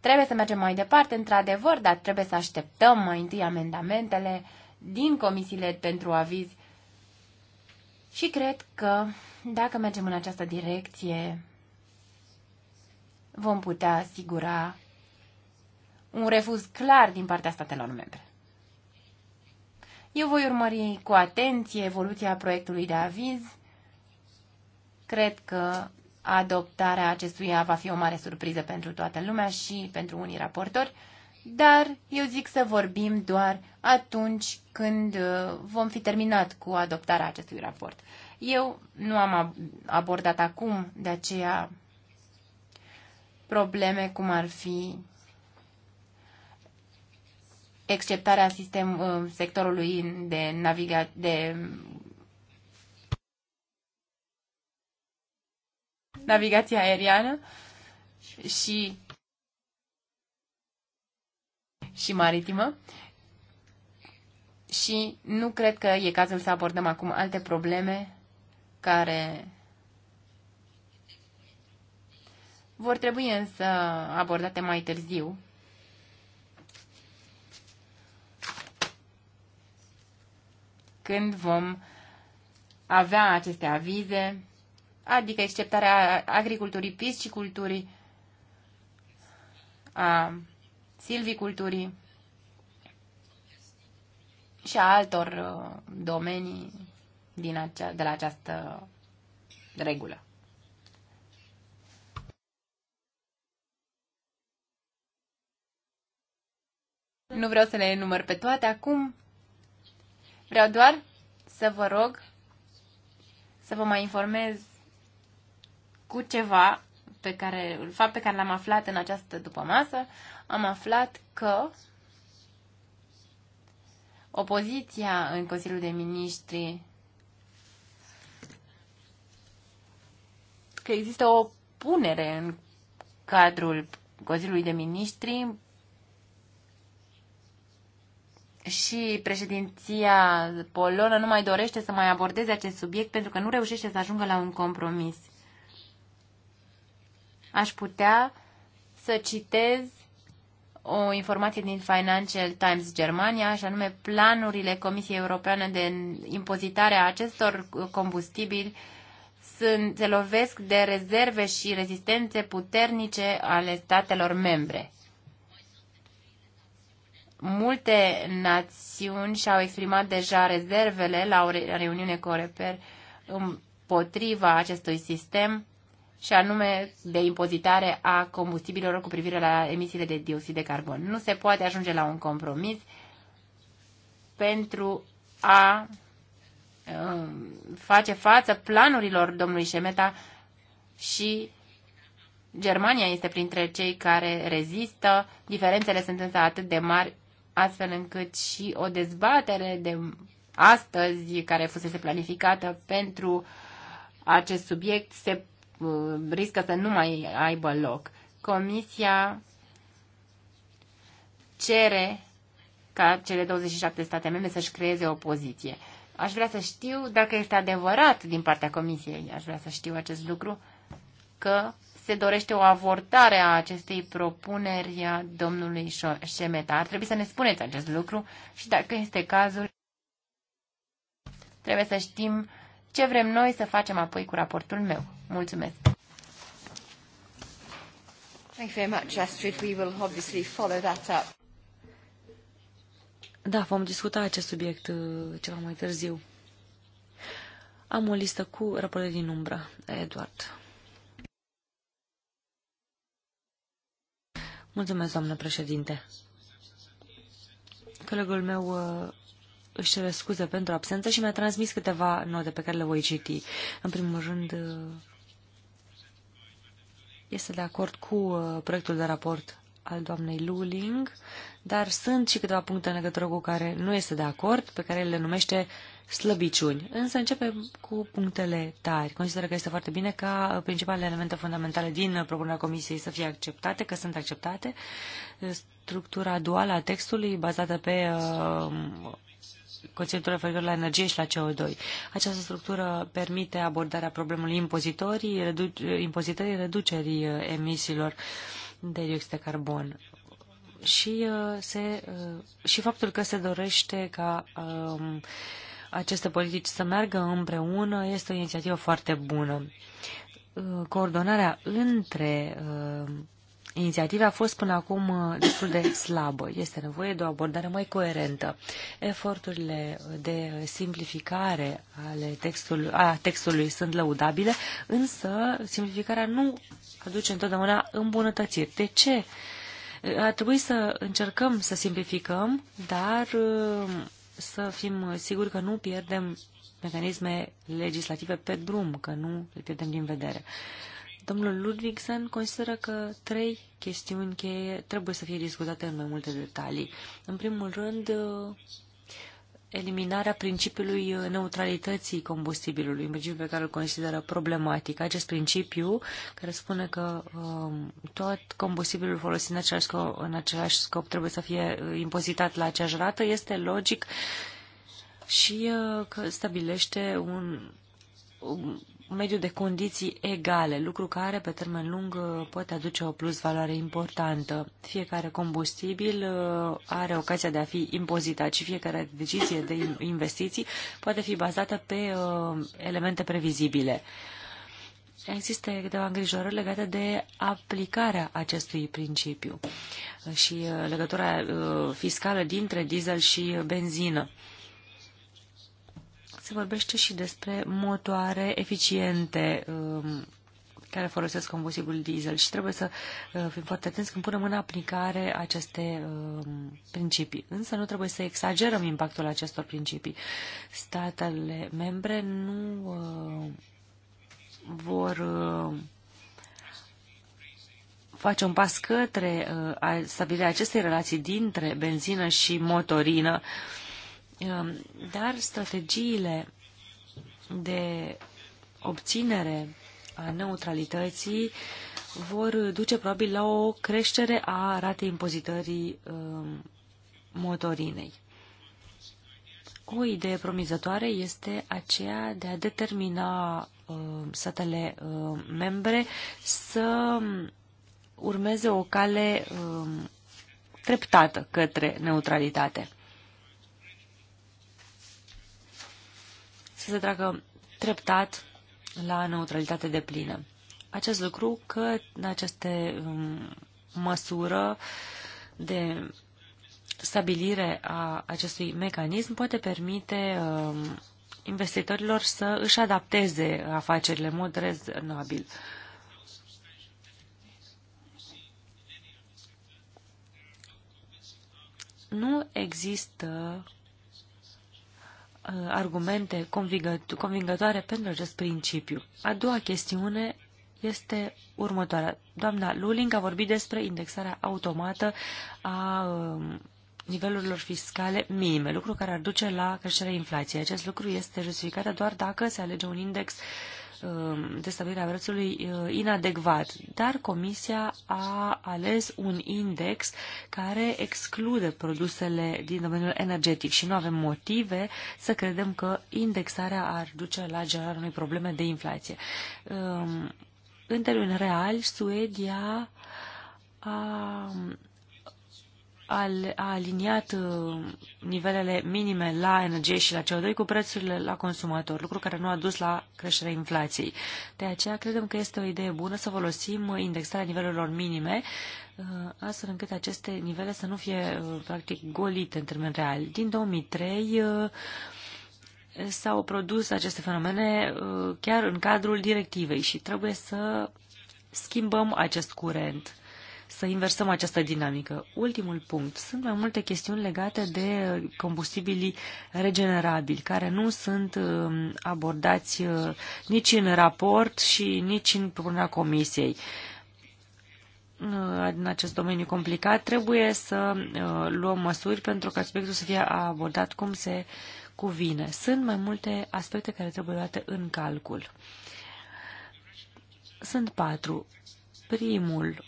Trebuie să mergem mai departe, într-adevăr, dar trebuie să așteptăm mai întâi amendamentele din comisiile pentru aviz și cred că dacă mergem în această direcție, vom putea asigura un refuz clar din partea statelor membre. Eu voi urmări cu atenție evoluția proiectului de aviz. Cred că adoptarea acestuia va fi o mare surpriză pentru toată lumea și pentru unii raportori dar eu zic să vorbim doar atunci când uh, vom fi terminat cu adoptarea acestui raport. Eu nu am abordat acum, de aceea, probleme cum ar fi exceptarea sistem, uh, sectorului de, naviga, de navigație aeriană și și maritimă și nu cred că e cazul să abordăm acum alte probleme care vor trebui însă abordate mai târziu. Când vom avea aceste avize, adică exceptarea agriculturii pisciculturii, a silviculturii și a altor uh, domenii din acea, de la această regulă. Nu vreau să le enumăr pe toate acum. Vreau doar să vă rog să vă mai informez cu ceva pe care, fapt pe care l-am aflat în această dupămasă am aflat că opoziția în Consiliul de Ministri că există o punere în cadrul Consiliului de Ministri și președinția polonă nu mai dorește să mai abordeze acest subiect pentru că nu reușește să ajungă la un compromis. Aș putea să citez o informație din Financial Times Germania, și anume planurile Comisiei Europeane de impozitare a acestor combustibili sunt, se lovesc de rezerve și rezistențe puternice ale statelor membre. Multe națiuni și-au exprimat deja rezervele la o reuniune cu Reper împotriva acestui sistem și anume de impozitare a combustibililor cu privire la emisiile de dioxid de carbon. Nu se poate ajunge la un compromis pentru a um, face față planurilor domnului Șemeta și Germania este printre cei care rezistă. Diferențele sunt însă atât de mari, astfel încât și o dezbatere de astăzi, care fusese planificată pentru acest subiect, se Uh, riscă să nu mai aibă loc. Comisia cere ca cele 27 state membre să-și creeze o poziție. Aș vrea să știu dacă este adevărat din partea Comisiei, aș vrea să știu acest lucru, că se dorește o avortare a acestei propuneri a domnului Șemeta. Ar trebui să ne spuneți acest lucru și dacă este cazul, trebuie să știm ce vrem noi să facem apoi cu raportul meu. Mulțumesc! Thank you very much, Astrid. We will obviously follow that up. Da, vom discuta acest subiect uh, ceva mai târziu. Am o listă cu rapoarte din umbră, Eduard. Mulțumesc, doamnă președinte. Colegul meu uh, își cere scuze pentru absență și mi-a transmis câteva note pe care le voi citi. În primul rând, uh, este de acord cu uh, proiectul de raport al doamnei Luling, dar sunt și câteva puncte în legătură cu care nu este de acord, pe care le numește slăbiciuni. Însă începe cu punctele tari. Consideră că este foarte bine ca principalele elemente fundamentale din propunerea Comisiei să fie acceptate, că sunt acceptate. Structura duală a textului, bazată pe uh, conținutul referitor la energie și la CO2. Această structură permite abordarea problemului impozitorii, redu impozitării reducerii uh, emisiilor de dioxid de carbon și, uh, se, uh, și faptul că se dorește ca um, aceste politici să meargă împreună este o inițiativă foarte bună. Coordonarea între uh, Inițiativa a fost până acum uh, destul de slabă. Este nevoie de o abordare mai coerentă. Eforturile de simplificare ale textului, a textului sunt lăudabile, însă simplificarea nu aduce întotdeauna îmbunătățiri. De ce? Ar trebui să încercăm să simplificăm, dar uh, să fim siguri că nu pierdem mecanisme legislative pe drum, că nu le pierdem din vedere. Uh, Domnul Ludvigsen consideră că trei chestiuni cheie trebuie să fie discutate în mai multe detalii. În primul rând, eliminarea principiului neutralității combustibilului, un principiu pe care îl consideră problematic. Acest principiu care spune că um, tot combustibilul folosit în același, scop, în același scop trebuie să fie uh, impozitat la aceeași rată este logic și uh, că stabilește un, un mediu de condiții egale, lucru care pe termen lung poate aduce o plus valoare importantă. Fiecare combustibil uh, are ocazia de a fi impozitat și fiecare decizie de investiții poate fi bazată pe uh, elemente previzibile. Există câteva îngrijorări legate de aplicarea acestui principiu uh, și legătura fiscală dintre diesel și benzină se vorbește și despre motoare eficiente um, care folosesc combustibil diesel și trebuie să uh, fim foarte atenți când punem în aplicare aceste um, principii. Însă nu trebuie să exagerăm impactul acestor principii. Statele membre nu uh, vor uh, face un pas către stabilirea acestei relații dintre benzină și motorină uh, Um, dar strategiile de obținere a neutralității vor duce probabil la o creștere a ratei impozitării um, motorinei. O idee promizătoare este aceea de a determina uh, statele uh, membre să urmeze o cale uh, treptată către neutralitate. să se treacă treptat la neutralitate de plină. Acest lucru că aceste um, măsură de stabilire a acestui mecanism poate permite um, investitorilor să își adapteze afacerile în mod rezonabil. Nu există Uh, argumente convingătoare pentru acest principiu. A doua chestiune este următoarea. Doamna Luling a vorbit despre indexarea automată a um, nivelurilor fiscale minime, lucru care ar duce la creșterea inflației. Acest lucru este justificat doar dacă se alege un index uh, Um, de stabilire a prețului uh, inadecvat, dar Comisia a ales un index care exclude produsele din domeniul energetic și nu avem motive să credem că indexarea ar duce la generarea unei probleme de inflație. Um, în termeni reali, Suedia a al, a aliniat uh, nivelele minime la energie și la CO2 cu prețurile la consumator, lucru care nu a dus la creșterea inflației. De aceea credem că este o idee bună să folosim indexarea nivelurilor minime, uh, astfel încât aceste nivele să nu fie uh, practic golite în termen real. Din 2003 s-au produs aceste fenomene chiar în cadrul directivei și trebuie să schimbăm acest curent să inversăm această dinamică. Ultimul punct. Sunt mai multe chestiuni legate de combustibilii regenerabili, care nu sunt um, abordați uh, nici în raport și nici în propunerea comisiei. Uh, în acest domeniu complicat trebuie să uh, luăm măsuri pentru ca aspectul să fie abordat cum se cuvine. Sunt mai multe aspecte care trebuie luate în calcul. Sunt patru. Primul,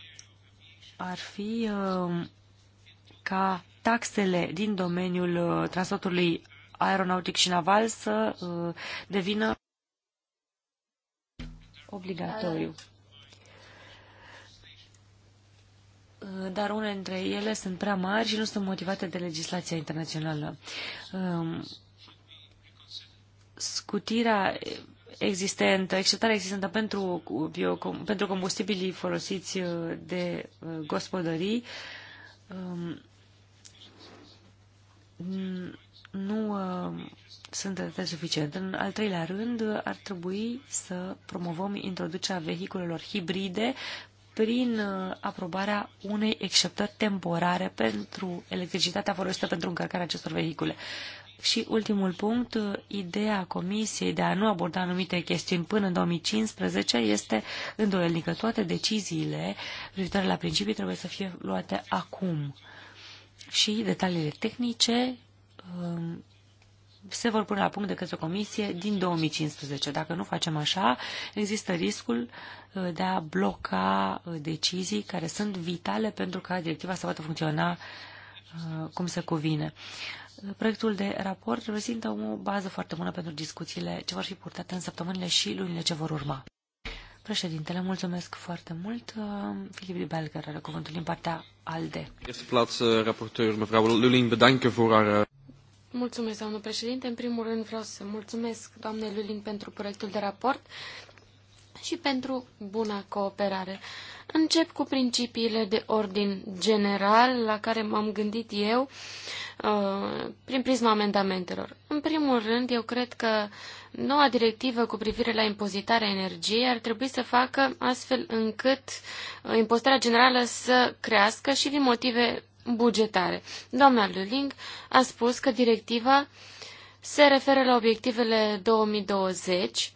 ar fi uh, ca taxele din domeniul uh, transportului aeronautic și naval să uh, devină obligatoriu. Dar unele dintre ele sunt prea mari și nu sunt motivate de legislația internațională. Scutirea existentă, exceptarea existentă pentru, bio, pentru combustibilii folosiți uh, de uh, gospodării um, nu uh, sunt de suficient. În al treilea rând, ar trebui să promovăm introducerea vehiculelor hibride prin aprobarea unei exceptări temporare pentru electricitatea folosită pentru încărcarea acestor vehicule. Uh, și ultimul punct, ideea Comisiei de a nu aborda anumite chestiuni până în 2015 este îndoielnică. Toate deciziile privitoare la principii trebuie să fie luate acum. Și detaliile tehnice um, se vor pune la punct de către comisie din 2015. Dacă nu facem așa, există riscul uh, de a bloca uh, decizii care sunt vitale pentru ca directiva să poată funcționa uh, cum se cuvine. Proiectul de raport reprezintă o bază foarte bună pentru discuțiile ce vor fi purtate în săptămânile și lunile ce vor urma. Președintele, mulțumesc foarte mult. Uh, Filip Belger are cuvântul din partea ALDE. Uh, uh, mulțumesc, doamnă președinte. În primul rând vreau să mulțumesc doamnei Lulin pentru proiectul de raport și pentru buna cooperare. Încep cu principiile de ordin general la care m-am gândit eu uh, prin prisma amendamentelor. În primul rând, eu cred că noua directivă cu privire la impozitarea energiei ar trebui să facă astfel încât uh, impozitarea generală să crească și din motive bugetare. Doamna Luling a spus că directiva se referă la obiectivele 2020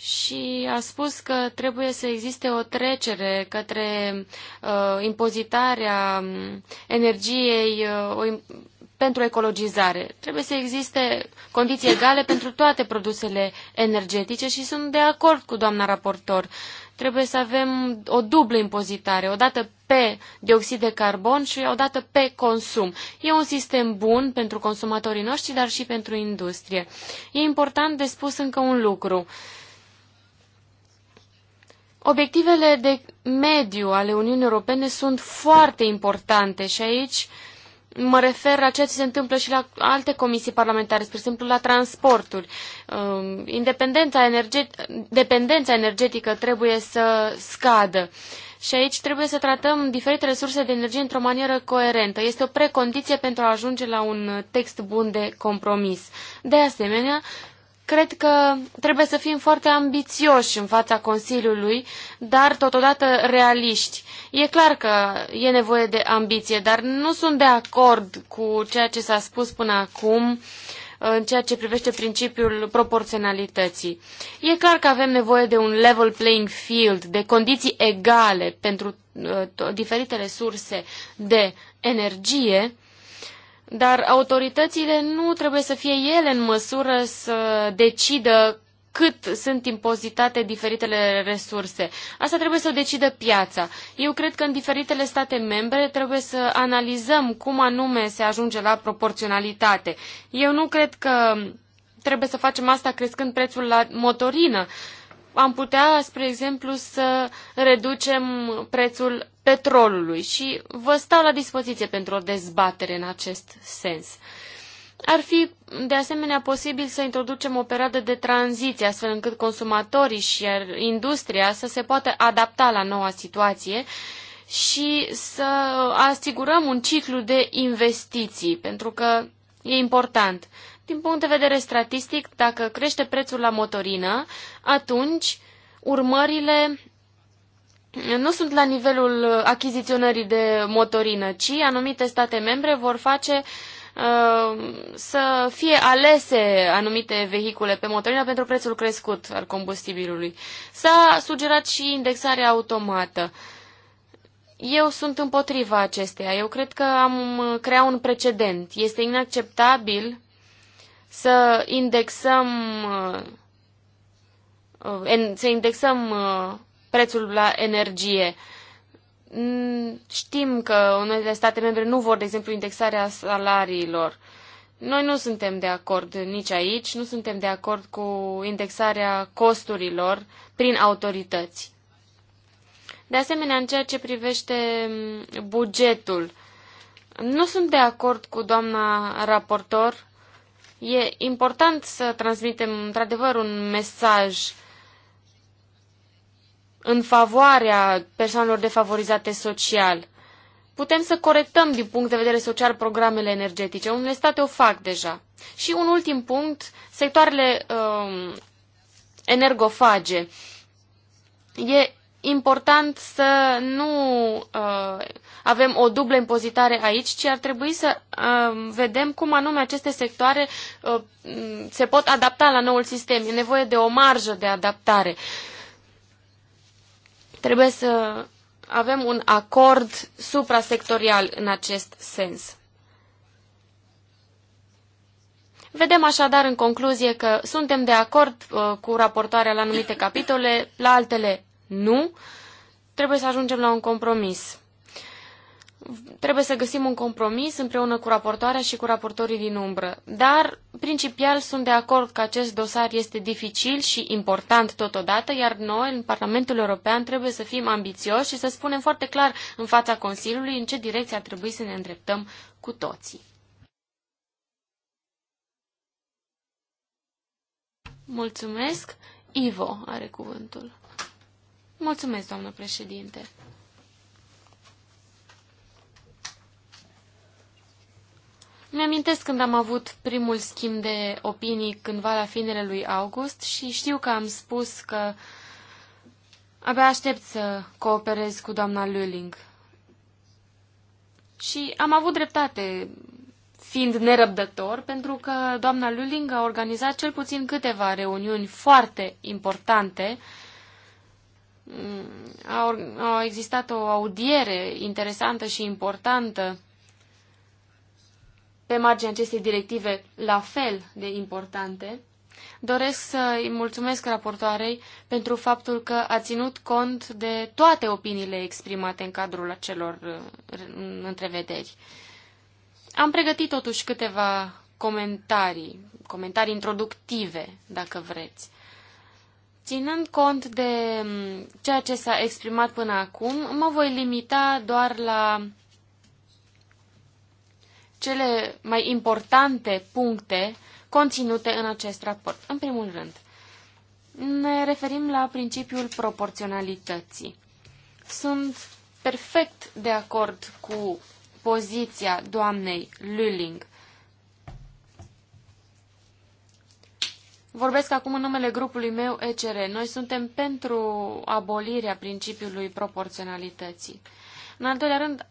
și a spus că trebuie să existe o trecere către uh, impozitarea um, energiei uh, pentru ecologizare. Trebuie să existe condiții egale pentru toate produsele energetice și sunt de acord cu doamna raportor. Trebuie să avem o dublă impozitare, o dată pe dioxid de carbon și o dată pe consum. E un sistem bun pentru consumatorii noștri, dar și pentru industrie. E important de spus încă un lucru. Uh, Obiectivele de mediu ale Uniunii Europene sunt foarte importante și aici mă refer la ceea ce se întâmplă și la alte comisii parlamentare, spre exemplu la transporturi. Um, independența energetică, dependența energetică trebuie să scadă. Și aici trebuie să tratăm diferite resurse de energie într-o manieră coerentă. Este o precondiție pentru a ajunge la un text bun de compromis. De asemenea, Cred că trebuie să fim foarte ambițioși în fața Consiliului, dar totodată realiști. E clar că e nevoie de ambiție, dar nu sunt de acord cu ceea ce s-a spus până acum în ceea ce privește principiul proporționalității. E clar că avem nevoie de un level playing field, de condiții egale pentru uh, diferitele surse de energie, dar autoritățile nu trebuie să fie ele în măsură să decidă cât sunt impozitate diferitele resurse. Asta trebuie să o decidă piața. Eu cred că în diferitele state membre trebuie să analizăm cum anume se ajunge la proporționalitate. Eu nu cred că trebuie să facem asta crescând prețul la motorină. Am putea, spre exemplu, să reducem prețul petrolului și vă stau la dispoziție pentru o dezbatere în acest sens. Ar fi, de asemenea, posibil să introducem o perioadă de tranziție, astfel încât consumatorii și industria să se poată adapta la noua situație și să asigurăm un ciclu de investiții, pentru că e important. Din punct de vedere statistic, dacă crește prețul la motorină, atunci urmările nu sunt la nivelul uh, achiziționării de motorină, ci anumite state membre vor face uh, să fie alese anumite vehicule pe motorină pentru prețul crescut al combustibilului. S-a sugerat și indexarea automată. Eu sunt împotriva acesteia. Eu cred că am uh, creat un precedent. Este inacceptabil să indexăm să indexăm prețul la energie. Știm că unele state membre nu vor, de exemplu, indexarea salariilor. Noi nu suntem de acord nici aici, nu suntem de acord cu indexarea costurilor prin autorități. De asemenea, în ceea ce privește bugetul, nu sunt de acord cu doamna raportor. E important să transmitem într-adevăr un mesaj uh, în favoarea persoanelor defavorizate social. Putem să corectăm din punct de vedere social programele energetice. Unele state o fac deja. Și un ultim punct, sectoarele um, energofage. E important să nu uh, avem o dublă impozitare aici, ci ar trebui să uh, vedem cum anume aceste sectoare uh, se pot adapta la noul sistem. E nevoie de o marjă de adaptare. Trebuie să avem un acord suprasectorial în acest sens. Vedem așadar în concluzie că suntem de acord uh, cu raportarea la anumite capitole, la altele nu. Trebuie să ajungem la un compromis trebuie să găsim un compromis împreună cu raportoarea și cu raportorii din umbră. Dar, principial, sunt de acord că acest dosar este dificil și important totodată, iar noi, în Parlamentul European, trebuie să fim ambițioși și să spunem foarte clar în fața Consiliului în ce direcție ar trebui să ne îndreptăm cu toții. Mulțumesc. Ivo are cuvântul. Mulțumesc, doamnă președinte. Îmi amintesc când am avut primul schimb de opinii cândva la finele lui august și știu că am spus că abia aștept să cooperez cu doamna Lulling. Și am avut dreptate, fiind nerăbdător, pentru că doamna Lulling a organizat cel puțin câteva reuniuni foarte importante mm, a, existat o audiere interesantă și importantă pe marginea acestei directive la fel de importante, doresc să îi mulțumesc raportoarei pentru faptul că a ținut cont de toate opiniile exprimate în cadrul acelor uh, întrevederi. Am pregătit totuși câteva comentarii, comentarii introductive, dacă vreți. Ținând cont de mm, ceea ce s-a exprimat până acum, mă voi limita doar la cele mai importante puncte conținute în acest raport. În primul rând, ne referim la principiul proporționalității. Sunt perfect de acord cu poziția doamnei Lulling. Vorbesc acum în numele grupului meu ECR. Noi suntem pentru abolirea principiului proporționalității. În al doilea rând,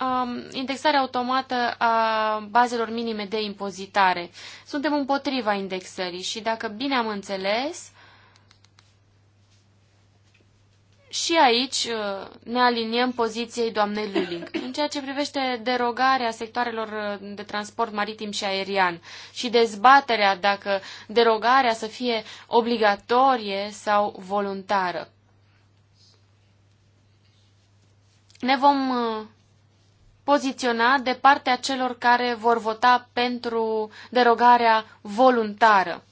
Um, indexarea automată a bazelor minime de impozitare. Suntem împotriva indexării și dacă bine am înțeles, și aici uh, ne aliniem poziției doamnei Luling. În ceea ce privește derogarea sectoarelor uh, de transport maritim și aerian și dezbaterea dacă derogarea să fie obligatorie sau voluntară. Ne vom uh, poziționa de partea celor care vor vota pentru derogarea voluntară.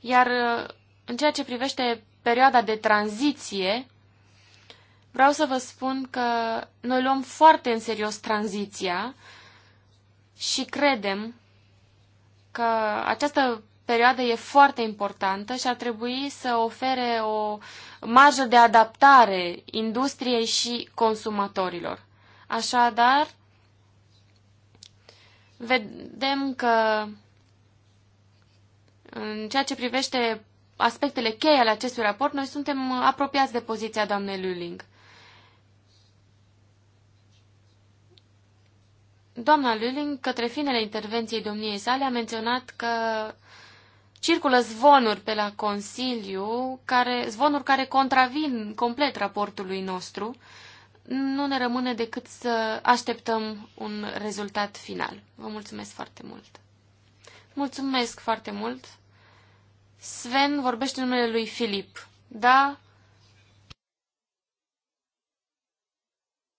Iar uh, în ceea ce privește perioada de tranziție, vreau să vă spun că noi luăm foarte în serios tranziția și credem că această perioadă e foarte importantă și ar trebui să ofere o marjă de adaptare industriei și consumatorilor. Așadar, vedem că în ceea ce privește aspectele cheie ale acestui raport, noi suntem apropiați de poziția doamnei Luling. Doamna Luling, către finele intervenției domniei sale, a menționat că circulă zvonuri pe la Consiliu, care, zvonuri care contravin complet raportului nostru, nu ne rămâne decât să așteptăm un rezultat final. Vă mulțumesc foarte mult! Mulțumesc foarte mult! Sven vorbește numele lui Filip. Da?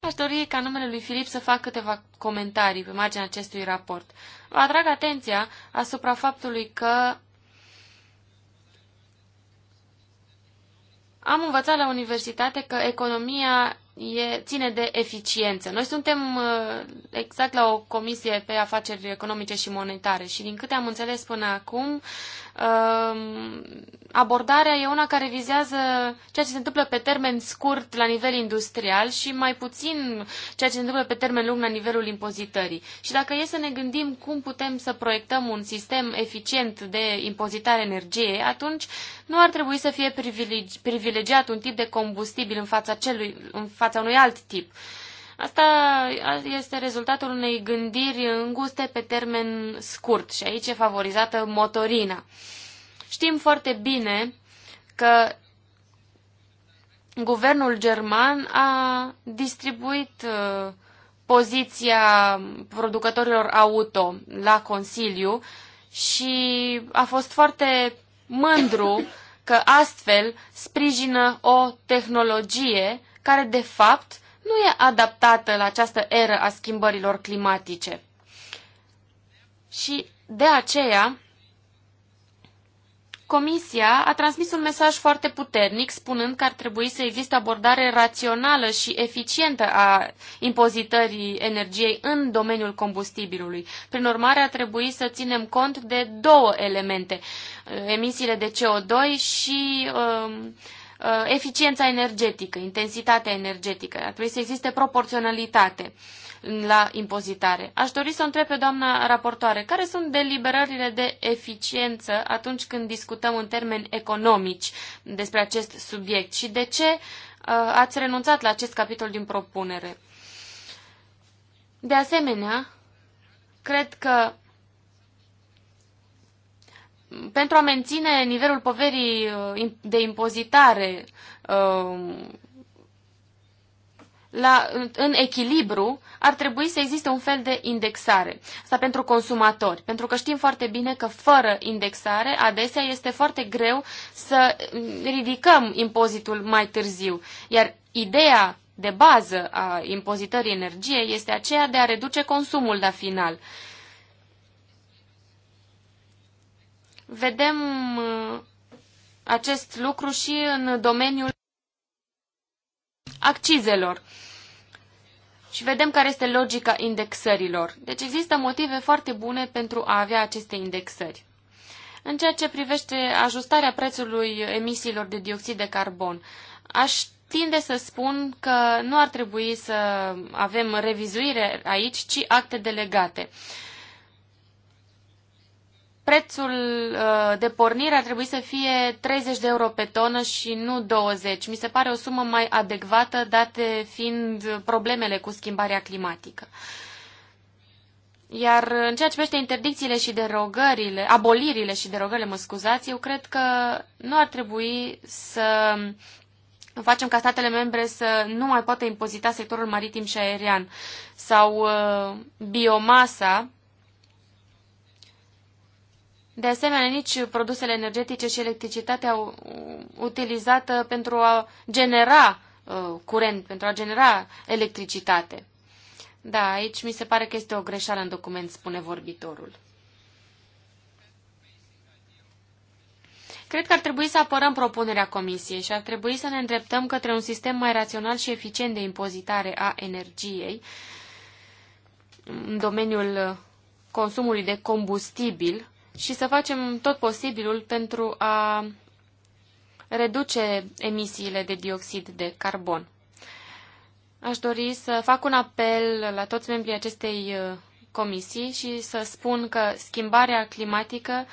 Aș dori ca numele lui Filip să fac câteva comentarii pe marginea acestui raport. Vă atrag atenția asupra faptului că Am învățat la universitate că economia e, ține de eficiență. Noi suntem uh, exact la o comisie pe afaceri economice și monetare și din câte am înțeles până acum, Ehm, abordarea e una care vizează ceea ce se întâmplă pe termen scurt la nivel industrial și mai puțin ceea ce se întâmplă pe termen lung la nivelul impozitării. Și dacă e să ne gândim cum putem să proiectăm un sistem eficient de impozitare energie, atunci nu ar trebui să fie privilegiat un tip de combustibil în fața, celui, în fața unui alt tip. Uh, Asta este rezultatul unei gândiri înguste pe termen scurt și aici e favorizată motorina. Știm foarte bine că guvernul german a distribuit uh, poziția producătorilor auto la Consiliu și a fost foarte mândru că astfel sprijină o tehnologie care, de fapt, nu e adaptată la această eră a schimbărilor climatice. Și de aceea, Comisia a transmis un mesaj foarte puternic, spunând că ar trebui să existe abordare rațională și eficientă a impozitării energiei în domeniul combustibilului. Prin urmare, ar trebui să ținem cont de două elemente, eh, emisiile de CO2 și Uh, Uh, eficiența energetică, intensitatea energetică. Ar trebui să existe proporționalitate la impozitare. Aș dori să o întreb pe doamna raportoare, care sunt deliberările de eficiență atunci când discutăm în termeni economici despre acest subiect și de ce uh, ați renunțat la acest capitol din propunere? De asemenea, cred că pentru a menține nivelul poverii uh, de impozitare um, la, în echilibru, ar trebui să existe un fel de indexare. Asta pentru consumatori, pentru că știm foarte bine că fără indexare, adesea este foarte greu să mm, ridicăm impozitul mai târziu. Iar ideea de bază a impozitării energiei este aceea de a reduce consumul la final. Vedem uh, acest lucru și în domeniul accizelor. Și vedem care este logica indexărilor. Deci există motive foarte bune pentru a avea aceste indexări. În ceea ce privește ajustarea prețului emisiilor de dioxid de carbon, aș tinde să spun că nu ar trebui să avem revizuire aici, ci acte delegate. Uh, prețul uh, de pornire ar trebui să fie 30 de euro pe tonă și nu 20. Mi se pare o sumă mai adecvată, date fiind problemele cu schimbarea climatică. Iar în ceea ce privește interdicțiile și derogările, abolirile și derogările, mă scuzați, eu cred că nu ar trebui să facem ca statele membre să nu mai poată impozita sectorul maritim și aerian sau uh, biomasa de asemenea, nici produsele energetice și electricitatea utilizată pentru a genera uh, curent, pentru a genera electricitate. Da, aici mi se pare că este o greșeală în document, spune vorbitorul. Cred că ar trebui să apărăm propunerea Comisiei și ar trebui să ne îndreptăm către un sistem mai rațional și eficient de impozitare a energiei în domeniul consumului de combustibil și să facem tot posibilul pentru a reduce emisiile de dioxid de carbon. Aș dori să fac un apel la toți membrii acestei uh, comisii și să spun că schimbarea climatică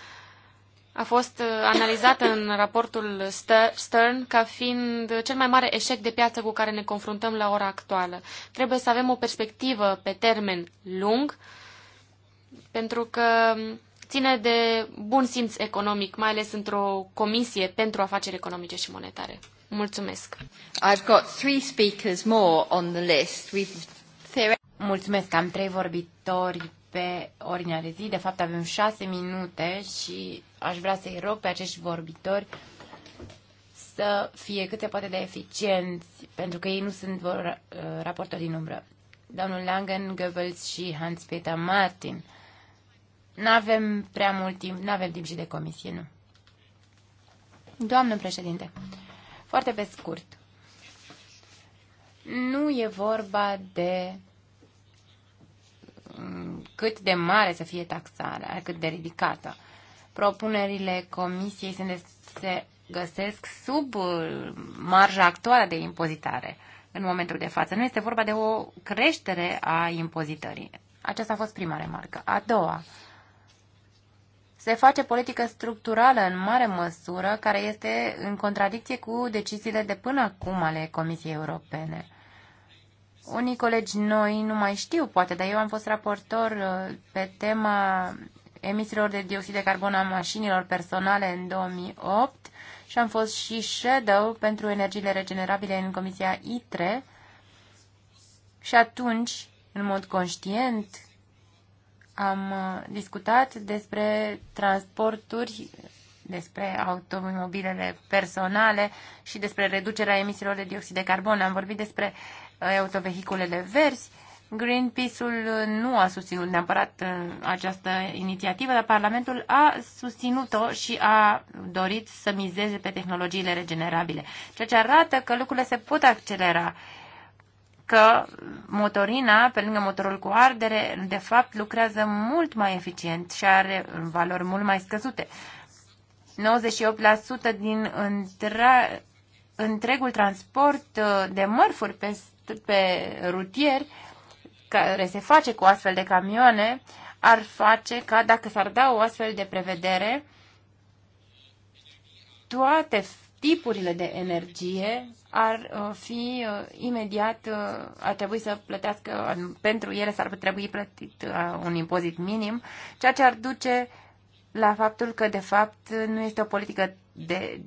a fost uh, analizată în raportul Stern ca fiind cel mai mare eșec de piață cu care ne confruntăm la ora actuală. Trebuie să avem o perspectivă pe termen lung, pentru că um, ține de bun simț economic, mai ales într-o comisie pentru afaceri economice și monetare. Mulțumesc. I've got three speakers more on the list. We've Mulțumesc, am trei vorbitori pe ordinea de zi. De fapt, avem șase minute și aș vrea să-i rog pe acești vorbitori să fie cât se poate de eficienți, pentru că ei nu sunt vor, uh, raportori din umbră. Domnul Langen, Goebbels și Hans-Peter Martin. Nu avem prea mult timp, nu avem timp și de comisie, nu. Doamnă președinte, foarte pe scurt. Nu e vorba de mm, cât de mare să fie taxarea, cât de ridicată. Propunerile comisiei sunt de, se găsesc sub uh, marja actuală de impozitare în momentul de față. Nu este vorba de o creștere a impozitării. Aceasta a fost prima remarcă. A doua, se face politică structurală în mare măsură care este în contradicție cu deciziile de până acum ale Comisiei Europene. Unii colegi noi nu mai știu, poate, dar eu am fost raportor uh, pe tema emisiilor de dioxid de carbon a mașinilor personale în 2008 și am fost și shadow pentru energiile regenerabile în Comisia ITRE și atunci, în mod conștient, am uh, discutat despre transporturi, despre automobilele personale și despre reducerea emisiilor de dioxid de carbon. Am vorbit despre uh, autovehiculele verzi. Greenpeace-ul uh, nu a susținut neapărat această inițiativă, dar Parlamentul a susținut-o și a dorit să mizeze pe tehnologiile regenerabile, ceea ce arată că lucrurile se pot accelera că motorina, pe lângă motorul cu ardere, de fapt lucrează mult mai eficient și are valori mult mai scăzute. 98% din între, întregul transport uh, de mărfuri pe, pe rutier care se face cu astfel de camioane ar face ca dacă s-ar da o astfel de prevedere, toate tipurile de energie ar uh, fi uh, imediat, uh, ar trebui să plătească, pentru ele s-ar trebui plătit un impozit minim, ceea ce ar duce la faptul că, de fapt, nu este o politică de,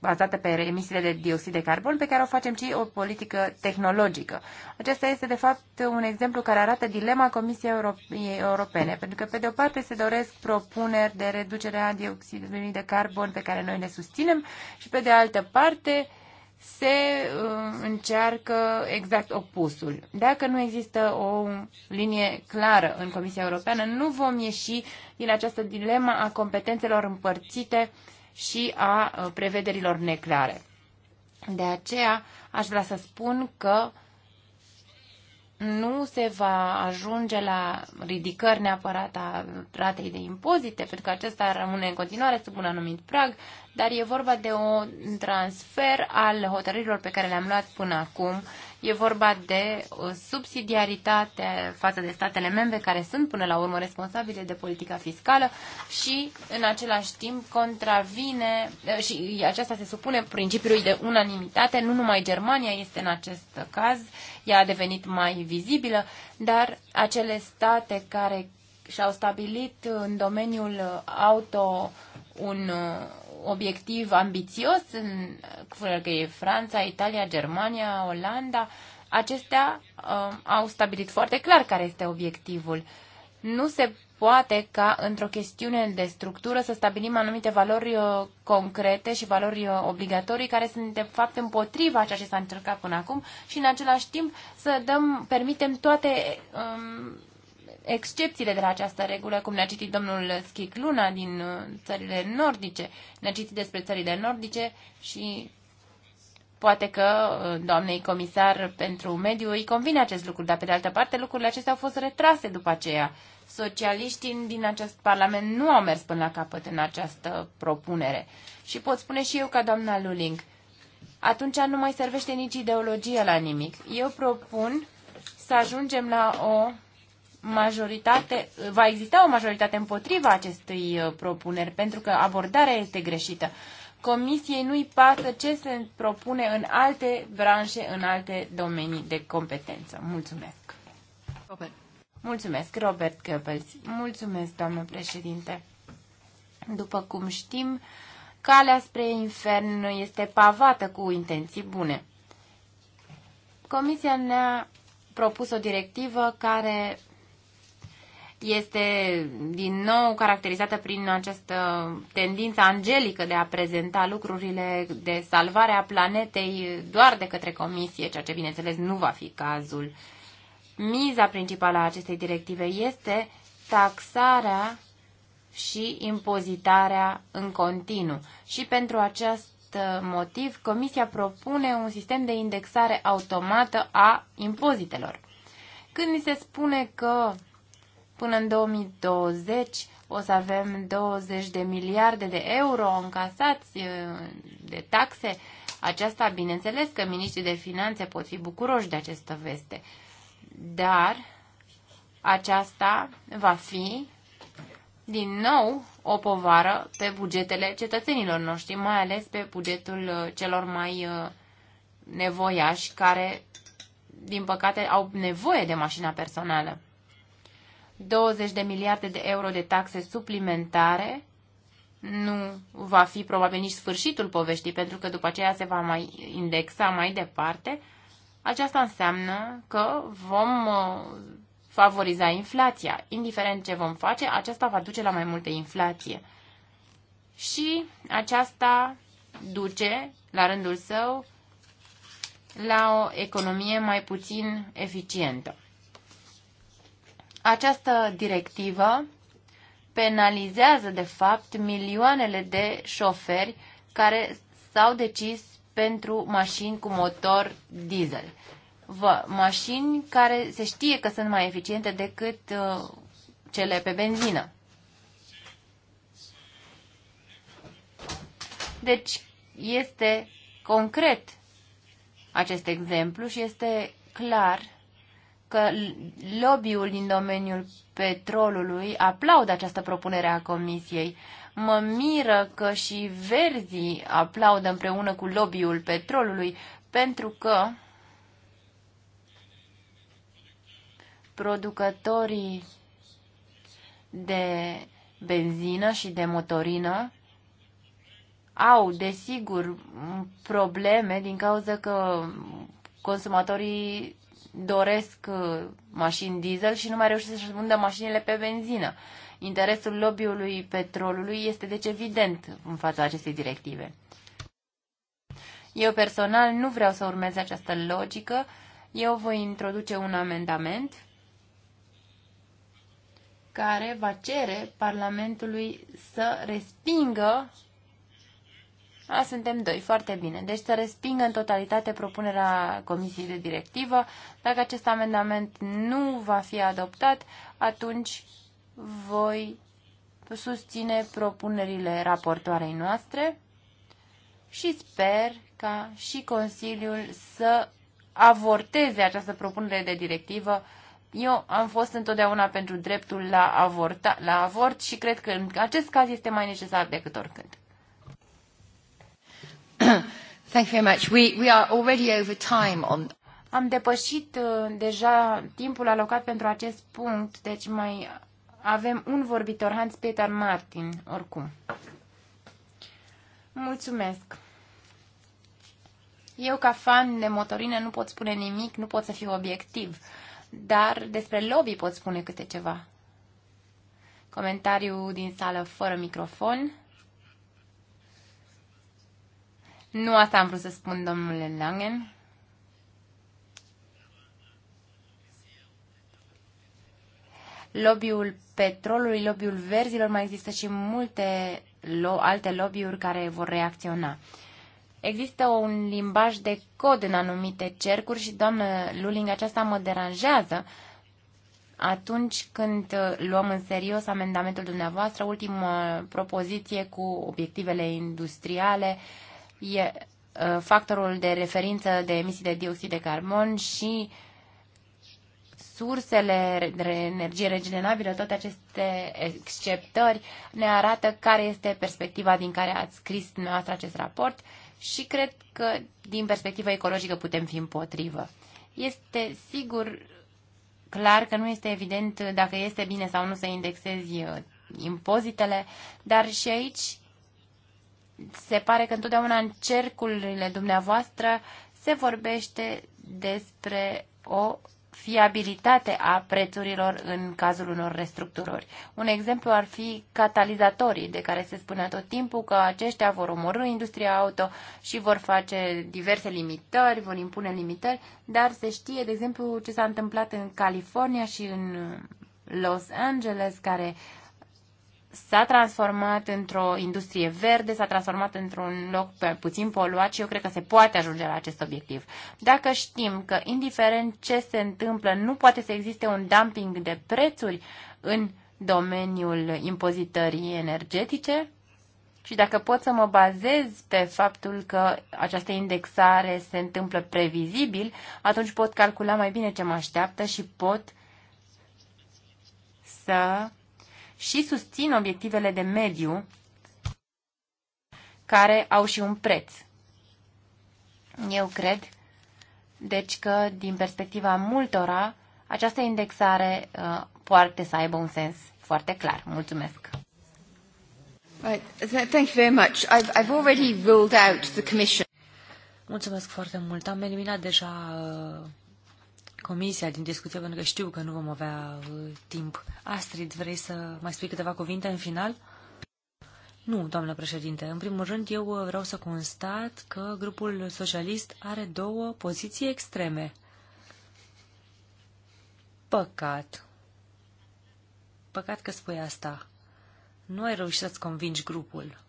bazată pe emisiile de dioxid de carbon, pe care o facem, și o politică tehnologică. Acesta este, de fapt, un exemplu care arată dilema Comisiei Europene, pentru că, pe de o parte, se doresc propuneri de reducere a dioxidului de carbon pe care noi ne susținem și, pe de altă parte, se uh, încearcă exact opusul. Dacă nu există o linie clară în Comisia Europeană, nu vom ieși din această dilemă a competențelor împărțite uh, și a uh, prevederilor neclare. De aceea aș vrea să spun că nu se va ajunge la ridicări neapărat a ratei de impozite, pentru că acesta rămâne în continuare sub un anumit prag, dar e vorba de un transfer al hotărârilor pe care le-am luat până acum E vorba de uh, subsidiaritate față de statele membre care sunt până la urmă responsabile de politica fiscală și în același timp contravine uh, și aceasta se supune principiului de unanimitate. Nu numai Germania este în acest caz, ea a devenit mai vizibilă, dar acele state care și-au stabilit în domeniul auto un, uh, obiectiv ambițios, în, fără că e Franța, Italia, Germania, Olanda, acestea uh, au stabilit foarte clar care este obiectivul. Nu se poate ca într-o chestiune de structură să stabilim anumite valori uh, concrete și valori uh, obligatorii care sunt de fapt împotriva ceea ce s-a încercat până acum și în același timp să dăm, permitem toate um, excepțiile de la această regulă, cum ne-a citit domnul Luna din uh, țările nordice, ne-a citit despre țările nordice și poate că uh, doamnei comisar pentru mediu îi convine acest lucru, dar pe de altă parte lucrurile acestea au fost retrase după aceea. Socialiștii din acest parlament nu au mers până la capăt în această propunere. Și pot spune și eu ca doamna Luling, atunci nu mai servește nici ideologia la nimic. Eu propun să ajungem la o majoritate, va exista o majoritate împotriva acestui uh, propuneri, pentru că abordarea este greșită. Comisiei nu-i pasă ce se propune în alte branșe, în alte domenii de competență. Mulțumesc. Robert. Mulțumesc, Robert Goebbels. Mulțumesc, doamnă președinte. După cum știm, calea spre infern este pavată cu intenții bune. Comisia ne-a propus o directivă care este din nou caracterizată prin această tendință angelică de a prezenta lucrurile de salvare a planetei doar de către comisie, ceea ce bineînțeles nu va fi cazul. Miza principală a acestei directive este taxarea și impozitarea în continuu. Și pentru acest motiv, Comisia propune un sistem de indexare automată a impozitelor. Când ni se spune că Până în 2020 o să avem 20 de miliarde de euro încasați uh, de taxe. Aceasta, bineînțeles că ministrii de finanțe pot fi bucuroși de această veste, dar aceasta va fi din nou o povară pe bugetele cetățenilor noștri, mai ales pe bugetul uh, celor mai uh, nevoiași care, din păcate, au nevoie de mașina personală. 20 de miliarde de euro de taxe suplimentare nu va fi probabil nici sfârșitul poveștii, pentru că după aceea se va mai indexa mai departe, aceasta înseamnă că vom uh, favoriza inflația. Indiferent ce vom face, aceasta va duce la mai multă inflație. Și aceasta duce, la rândul său, la o economie mai puțin eficientă. Această directivă penalizează, de fapt, milioanele de șoferi care s-au decis pentru mașini cu motor diesel. Vă, mașini care se știe că sunt mai eficiente decât uh, cele pe benzină. Deci este concret acest exemplu și este clar că lobby-ul din domeniul petrolului aplaudă această propunere a Comisiei. Mă miră că și verzii aplaudă împreună cu lobby-ul petrolului, pentru că producătorii de benzină și de motorină au, desigur, probleme din cauza că consumatorii doresc uh, mașini diesel și nu mai reușesc să-și vândă mașinile pe benzină. Interesul lobby-ului petrolului este deci evident în fața acestei directive. Eu personal nu vreau să urmez această logică. Eu voi introduce un amendament care va cere Parlamentului să respingă a, suntem doi, foarte bine. Deci să respingă în totalitate propunerea Comisiei de Directivă. Dacă acest amendament nu va fi adoptat, atunci voi susține propunerile raportoarei noastre și sper ca și Consiliul să avorteze această propunere de directivă. Eu am fost întotdeauna pentru dreptul la, avorta, la avort și cred că în acest caz este mai necesar decât oricând. Thank you very much. We, we are already over time on... Am depășit uh, deja timpul alocat pentru acest punct, deci mai avem un vorbitor, Hans-Peter Martin, oricum. Mulțumesc. Eu, ca fan de motorină, nu pot spune nimic, nu pot să fiu obiectiv, dar despre lobby pot spune câte ceva. Comentariu din sală fără microfon. Nu asta am vrut să spun, domnule Langen. lobby petrolului, lobiul verzilor, mai există și multe lo- alte lobby-uri care vor reacționa. Există un limbaj de cod în anumite cercuri și, doamnă Luling, aceasta mă deranjează atunci când luăm în serios amendamentul dumneavoastră, ultima propoziție cu obiectivele industriale, uh, e uh, factorul de referință de emisii de dioxid de carbon și sursele de energie regenerabilă, toate aceste exceptări ne arată care este perspectiva din care ați scris dumneavoastră acest raport și cred că din perspectiva ecologică putem fi împotrivă. Este sigur clar că nu este evident dacă este bine sau nu să indexezi uh, impozitele, dar și aici se pare că întotdeauna în cercurile dumneavoastră se vorbește despre o fiabilitate a prețurilor în cazul unor restructurări. Un exemplu ar fi catalizatorii, de care se spunea tot timpul că aceștia vor omorâ industria auto și vor face diverse limitări, vor impune limitări, dar se știe, de exemplu, ce s-a întâmplat în California și în Los Angeles, care uh, s-a transformat într-o industrie verde, s-a transformat într-un loc puțin poluat și eu cred că se poate ajunge la acest obiectiv. Dacă știm că, indiferent ce se întâmplă, nu poate să existe un dumping de prețuri în domeniul impozitării energetice, și dacă pot să mă bazez pe faptul că această indexare se întâmplă previzibil, atunci pot calcula mai bine ce mă așteaptă și pot să și susțin obiectivele de mediu care au și un preț. Eu cred, deci că, din perspectiva multora, această indexare uh, poate să aibă un sens foarte clar. Mulțumesc! Right. Thank you very much. I've, I've already ruled out the commission. Mulțumesc foarte mult. Am eliminat deja uh Comisia din discuție, pentru că știu că nu vom avea uh, timp. Astrid, vrei să mai spui câteva cuvinte în final? Nu, doamnă președinte. În primul rând, eu uh, vreau să constat că grupul socialist are două poziții extreme. Păcat. Păcat că spui asta. Nu ai reușit să-ți convingi grupul.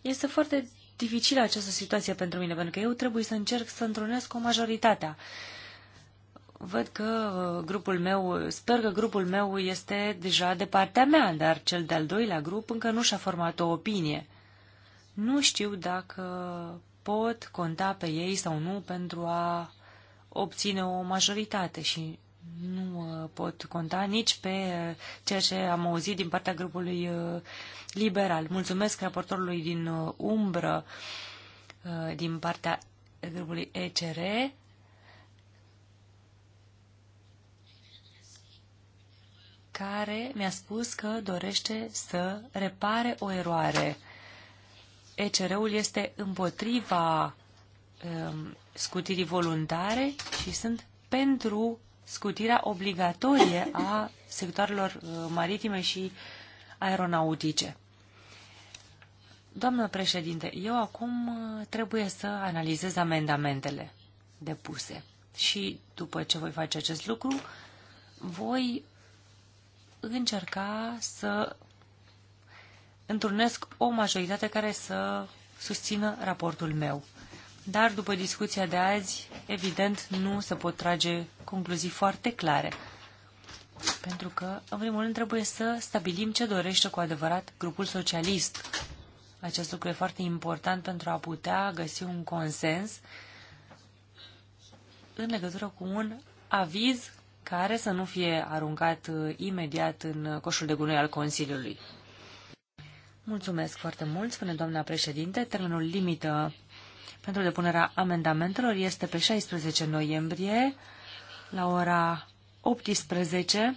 Este foarte dificilă această situație pentru mine, pentru că eu trebuie să încerc să întrunesc o majoritatea. Văd că uh, grupul meu, sper că grupul meu este deja de partea mea, dar cel de-al doilea grup încă nu și-a format o opinie. Nu știu dacă pot conta pe ei sau nu pentru a obține o majoritate și nu uh, pot conta nici pe uh, ceea ce am auzit din partea grupului uh, liberal. Mulțumesc raportorului din umbră din partea grupului ECR. care mi-a spus că dorește să repare o eroare. ECR-ul este împotriva um, scutirii voluntare și sunt pentru scutirea obligatorie a sectoarelor uh, maritime și aeronautice. Doamnă președinte, eu acum uh, trebuie să analizez amendamentele depuse și după ce voi face acest lucru, voi încerca să întrunesc o majoritate care să susțină raportul meu dar după discuția de azi, evident, nu se pot trage concluzii foarte clare. Pentru că, în primul rând, trebuie să stabilim ce dorește cu adevărat grupul socialist. Acest lucru e foarte important pentru a putea găsi un consens în legătură cu un aviz care să nu fie aruncat uh, imediat în coșul de gunoi al Consiliului. Mulțumesc foarte mult, spune doamna președinte. Termenul limită pentru depunerea amendamentelor este pe 16 noiembrie la ora 18.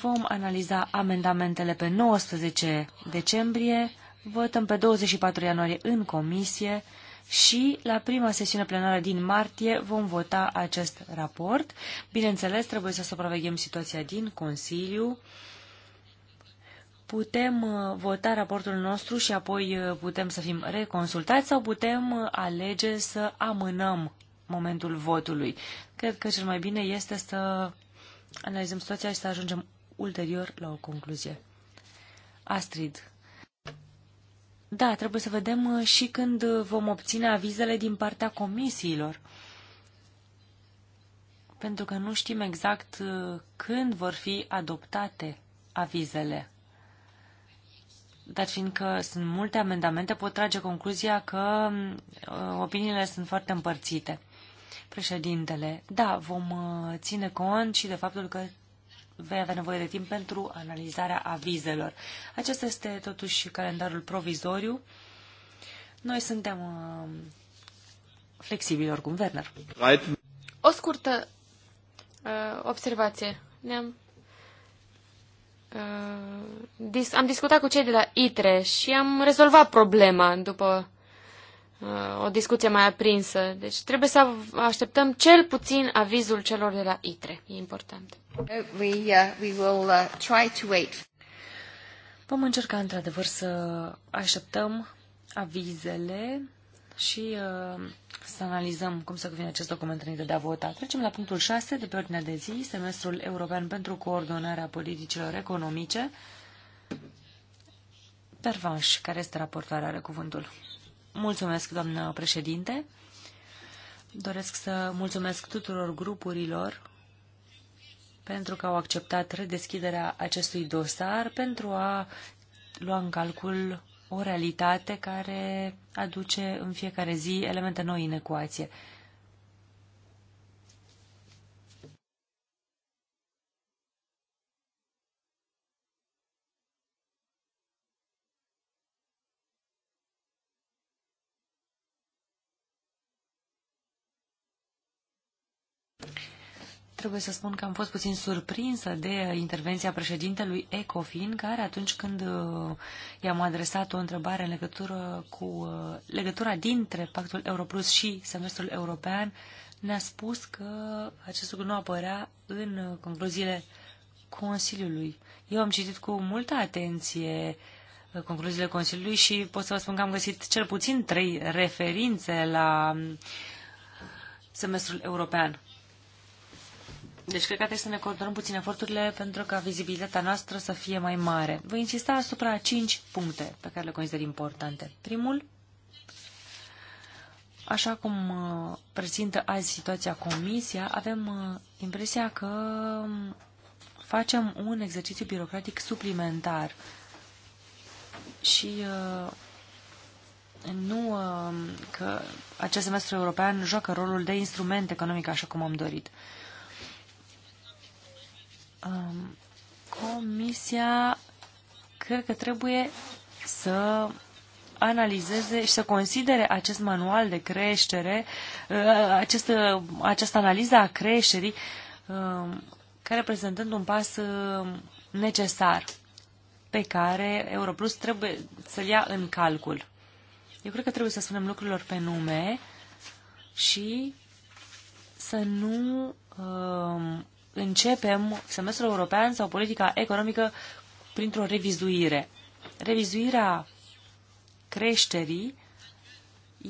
Vom analiza amendamentele pe 19 decembrie, votăm pe 24 ianuarie în comisie și la prima sesiune plenară din martie vom vota acest raport. Bineînțeles, trebuie să supraveghem situația din Consiliu putem uh, vota raportul nostru și apoi uh, putem să fim reconsultați sau putem uh, alege să amânăm momentul votului. Cred că cel mai bine este să analizăm situația și să ajungem ulterior la o concluzie. Astrid. Da, trebuie să vedem și când vom obține avizele din partea comisiilor. Pentru că nu știm exact când vor fi adoptate avizele dar fiindcă sunt multe amendamente, pot trage concluzia că uh, opiniile sunt foarte împărțite. Președintele, da, vom uh, ține cont și de faptul că vei avea nevoie de timp pentru analizarea avizelor. Acesta este totuși calendarul provizoriu. Noi suntem uh, flexibili oricum, Werner. O scurtă observație. Ne-am Uh, dis am discutat cu cei de la ITRE și am rezolvat problema după uh, o discuție mai aprinsă. Deci trebuie să așteptăm cel puțin avizul celor de la ITRE. E important. We, uh, we will, uh, try to wait. Vom încerca într-adevăr să așteptăm avizele și uh, să analizăm cum să cuvine acest document înainte de a vota. Trecem la punctul 6 de pe ordinea de zi, semestrul european pentru coordonarea politicilor economice. Pervanș, care este raportarea, are cuvântul. Mulțumesc, doamnă președinte. Doresc să mulțumesc tuturor grupurilor pentru că au acceptat redeschiderea acestui dosar pentru a lua în calcul o realitate care aduce în fiecare zi elemente noi în ecuație. trebuie să spun că am fost puțin surprinsă de intervenția președintelui Ecofin, care atunci când uh, i-am adresat o întrebare în legătură cu uh, legătura dintre Pactul Europlus și semestrul european, ne-a spus că acest lucru nu apărea în uh, concluziile Consiliului. Eu am citit cu multă atenție concluziile Consiliului și pot să vă spun că am găsit cel puțin trei referințe la semestrul european. Deci cred că trebuie să ne coordonăm puțin eforturile pentru ca vizibilitatea noastră să fie mai mare. Voi insista asupra cinci puncte pe care le consider importante. Primul, așa cum uh, prezintă azi situația Comisia, avem uh, impresia că um, facem un exercițiu birocratic suplimentar și uh, nu că acest semestru european joacă rolul de instrument economic așa cum am dorit. Um, comisia cred că trebuie să analizeze și să considere acest manual de creștere, uh, acest, această analiză a creșterii, um, ca reprezentând un pas uh, necesar pe care Europlus trebuie să-l ia în calcul. Eu cred că trebuie să spunem lucrurilor pe nume și să nu um, începem semestrul european sau politica economică printr-o revizuire. Revizuirea creșterii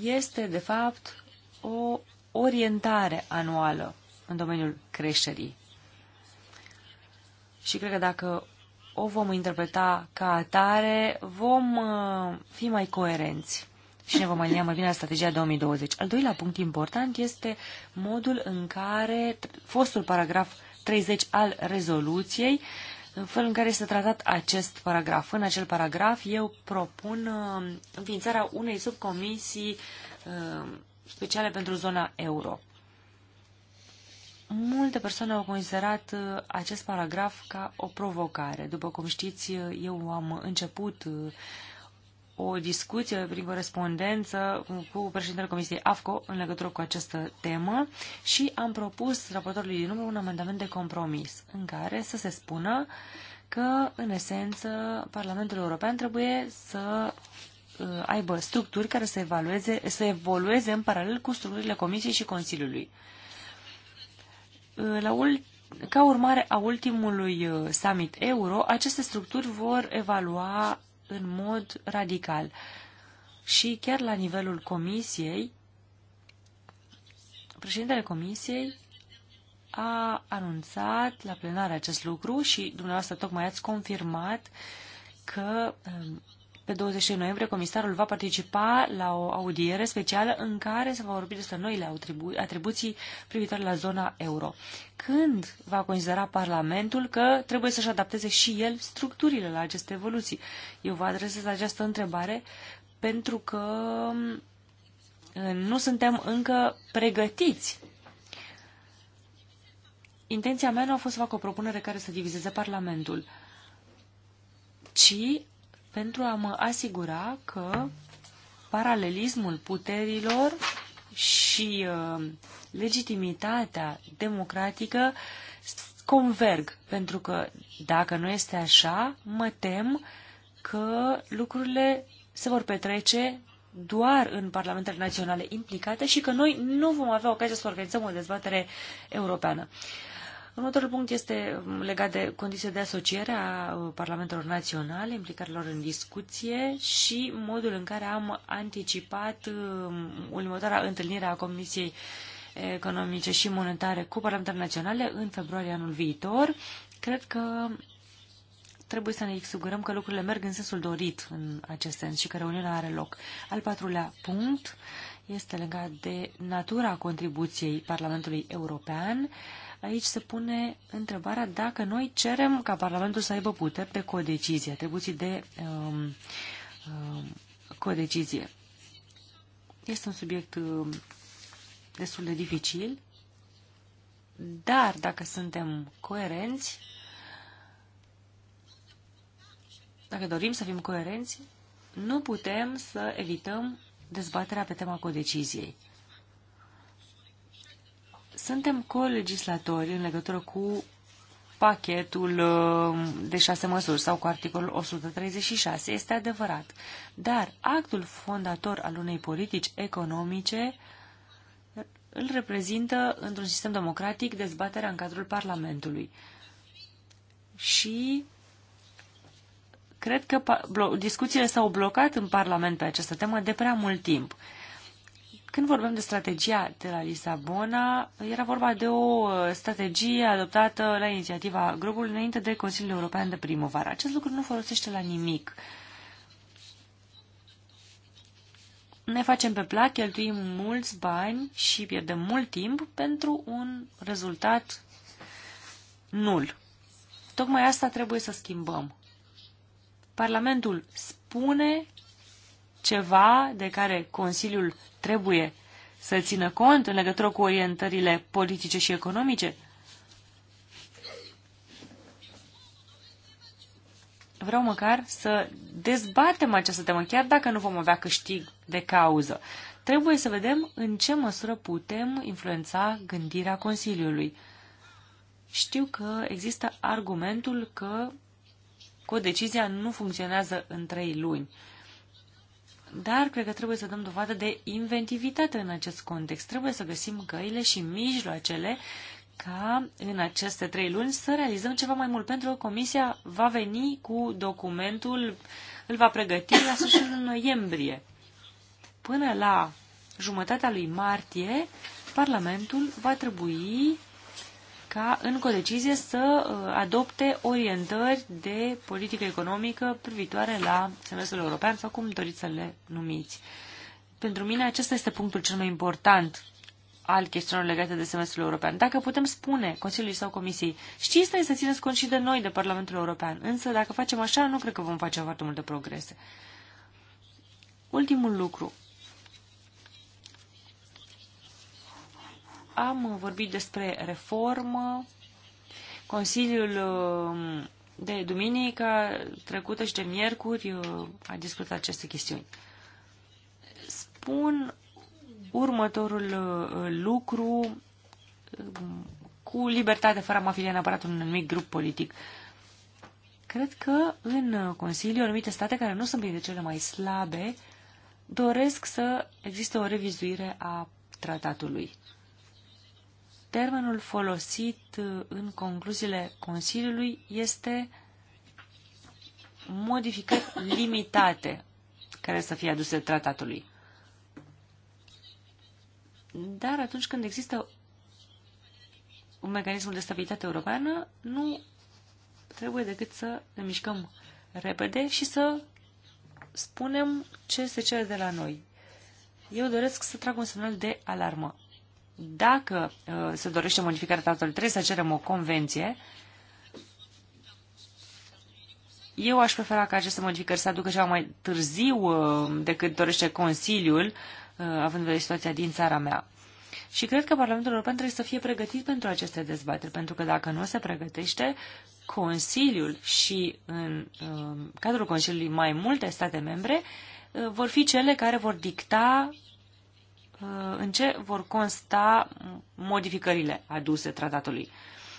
este, de fapt, o orientare anuală în domeniul creșterii. Și cred că dacă o vom interpreta ca atare, vom uh, fi mai coerenți și ne vom alinea mai bine la strategia 2020. Al doilea punct important este modul în care fostul paragraf 30 al rezoluției, în felul în care este tratat acest paragraf. În acel paragraf eu propun uh, înființarea unei subcomisii uh, speciale pentru zona euro. Multe persoane au considerat uh, acest paragraf ca o provocare. După cum știți, eu am început o discuție prin corespondență cu președintele Comisiei AFCO în legătură cu această temă și am propus raportorului din urmă un amendament de compromis în care să se spună că, în esență, Parlamentul European trebuie să uh, aibă structuri care să, evalueze, să evolueze în paralel cu structurile Comisiei și Consiliului. Uh, la ult ca urmare a ultimului uh, summit euro, aceste structuri vor evalua în mod radical. Și chiar la nivelul comisiei, președintele comisiei a anunțat la plenare acest lucru și dumneavoastră tocmai ați confirmat că um, pe 20 noiembrie, comisarul va participa la o audiere specială în care se va vorbi despre noile atribu atribuții privitoare la zona euro. Când va considera Parlamentul că trebuie să-și adapteze și el structurile la aceste evoluții? Eu vă adresez această întrebare pentru că mm, nu suntem încă pregătiți Intenția mea nu a fost să fac o propunere care să divizeze Parlamentul, ci pentru a mă asigura că paralelismul puterilor și uh, legitimitatea democratică converg, pentru că dacă nu este așa, mă tem că lucrurile se vor petrece doar în parlamentele naționale implicate și că noi nu vom avea ocazia să organizăm o dezbatere europeană. Uh, Următorul punct este um, legat de condiții de asociere a uh, parlamentelor naționale, implicarea lor în discuție și modul în care am anticipat um, următoarea întâlnire a Comisiei Economice și Monetare cu parlamentele naționale în februarie anul viitor. Cred că trebuie să ne exugurăm că lucrurile merg în sensul dorit în acest sens și că reuniunea are loc. Al patrulea punct este legat de natura contribuției Parlamentului European Aici se pune întrebarea dacă noi cerem ca Parlamentul să aibă puteri de codecizie, atribuții de um, um, codecizie. Este un subiect um, destul de dificil, dar dacă suntem coerenți, dacă dorim să fim coerenți, nu putem să evităm dezbaterea pe tema codeciziei. Suntem co-legislatori în legătură cu pachetul uh, de șase măsuri sau cu articolul 136, este adevărat. Dar actul fondator al unei politici economice îl reprezintă într-un sistem democratic dezbaterea în cadrul Parlamentului. Și cred că discuțiile s-au blocat în Parlament pe această temă de prea mult timp. Când vorbim de strategia de la Lisabona, era vorba de o strategie adoptată la inițiativa grupului înainte de Consiliul European de primăvară. Acest lucru nu folosește la nimic. Ne facem pe plac, cheltuim mulți bani și pierdem mult timp pentru un rezultat nul. Tocmai asta trebuie să schimbăm. Parlamentul spune ceva de care Consiliul trebuie să țină cont în legătură cu orientările politice și economice? Vreau măcar să dezbatem această temă, chiar dacă nu vom avea câștig de cauză. Trebuie să vedem în ce măsură putem influența gândirea Consiliului. Știu că există argumentul că codecizia nu funcționează în trei luni. Dar cred că trebuie să dăm dovadă de inventivitate în acest context. Trebuie să găsim căile și mijloacele ca în aceste trei luni să realizăm ceva mai mult, pentru că Comisia va veni cu documentul, îl va pregăti la sfârșitul noiembrie. Până la jumătatea lui martie, Parlamentul va trebui ca în codecizie să uh, adopte orientări de politică economică privitoare la semestrul european sau cum doriți să le numiți. Pentru mine acesta este punctul cel mai important al chestiunilor legate de semestrul european. Dacă putem spune Consiliului sau Comisiei, știți, stai să țineți cont și de noi, de Parlamentul European, însă dacă facem așa, nu cred că vom face foarte multe progrese. Ultimul lucru, am vorbit despre reformă. Consiliul uh, de duminică trecută și de miercuri uh, a discutat aceste chestiuni. Spun următorul uh, lucru cu libertate, fără a mă fi neapărat un anumit grup politic. Cred că în Consiliu anumite state care nu sunt printre cele mai slabe doresc să existe o revizuire a tratatului. Termenul folosit uh, în concluziile Consiliului este modificări limitate care să fie aduse tratatului. Dar atunci când există un mecanism de stabilitate europeană, nu trebuie decât să ne mișcăm repede și să spunem ce se cere de la noi. Eu doresc să trag un semnal de alarmă dacă uh, se dorește modificarea tratatului, trebuie să cerem o convenție. Eu aș prefera ca aceste modificări să aducă ceva mai târziu uh, decât dorește Consiliul, uh, având în vedere situația din țara mea. Și cred că Parlamentul European trebuie să fie pregătit pentru aceste dezbateri, pentru că dacă nu se pregătește, Consiliul și în cadrul Consiliului mai multe state membre vor fi cele care vor dicta în ce vor consta modificările aduse tratatului.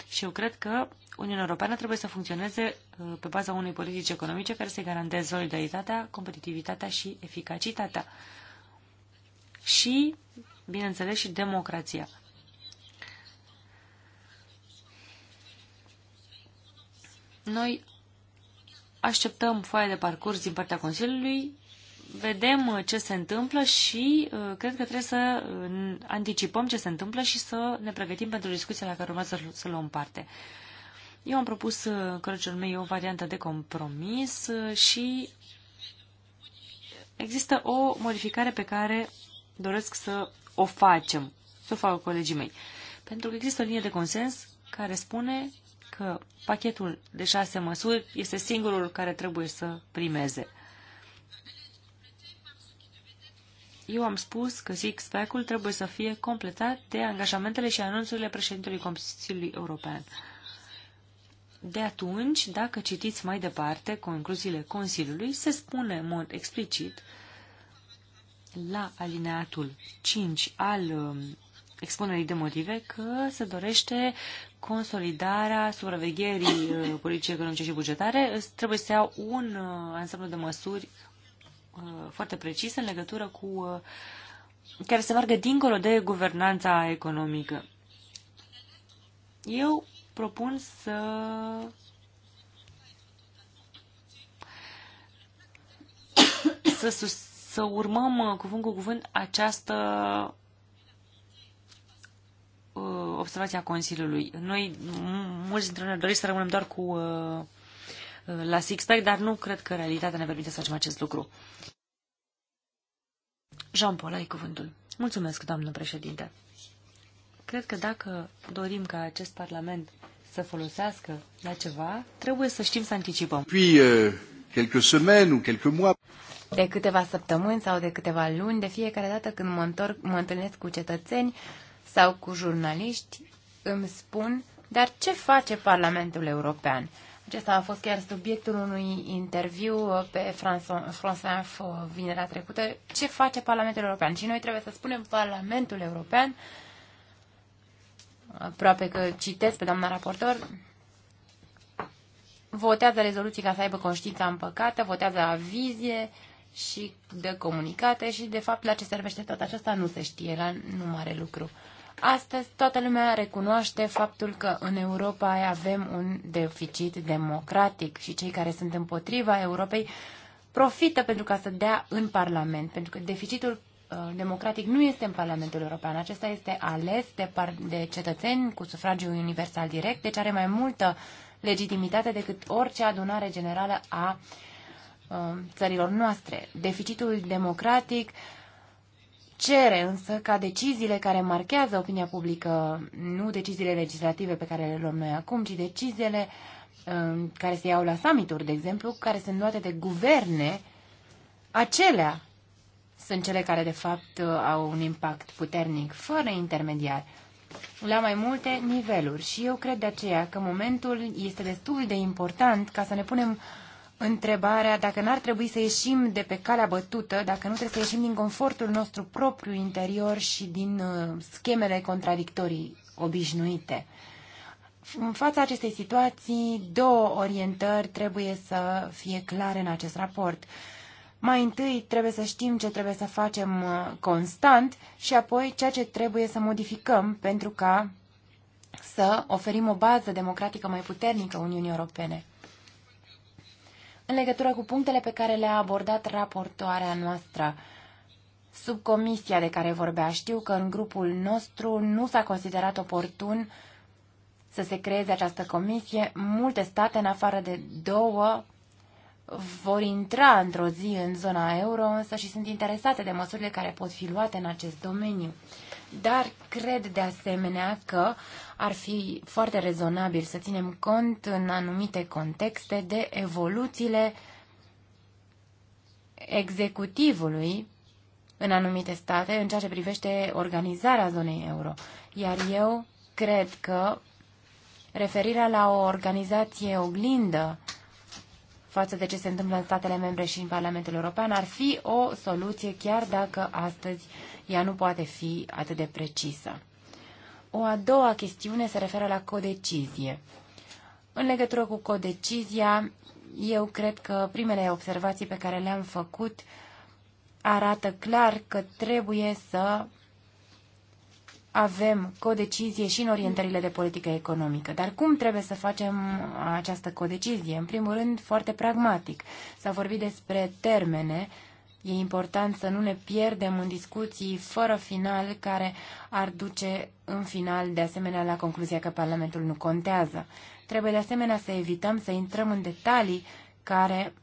Și eu cred că Uniunea Europeană trebuie să funcționeze uh, pe baza unei politici economice care să garanteze solidaritatea, competitivitatea și eficacitatea. Și, bineînțeles, și democrația. Noi așteptăm foaia de parcurs din partea Consiliului vedem uh, ce se întâmplă și uh, cred că trebuie să uh, anticipăm ce se întâmplă și să ne pregătim pentru discuția la care urmează să luăm parte. Eu am propus colegilor meu o variantă de compromis și există o modificare pe care doresc să o facem, să o facă colegii mei. Pentru că există o linie de consens care spune că pachetul de șase măsuri este singurul care trebuie să primeze eu am spus că six-pack-ul trebuie să fie completat de angajamentele și anunțurile președintelui Consiliului European. De atunci, dacă citiți mai departe concluziile Consiliului, se spune în mod explicit la alineatul 5 al um, expunerii de motive că se dorește consolidarea supravegherii uh, politicii economice și bugetare. Trebuie să iau un uh, ansamblu de măsuri Uh, foarte precise în legătură cu uh, care să meargă dincolo de guvernanța economică. Eu propun să să, sus, să urmăm uh, cuvânt cu cuvânt această observația Consiliului. Noi, mulți dintre noi, dorim să rămânem doar cu Uh, la Sixpack, dar nu cred că realitatea ne permite să facem acest lucru. Jean-Paul, ai cuvântul. Mulțumesc, doamnă președinte. Cred că dacă dorim ca acest Parlament să folosească la ceva, trebuie să știm să anticipăm. Puis, uh, quelques semaines ou quelques mois. De câteva săptămâni sau de câteva luni, de fiecare dată când mă, întorc, mă întâlnesc cu cetățeni sau cu jurnaliști, îmi spun, dar ce face Parlamentul European? Acesta a fost chiar subiectul unui interviu uh, pe France Info vinerea trecută. Ce face Parlamentul European? Și noi trebuie să spunem Parlamentul European, aproape că citesc pe doamna raportor, votează rezoluții ca să aibă conștiința împăcată, votează avizie și de comunicate și, de fapt, la ce servește tot acesta nu se știe, la nu mare lucru. Astăzi toată lumea recunoaște faptul că în Europa avem un deficit democratic și cei care sunt împotriva Europei profită pentru ca să dea în Parlament, pentru că deficitul uh, democratic nu este în Parlamentul European. Acesta este ales de, par- de cetățeni cu sufragiu universal direct, deci are mai multă legitimitate decât orice adunare generală a uh, țărilor noastre. Deficitul democratic uh, cere însă ca deciziile care marchează opinia publică, nu deciziile legislative pe care le luăm noi acum, ci deciziile um, care se iau la summituri, de exemplu, care sunt luate de guverne, acelea sunt cele care, de fapt, uh, au un impact puternic, fără intermediar la mai multe niveluri. Și eu cred de aceea că momentul este destul de important ca să ne punem uh, întrebarea dacă n-ar trebui să ieșim de pe calea bătută, dacă nu trebuie să ieșim din confortul nostru propriu interior și din uh, schemele contradictorii obișnuite. În fața acestei situații, două orientări trebuie să fie clare în acest raport. Mai întâi trebuie să știm ce trebuie să facem uh, constant și apoi ceea ce trebuie să modificăm pentru ca să oferim o bază democratică mai puternică Uniunii Europene în legătură cu punctele pe care le-a abordat raportoarea noastră. Subcomisia de care vorbea știu că în grupul nostru nu s-a considerat oportun să se creeze această comisie. Multe state, în afară de două, vor intra într-o zi în zona euro, însă și sunt interesate de măsurile care pot fi luate în acest domeniu dar cred de asemenea că ar fi foarte rezonabil să ținem cont în anumite contexte de evoluțiile executivului în anumite state în ceea ce privește organizarea zonei euro. Iar eu cred că referirea la o organizație oglindă față de ce se întâmplă în statele membre și în Parlamentul European ar fi o soluție, chiar dacă astăzi ea nu poate fi atât de precisă. O a doua chestiune se referă la codecizie. În legătură cu codecizia, eu cred că primele observații pe care le-am făcut arată clar că trebuie să avem codecizie și în orientările de politică economică. Dar cum trebuie să facem această codecizie? În primul rând, foarte pragmatic. S-a vorbit despre termene. E important să nu ne pierdem în discuții fără final care ar duce în final de asemenea la concluzia că Parlamentul nu contează. Trebuie de asemenea să evităm să intrăm în detalii care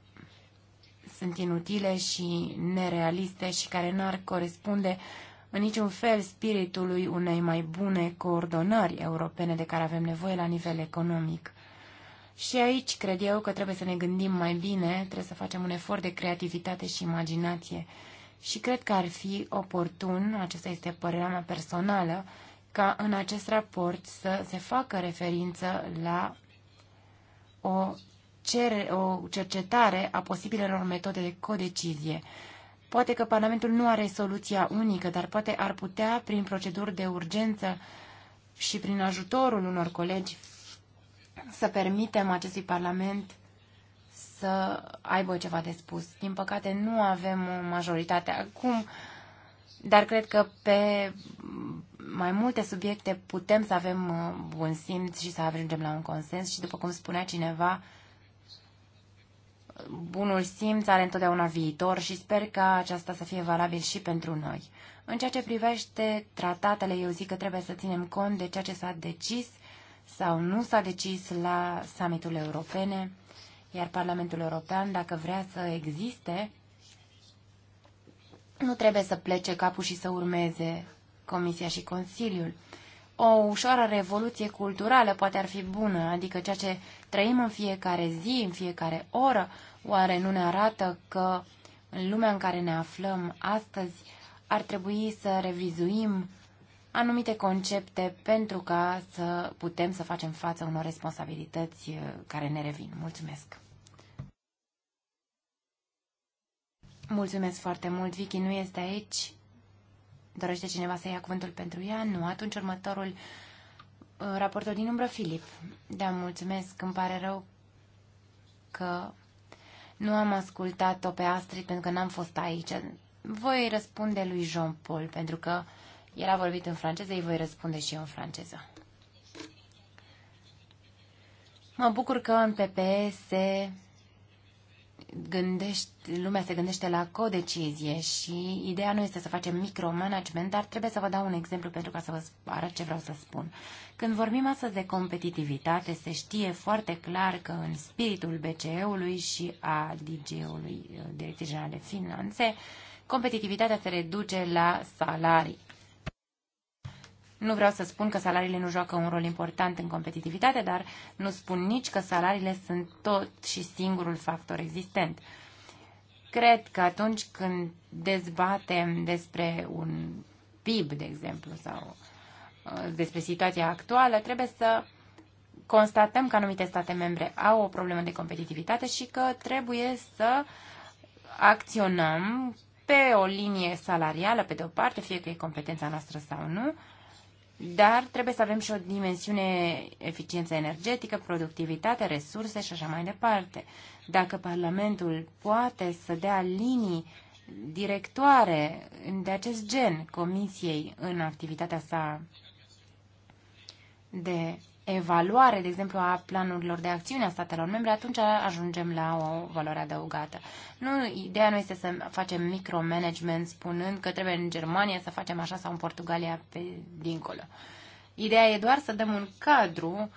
sunt inutile și nerealiste și care n-ar corespunde uh, în niciun fel spiritului unei mai bune coordonări europene de care avem nevoie la nivel economic. Și aici cred eu că trebuie să ne gândim mai bine, trebuie să facem un efort de creativitate și imaginație. Și cred că ar fi oportun, aceasta este părerea mea personală, ca în acest raport să se facă referință la o, cer, o cercetare a posibilelor metode de codecizie. Poate că Parlamentul nu are soluția unică, dar poate ar putea, prin proceduri de urgență și prin ajutorul unor colegi, să permitem acestui Parlament să aibă ceva de spus. Din păcate, nu avem o majoritate acum, dar cred că pe mai multe subiecte putem să avem uh, bun simț și să ajungem la un consens și, după cum spunea cineva, bunul simț are întotdeauna viitor și sper că aceasta să fie valabil și pentru noi. În ceea ce privește tratatele, eu zic că trebuie să ținem cont de ceea ce s-a decis sau nu s-a decis la summitul europene, iar Parlamentul European, dacă vrea să existe, nu trebuie să plece capul și să urmeze Comisia și Consiliul. O ușoară revoluție culturală poate ar fi bună, adică ceea ce trăim în fiecare zi, în fiecare oră, oare nu ne arată că în lumea în care ne aflăm astăzi ar trebui să revizuim anumite concepte pentru ca să putem să facem față unor responsabilități uh, care ne revin. Mulțumesc! Mulțumesc foarte mult. Vicky nu este aici. Dorește cineva să ia cuvântul pentru ea? Nu. Atunci următorul uh, raportul din umbră, Filip. Da, mulțumesc. Îmi pare rău că nu am ascultat-o pe Astrid pentru că n-am fost aici. Voi răspunde lui Jean-Paul pentru că el a vorbit în franceză, îi voi răspunde și eu în franceză. Mă bucur că în PPS gândești, lumea se gândește la codecizie și ideea nu este să facem micromanagement, dar trebuie să vă dau un exemplu pentru ca să vă arăt ce vreau să spun. Când vorbim astăzi de competitivitate, se știe foarte clar că în spiritul BCE-ului și a DG-ului, uh, Direcției Generale de Finanțe, competitivitatea se reduce la salarii. Nu vreau să spun că salariile nu joacă un rol important în competitivitate, dar nu spun nici că salariile sunt tot și singurul factor existent. Cred că atunci când dezbatem despre un PIB, de exemplu, sau uh, despre situația actuală, trebuie să constatăm că anumite state membre au o problemă de competitivitate și că trebuie să acționăm pe o linie salarială, pe de o parte, fie că e competența noastră sau nu, dar trebuie să avem și o dimensiune eficiență energetică, productivitate, resurse și așa mai departe. Dacă Parlamentul poate să dea linii directoare de acest gen Comisiei în activitatea sa de evaluare, de exemplu, a planurilor de acțiune a statelor membre, atunci ajungem la o valoare adăugată. Nu, ideea nu este să facem micromanagement spunând că trebuie în Germania să facem așa sau în Portugalia pe dincolo. Ideea e doar să dăm un cadru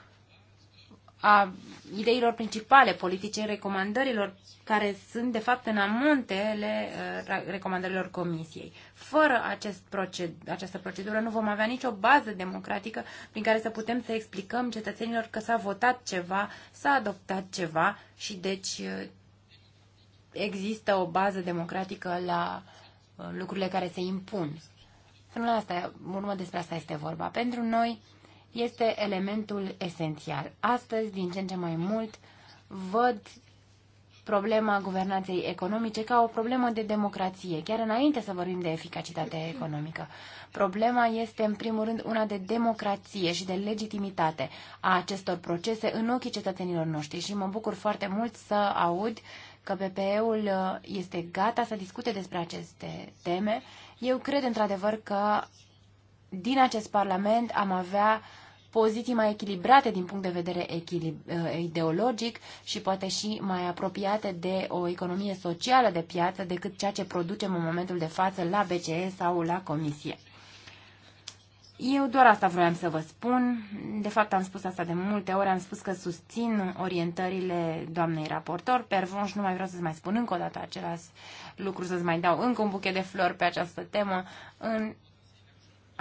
a ideilor principale politice, recomandărilor care sunt, de fapt, în amontele uh, recomandărilor Comisiei. Fără acest proced, această procedură nu vom avea nicio bază democratică prin care să putem să explicăm cetățenilor că s-a votat ceva, s-a adoptat ceva și, deci, uh, există o bază democratică la uh, lucrurile care se impun. Până la asta, urmă despre asta este vorba. Pentru noi, este elementul esențial. Astăzi, din ce în ce mai mult, văd problema guvernanței economice ca o problemă de democrație, chiar înainte să vorbim de eficacitate economică. Problema este, în primul rând, una de democrație și de legitimitate a acestor procese în ochii cetățenilor noștri și mă bucur foarte mult să aud că PPE-ul uh, este gata să discute despre aceste teme. Eu cred, într-adevăr, că din acest Parlament am avea poziții mai echilibrate din punct de vedere uh, ideologic și poate și mai apropiate de o economie socială de piață decât ceea ce producem în momentul de față la BCE sau la Comisie. Eu doar asta vroiam să vă spun. De fapt, am spus asta de multe ori. Am spus că susțin orientările doamnei raportor. Pervonș, nu mai vreau să-ți mai spun încă o dată același lucru, să-ți mai dau încă un buchet de flori pe această temă. În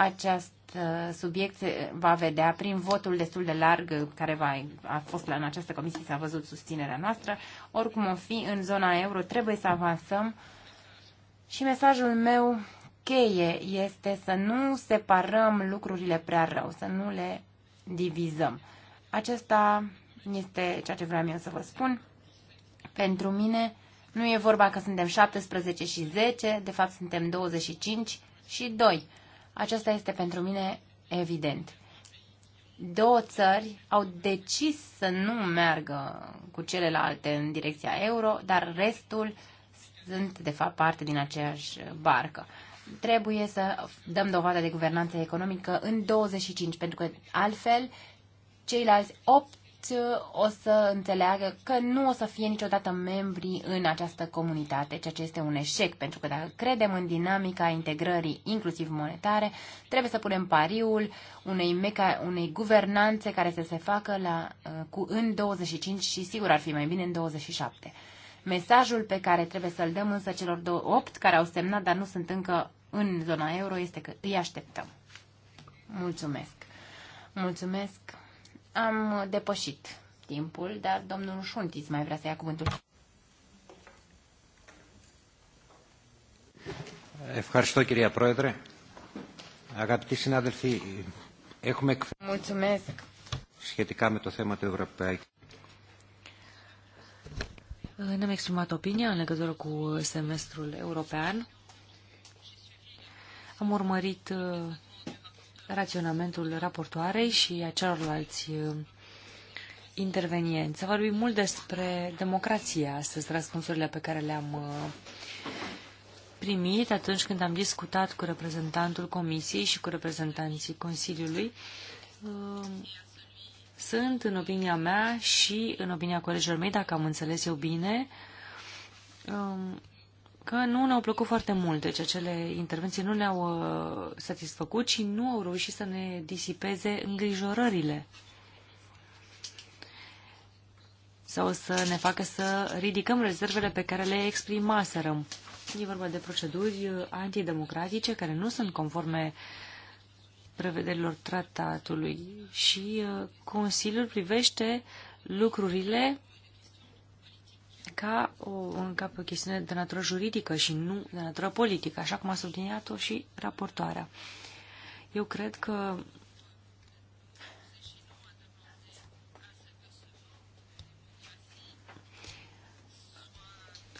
acest uh, subiect va vedea prin votul destul de larg uh, care va, a fost la, în această comisie, s-a văzut susținerea noastră. Oricum o fi, în zona euro trebuie să avansăm și mesajul meu cheie este să nu separăm lucrurile prea rău, să nu le divizăm. Acesta este ceea ce vreau eu să vă spun. Pentru mine nu e vorba că suntem 17 și 10, de fapt suntem 25 și 2. Aceasta este pentru mine evident. Două țări au decis să nu meargă cu celelalte în direcția euro, dar restul sunt, de fapt, parte din aceeași barcă. Trebuie să dăm dovadă de guvernanță economică în 25, pentru că altfel ceilalți 8 deci, uh, o să înțeleagă că nu o să fie niciodată membri în această comunitate, ceea ce este un eșec, pentru că dacă credem în dinamica integrării, inclusiv monetare, trebuie să punem pariul unei, meca, unei guvernanțe care să se facă la, uh, cu, în 25 și sigur ar fi mai bine în 27. Mesajul pe care trebuie să-l dăm însă celor 8 care au semnat, dar nu sunt încă în zona euro, este că îi așteptăm. Mulțumesc! Mulțumesc! Am depășit timpul, dar domnul Șuntiț mai vrea să ia cuvântul. Mulțumesc. κυρία με το θέμα του Ευρωπαϊκού. Ne-am exprimat opinia în legătură cu semestrul european. Am urmărit uh, raționamentul raportoarei și a celorlalți uh, intervenienți. S-a vorbit mult despre democrație astăzi, răspunsurile pe care le-am uh, primit atunci când am discutat cu reprezentantul Comisiei și cu reprezentanții Consiliului. Uh, sunt, în opinia mea și în opinia colegilor mei, dacă am înțeles eu bine, um, că nu ne-au plăcut foarte mult, deci acele intervenții nu ne-au uh, satisfăcut și nu au reușit să ne disipeze îngrijorările sau să ne facă să ridicăm rezervele pe care le exprimaserăm. E vorba de proceduri antidemocratice care nu sunt conforme prevederilor tratatului și uh, Consiliul privește lucrurile ca o, un cap o chestiune de natură juridică și nu de natură politică, așa cum a subliniat-o și raportoarea. Eu cred că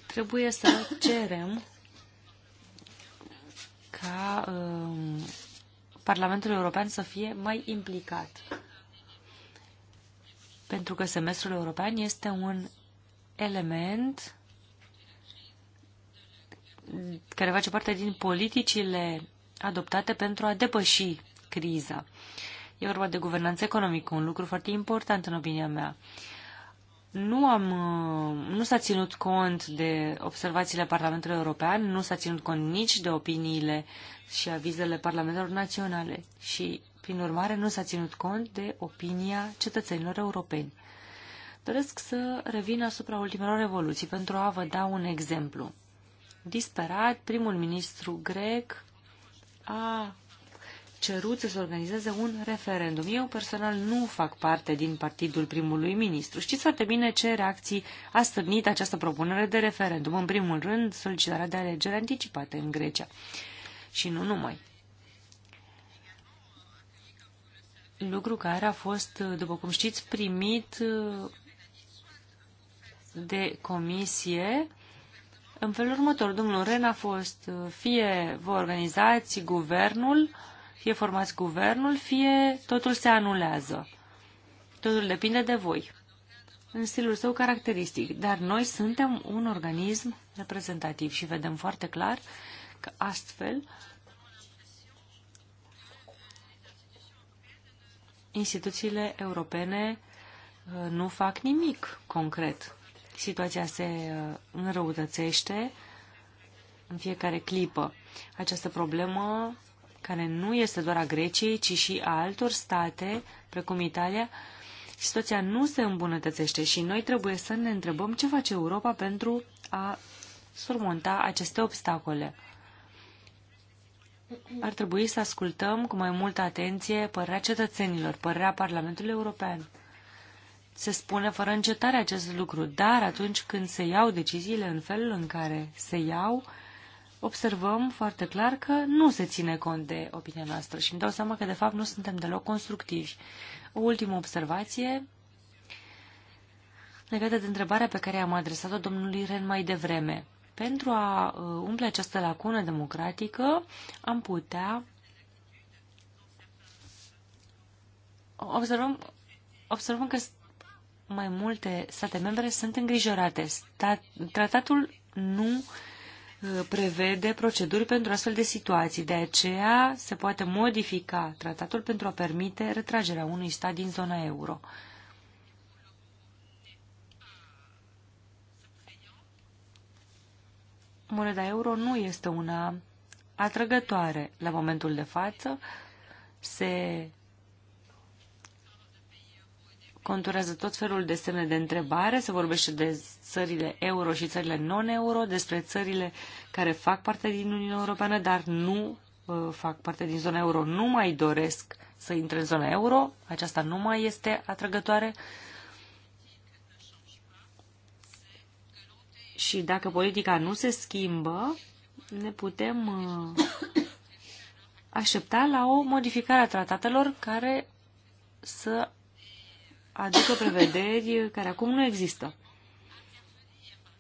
trebuie să cerem ca um, Parlamentul European să fie mai implicat. Pentru că semestrul european este un element care face parte din politicile adoptate pentru a depăși criza. E vorba de guvernanță economică, un lucru foarte important în opinia mea. Nu, am, uh, nu s-a ținut cont de observațiile Parlamentului European, nu s-a ținut cont nici de opiniile și avizele Parlamentelor Naționale și, prin urmare, nu s-a ținut cont de opinia cetățenilor europeni. Doresc să revin asupra ultimelor revoluții pentru a vă da un exemplu. Disperat, primul ministru grec a cerut să se organizeze un referendum. Eu personal nu fac parte din partidul primului ministru. Știți foarte bine ce reacții a stârnit această propunere de referendum. În primul rând, solicitarea de alegeri anticipate în Grecia. Și nu numai. Lucru care a fost, după cum știți, primit de comisie în felul următor. Domnul Ren a fost fie vă organizați guvernul, fie formați guvernul, fie totul se anulează. Totul depinde de voi, în stilul său caracteristic. Dar noi suntem un organism reprezentativ și vedem foarte clar că astfel instituțiile europene uh, nu fac nimic concret situația se uh, înrăutățește în fiecare clipă. Această problemă, care nu este doar a Greciei, ci și a altor state, precum Italia, situația nu se îmbunătățește și noi trebuie să ne întrebăm ce face Europa pentru a surmonta aceste obstacole. Ar trebui să ascultăm cu mai multă atenție părerea cetățenilor, părerea Parlamentului European se spune fără încetare acest lucru, dar atunci când se iau deciziile în felul în care se iau, observăm foarte clar că nu se ține cont de opinia noastră și îmi dau seama că, de fapt, nu suntem deloc constructivi. O ultimă observație legată de întrebarea pe care am adresat-o domnului Ren mai devreme. Pentru a uh, umple această lacună democratică, am putea observăm, observăm că mai multe state membre sunt îngrijorate. Stat, tratatul nu uh, prevede proceduri pentru astfel de situații. De aceea se poate modifica tratatul pentru a permite retragerea unui stat din zona euro. Moneda euro nu este una atrăgătoare la momentul de față. Se conturează tot felul de semne de întrebare, se vorbește de țările euro și țările non-euro, despre țările care fac parte din Uniunea Europeană, dar nu uh, fac parte din zona euro, nu mai doresc să intre în zona euro, aceasta nu mai este atrăgătoare. Și dacă politica nu se schimbă, ne putem uh, aștepta la o modificare a tratatelor care să aducă prevederi care acum nu există.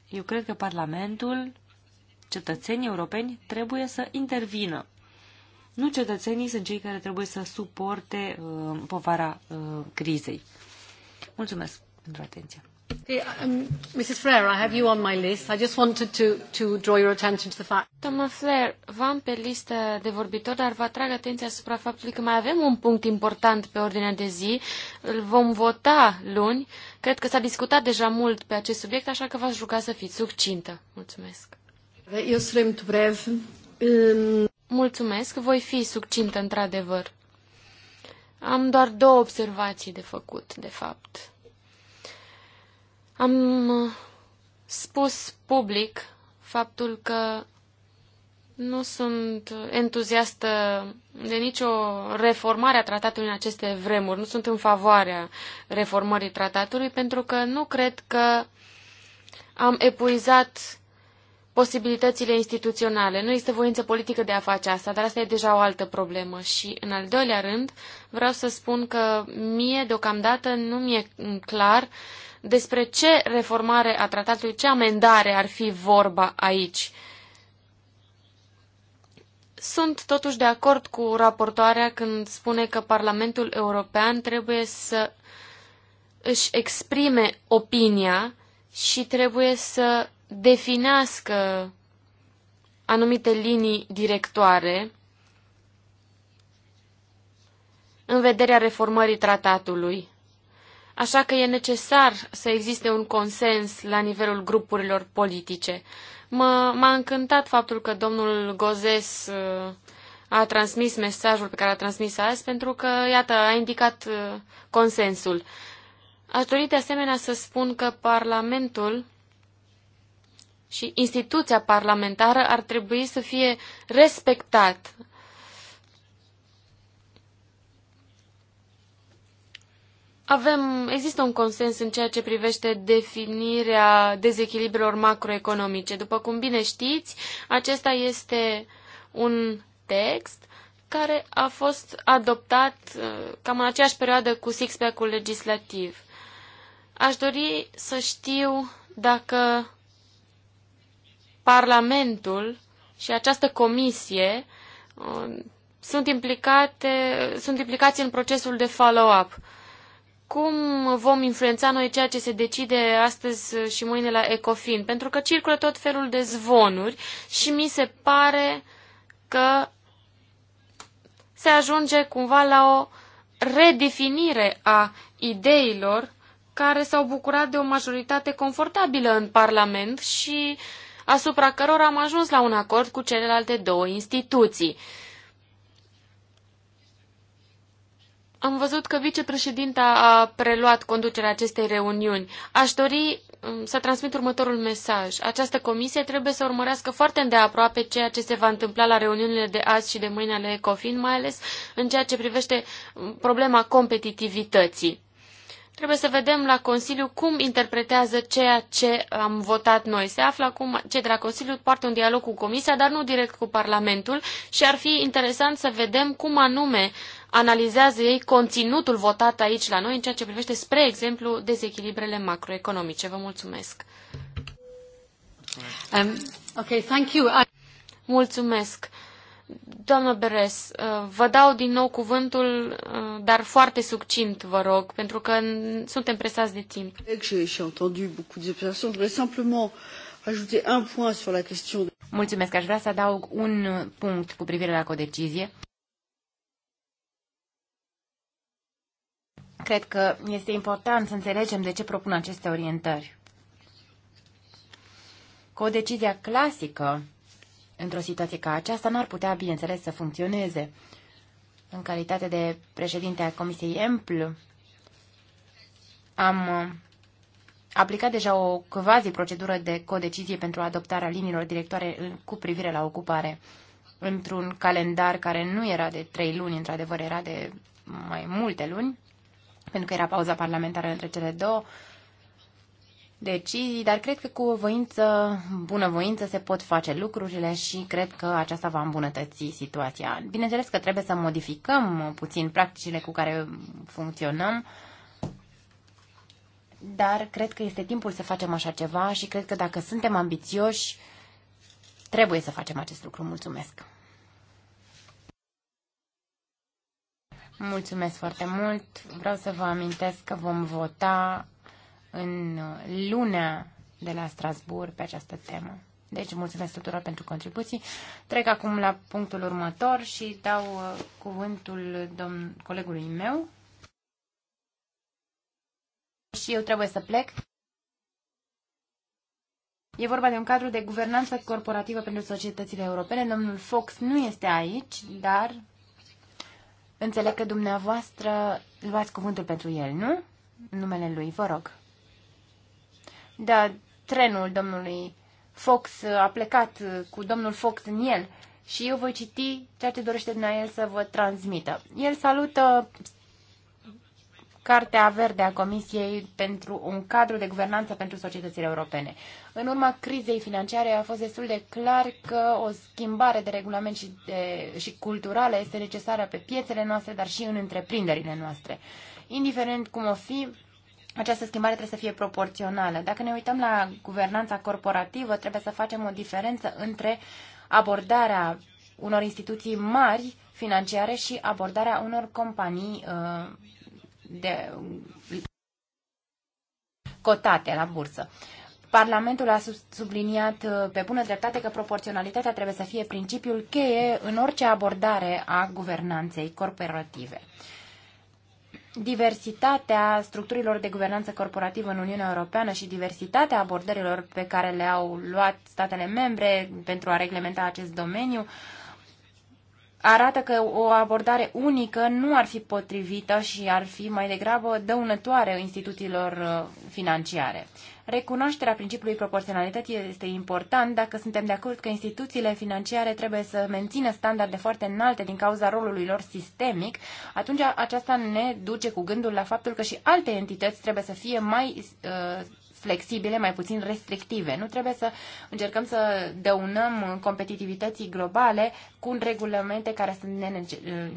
Eu cred că Parlamentul, cetățenii europeni, trebuie să intervină. Nu cetățenii sunt cei care trebuie să suporte uh, povara uh, crizei. Mulțumesc pentru atenție. Um, Mrs. Flair, I have you on my list. I just wanted to, to draw your attention to the fact. Doamna Flair, v-am pe listă de vorbitor, dar vă atrag atenția asupra faptului că mai avem un punct important pe ordinea de zi. Îl vom vota luni. Cred că s-a discutat deja mult pe acest subiect, așa că v-aș ruga să fiți succintă. Mulțumesc. Eu sunt brev. Mulțumesc, voi fi succintă într-adevăr. Am doar două observații de făcut, de fapt. Am uh, spus public faptul că nu sunt entuziastă de nicio reformare a tratatului în aceste vremuri. Nu sunt în favoarea reformării tratatului pentru că nu cred că am epuizat posibilitățile instituționale. Nu este voință politică de a face asta, dar asta e deja o altă problemă. Și, în al doilea rând, vreau să spun că mie, deocamdată, nu mi-e clar uh, despre ce reformare a tratatului, ce amendare ar fi vorba aici. Sunt totuși de acord cu raportoarea când spune că Parlamentul European trebuie să își exprime opinia și trebuie să definească anumite linii directoare în vederea reformării tratatului. Așa că e necesar să existe un consens la nivelul grupurilor politice. M-a încântat faptul că domnul Gozes uh, a transmis mesajul pe care a transmis azi, pentru că, iată, a indicat uh, consensul. Aș dori de asemenea să spun că Parlamentul și instituția parlamentară ar trebui să fie respectat avem, există un consens în ceea ce privește definirea dezechilibrelor macroeconomice. După cum bine știți, acesta este un text care a fost adoptat uh, cam în aceeași perioadă cu six-pack-ul legislativ. Aș dori să știu dacă Parlamentul și această comisie uh, sunt, implicate, sunt implicați în procesul de follow-up cum vom influența noi ceea ce se decide astăzi și mâine la Ecofin? Pentru că circulă tot felul de zvonuri și mi se pare că se ajunge cumva la o redefinire a ideilor care s-au bucurat de o majoritate confortabilă în Parlament și asupra cărora am ajuns la un acord cu celelalte două instituții. Am văzut că vicepreședinta a preluat conducerea acestei reuniuni. Aș dori um, să transmit următorul mesaj. Această comisie trebuie să urmărească foarte îndeaproape ceea ce se va întâmpla la reuniunile de azi și de mâine ale ECOFIN, mai ales în ceea ce privește um, problema competitivității. Trebuie să vedem la Consiliu cum interpretează ceea ce am votat noi. Se află acum ce de la Consiliu poartă un dialog cu Comisia, dar nu direct cu Parlamentul și ar fi interesant să vedem cum anume analizează ei conținutul votat aici la noi în ceea ce privește, spre exemplu, dezechilibrele macroeconomice. Vă mulțumesc! Um, okay, thank you. I... Mulțumesc! Doamnă Beres, uh, vă dau din nou cuvântul, uh, dar foarte succint, vă rog, pentru că suntem presați de timp. Mulțumesc, aș vrea să adaug un punct cu privire la codecizie. Cred că este important să înțelegem de ce propun aceste orientări. Cu o decizie clasică, într-o situație ca aceasta, n-ar putea, bineînțeles, să funcționeze. În calitate de președinte a Comisiei EMPL, am uh, aplicat deja o quasi-procedură de codecizie pentru adoptarea liniilor directoare cu privire la ocupare într-un calendar care nu era de trei luni, într-adevăr era de mai multe luni pentru că era pauza parlamentară între cele două decizii, dar cred că cu o voință, bunăvoință se pot face lucrurile și cred că aceasta va îmbunătăți situația. Bineînțeles că trebuie să modificăm puțin practicile cu care funcționăm, dar cred că este timpul să facem așa ceva și cred că dacă suntem ambițioși, trebuie să facem acest lucru. Mulțumesc! Mulțumesc foarte mult. Vreau să vă amintesc că vom vota în lunea de la Strasbourg pe această temă. Deci, mulțumesc tuturor pentru contribuții. Trec acum la punctul următor și dau uh, cuvântul domn colegului meu. Și eu trebuie să plec. E vorba de un cadru de guvernanță corporativă pentru societățile europene. Domnul Fox nu este aici, dar Înțeleg că dumneavoastră luați cuvântul pentru el, nu? Numele lui, vă rog. Da, trenul domnului Fox a plecat cu domnul Fox în el și eu voi citi ceea ce dorește din el să vă transmită. El salută Cartea Verde a Comisiei pentru un cadru de guvernanță pentru societățile europene. În urma crizei financiare a fost destul de clar că o schimbare de regulament și, de, și culturală este necesară pe piețele noastre, dar și în întreprinderile noastre. Indiferent cum o fi, această schimbare trebuie să fie proporțională. Dacă ne uităm la guvernanța corporativă, trebuie să facem o diferență între abordarea unor instituții mari financiare și abordarea unor companii uh, de cotate la bursă. Parlamentul a subliniat uh, pe bună dreptate că proporționalitatea trebuie să fie principiul cheie în orice abordare a guvernanței corporative. Diversitatea structurilor de guvernanță corporativă în Uniunea Europeană și diversitatea abordărilor pe care le-au luat statele membre pentru a reglementa acest domeniu uh, arată că o abordare unică nu ar fi potrivită și ar fi mai degrabă dăunătoare instituțiilor uh, financiare. Recunoașterea principiului proporționalității este important dacă suntem de acord că instituțiile financiare trebuie să mențină standarde foarte înalte din cauza rolului lor sistemic, atunci aceasta ne duce cu gândul la faptul că și alte entități trebuie să fie mai uh, flexibile, mai puțin restrictive. Nu trebuie să încercăm să dăunăm competitivității globale cu regulamente care sunt uh,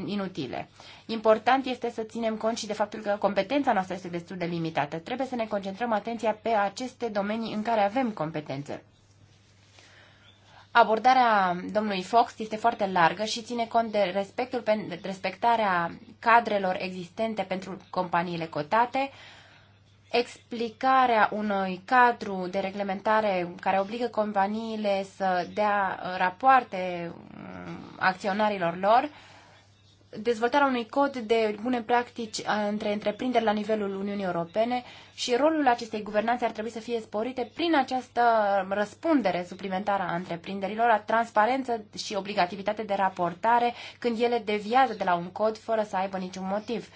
inutile. Important este să ținem cont și de faptul că competența noastră este destul de limitată. Trebuie să ne concentrăm atenția pe aceste domenii în care avem competențe. Abordarea domnului Fox este foarte largă și ține cont de respectul, respectarea cadrelor existente pentru companiile cotate, explicarea unui cadru de reglementare care obligă companiile să dea uh, rapoarte um, acționarilor lor, dezvoltarea unui cod de bune practici uh, între întreprinderi la nivelul Uniunii Europene și rolul acestei guvernanțe ar trebui să fie sporite prin această răspundere suplimentară a întreprinderilor, a transparență și obligativitate de raportare când ele deviază de la un cod fără să aibă niciun motiv.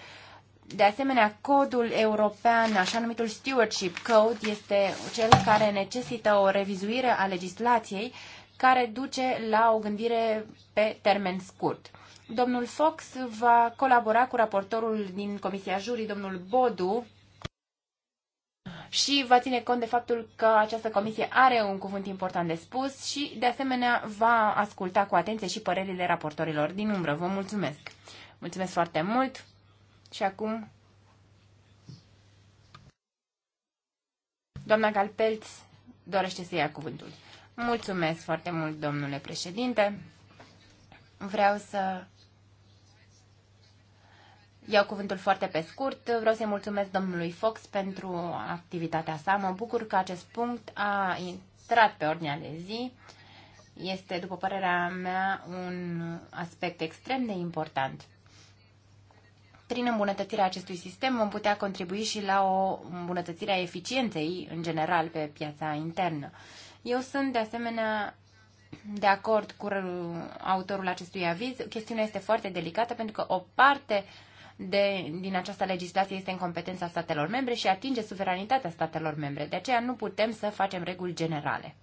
De asemenea, codul european, așa numitul Stewardship Code, este cel care necesită o revizuire a legislației care duce la o gândire pe termen scurt. Domnul Fox va colabora cu raportorul din Comisia Jurii, domnul Bodu, și va ține cont de faptul că această comisie are un cuvânt important de spus și, de asemenea, va asculta cu atenție și părerile raportorilor din umbră. Vă mulțumesc! Mulțumesc foarte mult! Și acum, doamna Galpelț dorește să ia cuvântul. Mulțumesc foarte mult, domnule președinte. Vreau să iau cuvântul foarte pe scurt. Vreau să-i mulțumesc domnului Fox pentru activitatea sa. Mă bucur că acest punct a intrat pe ordinea de zi. Este, după părerea mea, un aspect extrem de important. Prin îmbunătățirea acestui sistem vom putea contribui și la o îmbunătățire a eficienței în general pe piața internă. Eu sunt de asemenea de acord cu autorul acestui aviz. Chestiunea este foarte delicată pentru că o parte de, din această legislație este în competența statelor membre și atinge suveranitatea statelor membre. De aceea nu putem să facem reguli generale.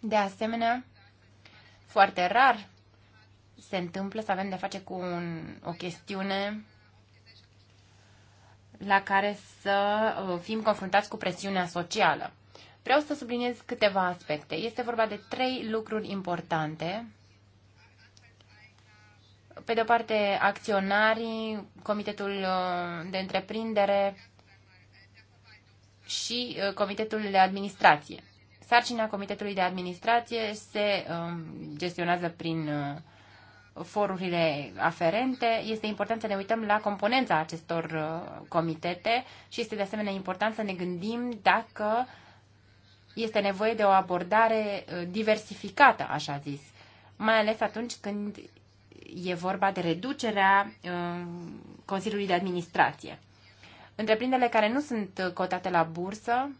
De asemenea, foarte rar se întâmplă, să avem de face cu un, o chestiune la care să uh, fim confruntați cu presiunea socială. Vreau să subliniez câteva aspecte. Este vorba de trei lucruri importante. Pe de o parte, acționarii, comitetul uh, de întreprindere și uh, comitetul de administrație. Sarcina comitetului de administrație se um, gestionează prin forurile aferente. Este important să ne uităm la componența acestor uh, comitete și este de asemenea important să ne gândim dacă este nevoie de o abordare uh, diversificată, așa zis, mai ales atunci când e vorba de reducerea uh, Consiliului de Administrație. Întreprinderile care nu sunt cotate la bursă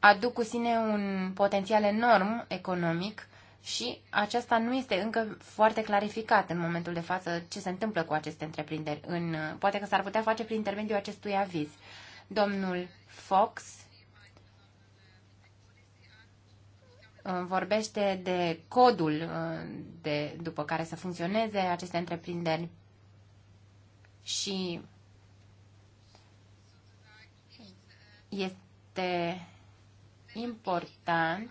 aduc cu sine un potențial enorm economic și aceasta nu este încă foarte clarificat în momentul de față ce se întâmplă cu aceste întreprinderi. În, poate că s-ar putea face prin intermediul acestui aviz. Domnul Fox uh, vorbește de codul uh, de, după care să funcționeze aceste întreprinderi și este important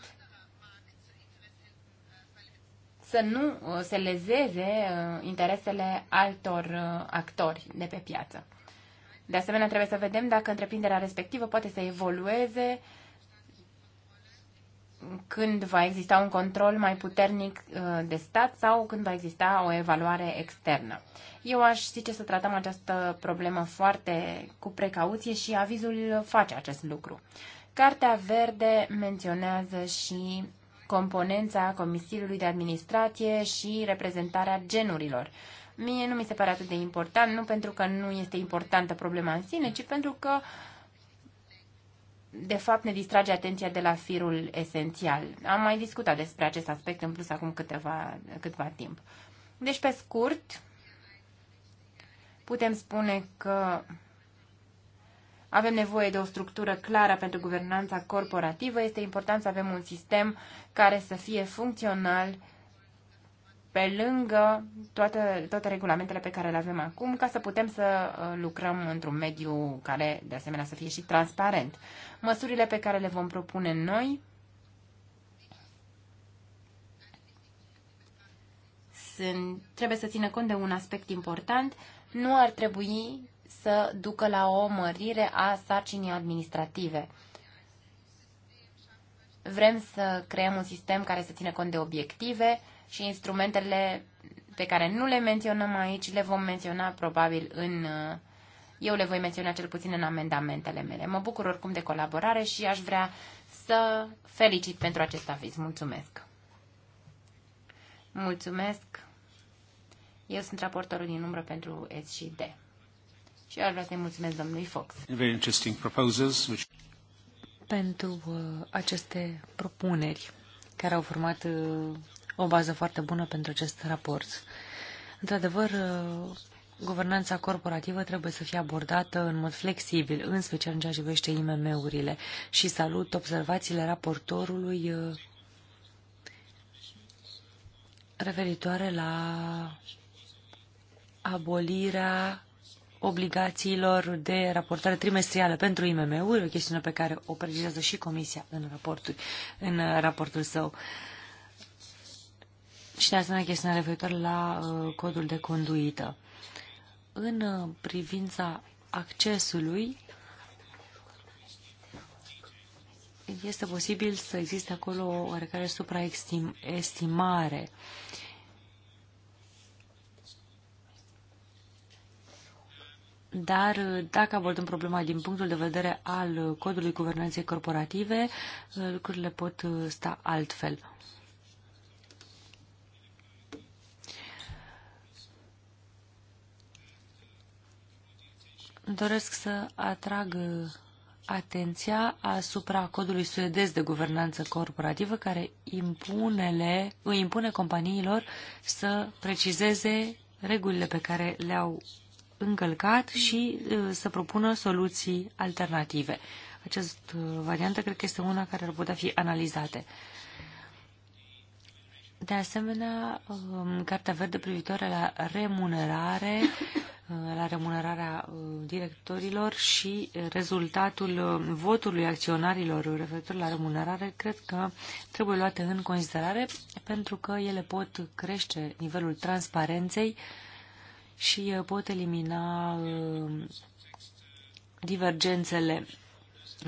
să nu uh, se lezeze uh, interesele altor uh, actori de pe piață. De asemenea, trebuie să vedem dacă întreprinderea respectivă poate să evolueze când va exista un control mai puternic de stat sau când va exista o evaluare externă. Eu aș zice să tratăm această problemă foarte cu precauție și avizul face acest lucru. Cartea Verde menționează și componența Comisiului de Administrație și reprezentarea genurilor. Mie nu mi se pare atât de important, nu pentru că nu este importantă problema în sine, ci pentru că de fapt ne distrage atenția de la firul esențial. Am mai discutat despre acest aspect în plus acum câteva, câteva timp. Deci, pe scurt, putem spune că avem nevoie de o structură clară pentru guvernanța corporativă. Este important să avem un sistem care să fie funcțional pe lângă toate, toate regulamentele pe care le avem acum, ca să putem să uh, lucrăm într-un mediu care, de asemenea, să fie și transparent. Măsurile pe care le vom propune noi sunt, trebuie să țină cont de un aspect important. Nu ar trebui să ducă la o mărire a sarcinii administrative. Vrem să creăm un sistem care să țină cont de obiective și instrumentele pe care nu le menționăm aici le vom menționa probabil în eu le voi menționa cel puțin în amendamentele mele. Mă bucur oricum de colaborare și aș vrea să felicit pentru acest aviz. Mulțumesc! Mulțumesc! Eu sunt raportorul din umbră pentru S și D. Și ar vrea să-i mulțumesc domnului Fox. Very interesting proposals, which... Pentru uh, aceste propuneri care au format uh, o bază foarte bună pentru acest raport. Într-adevăr, uh, Guvernanța corporativă trebuie să fie abordată în mod flexibil, în special în ceea ce privește IMM-urile și salut observațiile raportorului uh, referitoare la abolirea obligațiilor de raportare trimestrială pentru IMM-uri, o chestiune pe care o precizează și Comisia în, raportul, în raportul său. Și de asemenea chestiunea referitoare la uh, codul de conduită. În uh, privința accesului, este posibil să existe acolo oarecare supraestimare. Uh, Dar uh, dacă abordăm problema din punctul de vedere al uh, codului guvernanței corporative, uh, lucrurile pot sta altfel. Doresc să atrag atenția asupra codului suedez de guvernanță corporativă care impunele, îi impune companiilor să precizeze regulile pe care le-au încălcat și uh, să propună soluții alternative. Această variantă cred că este una care ar putea fi analizate. De asemenea, um, Cartea Verde privitoare la remunerare, uh, la remunerarea uh, directorilor și rezultatul votului acționarilor referitor la remunerare, cred că trebuie luate în considerare pentru că ele pot crește nivelul transparenței și uh, pot elimina uh, divergențele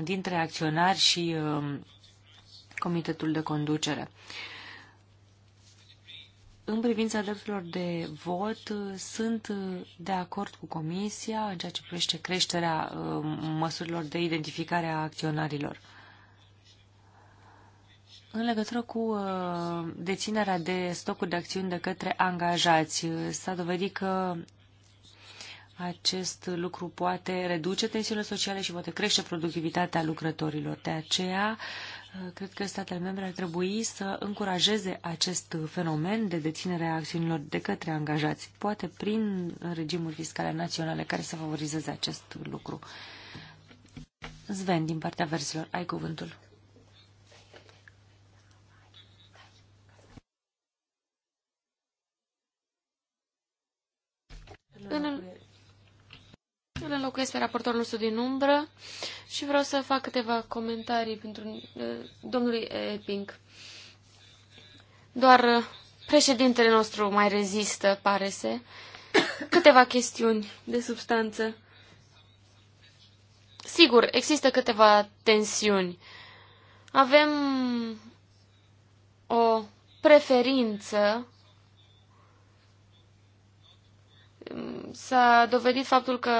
dintre acționari și uh, comitetul de conducere. În privința drepturilor de vot, sunt de acord cu Comisia în ceea ce privește creșterea măsurilor de identificare a acționarilor. În legătură cu uh, deținerea de stocuri de acțiuni de către angajați, uh, s-a dovedit că acest lucru poate reduce tensiunile sociale și poate crește productivitatea lucrătorilor. De aceea, uh, cred că statele membre ar trebui să încurajeze acest fenomen de deținere a acțiunilor de către angajați, poate prin regimuri fiscale naționale care să favorizeze acest lucru. Sven, din partea versilor, ai cuvântul. Îl, îl înlocuiesc pe raportorul nostru din umbră și vreau să fac câteva comentarii pentru uh, domnului Epping. Doar uh, președintele nostru mai rezistă, pare se. Câteva chestiuni de substanță. Sigur, există câteva tensiuni. Avem o preferință s-a dovedit faptul că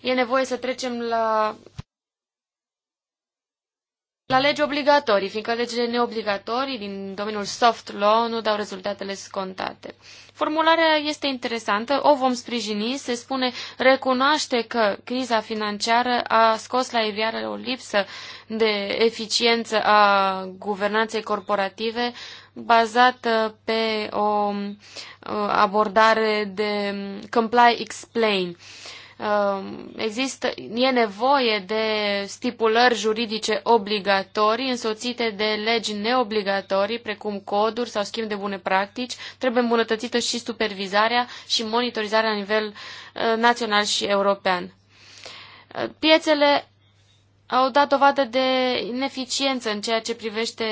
e nevoie să trecem la, la legi obligatorii, fiindcă legile neobligatorii din domeniul soft law nu dau rezultatele scontate. Formularea este interesantă, o vom sprijini, se spune recunoaște că criza financiară a scos la iveară o lipsă de eficiență a guvernanței corporative, bazată pe o abordare de comply-explain. Um, există, e nevoie de stipulări juridice obligatorii însoțite de legi neobligatorii, precum coduri sau schimb de bune practici. Trebuie îmbunătățită și supervizarea și monitorizarea la nivel uh, național și european. Uh, piețele au dat dovadă de ineficiență în ceea ce privește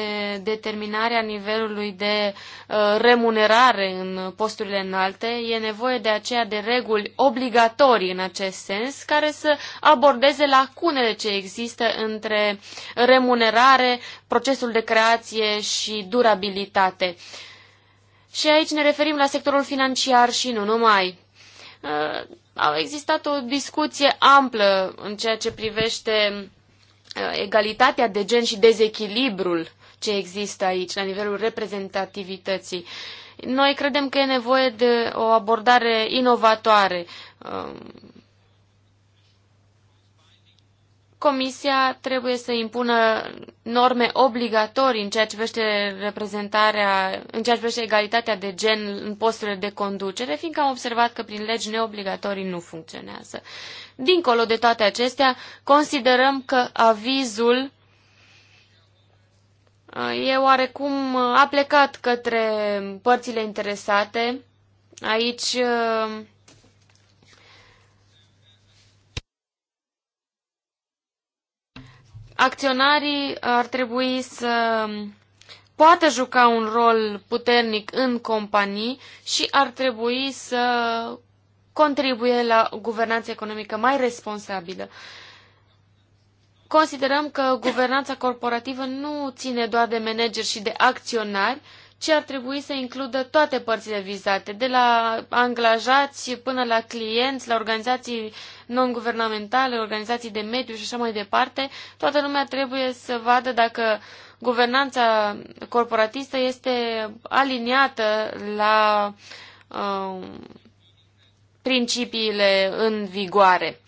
determinarea nivelului de uh, remunerare în posturile înalte. E nevoie de aceea de reguli obligatorii în acest sens, care să abordeze lacunele ce există între remunerare, procesul de creație și durabilitate. Și aici ne referim la sectorul financiar și nu numai. Uh, au existat o discuție amplă în ceea ce privește Uh, egalitatea de gen și dezechilibrul ce există aici la nivelul reprezentativității. Noi credem că e nevoie de o abordare inovatoare. Um, Comisia trebuie să impună norme obligatorii în ceea ce privește reprezentarea, în ceea ce privește egalitatea de gen în posturile de conducere, fiindcă am observat că prin legi neobligatorii nu funcționează. Dincolo de toate acestea, considerăm că avizul uh, e oarecum uh, a plecat către părțile interesate. Aici uh, acționarii ar trebui să poată juca un rol puternic în companii și ar trebui să contribuie la o guvernanță economică mai responsabilă. Considerăm că guvernanța corporativă nu ține doar de manageri și de acționari, ci ar trebui să includă toate părțile vizate, de la angajați până la clienți, la organizații non-guvernamentale, organizații de mediu și așa mai departe. Toată lumea trebuie să vadă dacă guvernanța corporatistă este aliniată la uh, principiile în vigoare.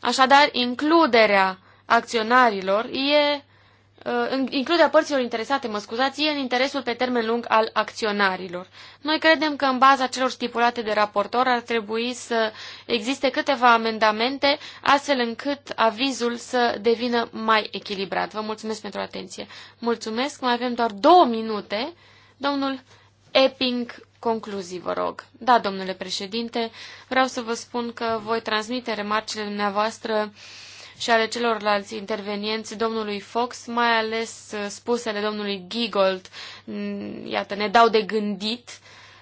Așadar, includerea acționarilor e uh, includerea părților interesate, mă scuzați, e în interesul pe termen lung al acționarilor. Noi credem că în baza celor stipulate de raportor ar trebui să existe câteva amendamente astfel încât avizul să devină mai echilibrat. Vă mulțumesc pentru atenție. Mulțumesc, mai avem doar două minute. Domnul Epping Concluzii, vă rog. Da, domnule președinte, vreau să vă spun că voi transmite remarcile dumneavoastră și ale celorlalți intervenienți domnului Fox, mai ales uh, spusele domnului Gigold, mm, iată, ne dau de gândit,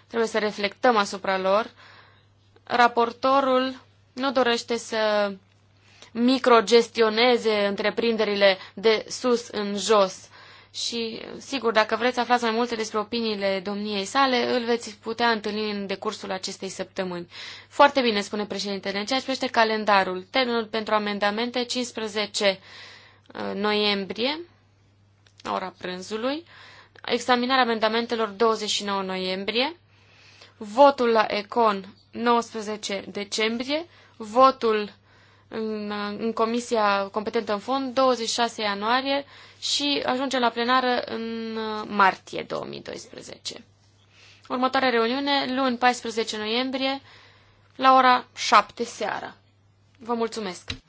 trebuie să reflectăm asupra lor. Raportorul nu dorește să microgestioneze întreprinderile de sus în jos și, sigur, dacă vreți să aflați mai multe despre opiniile domniei sale, îl veți putea întâlni în decursul acestei săptămâni. Foarte bine, spune președintele, în ceea ce privește calendarul. Termenul pentru amendamente 15 uh, noiembrie, ora prânzului, examinarea amendamentelor 29 noiembrie, votul la ECON 19 decembrie, votul în, în comisia competentă în fond 26 ianuarie și ajunge la plenară în uh, martie 2012. Următoarea reuniune, luni 14 noiembrie, la ora 7 seara. Vă mulțumesc!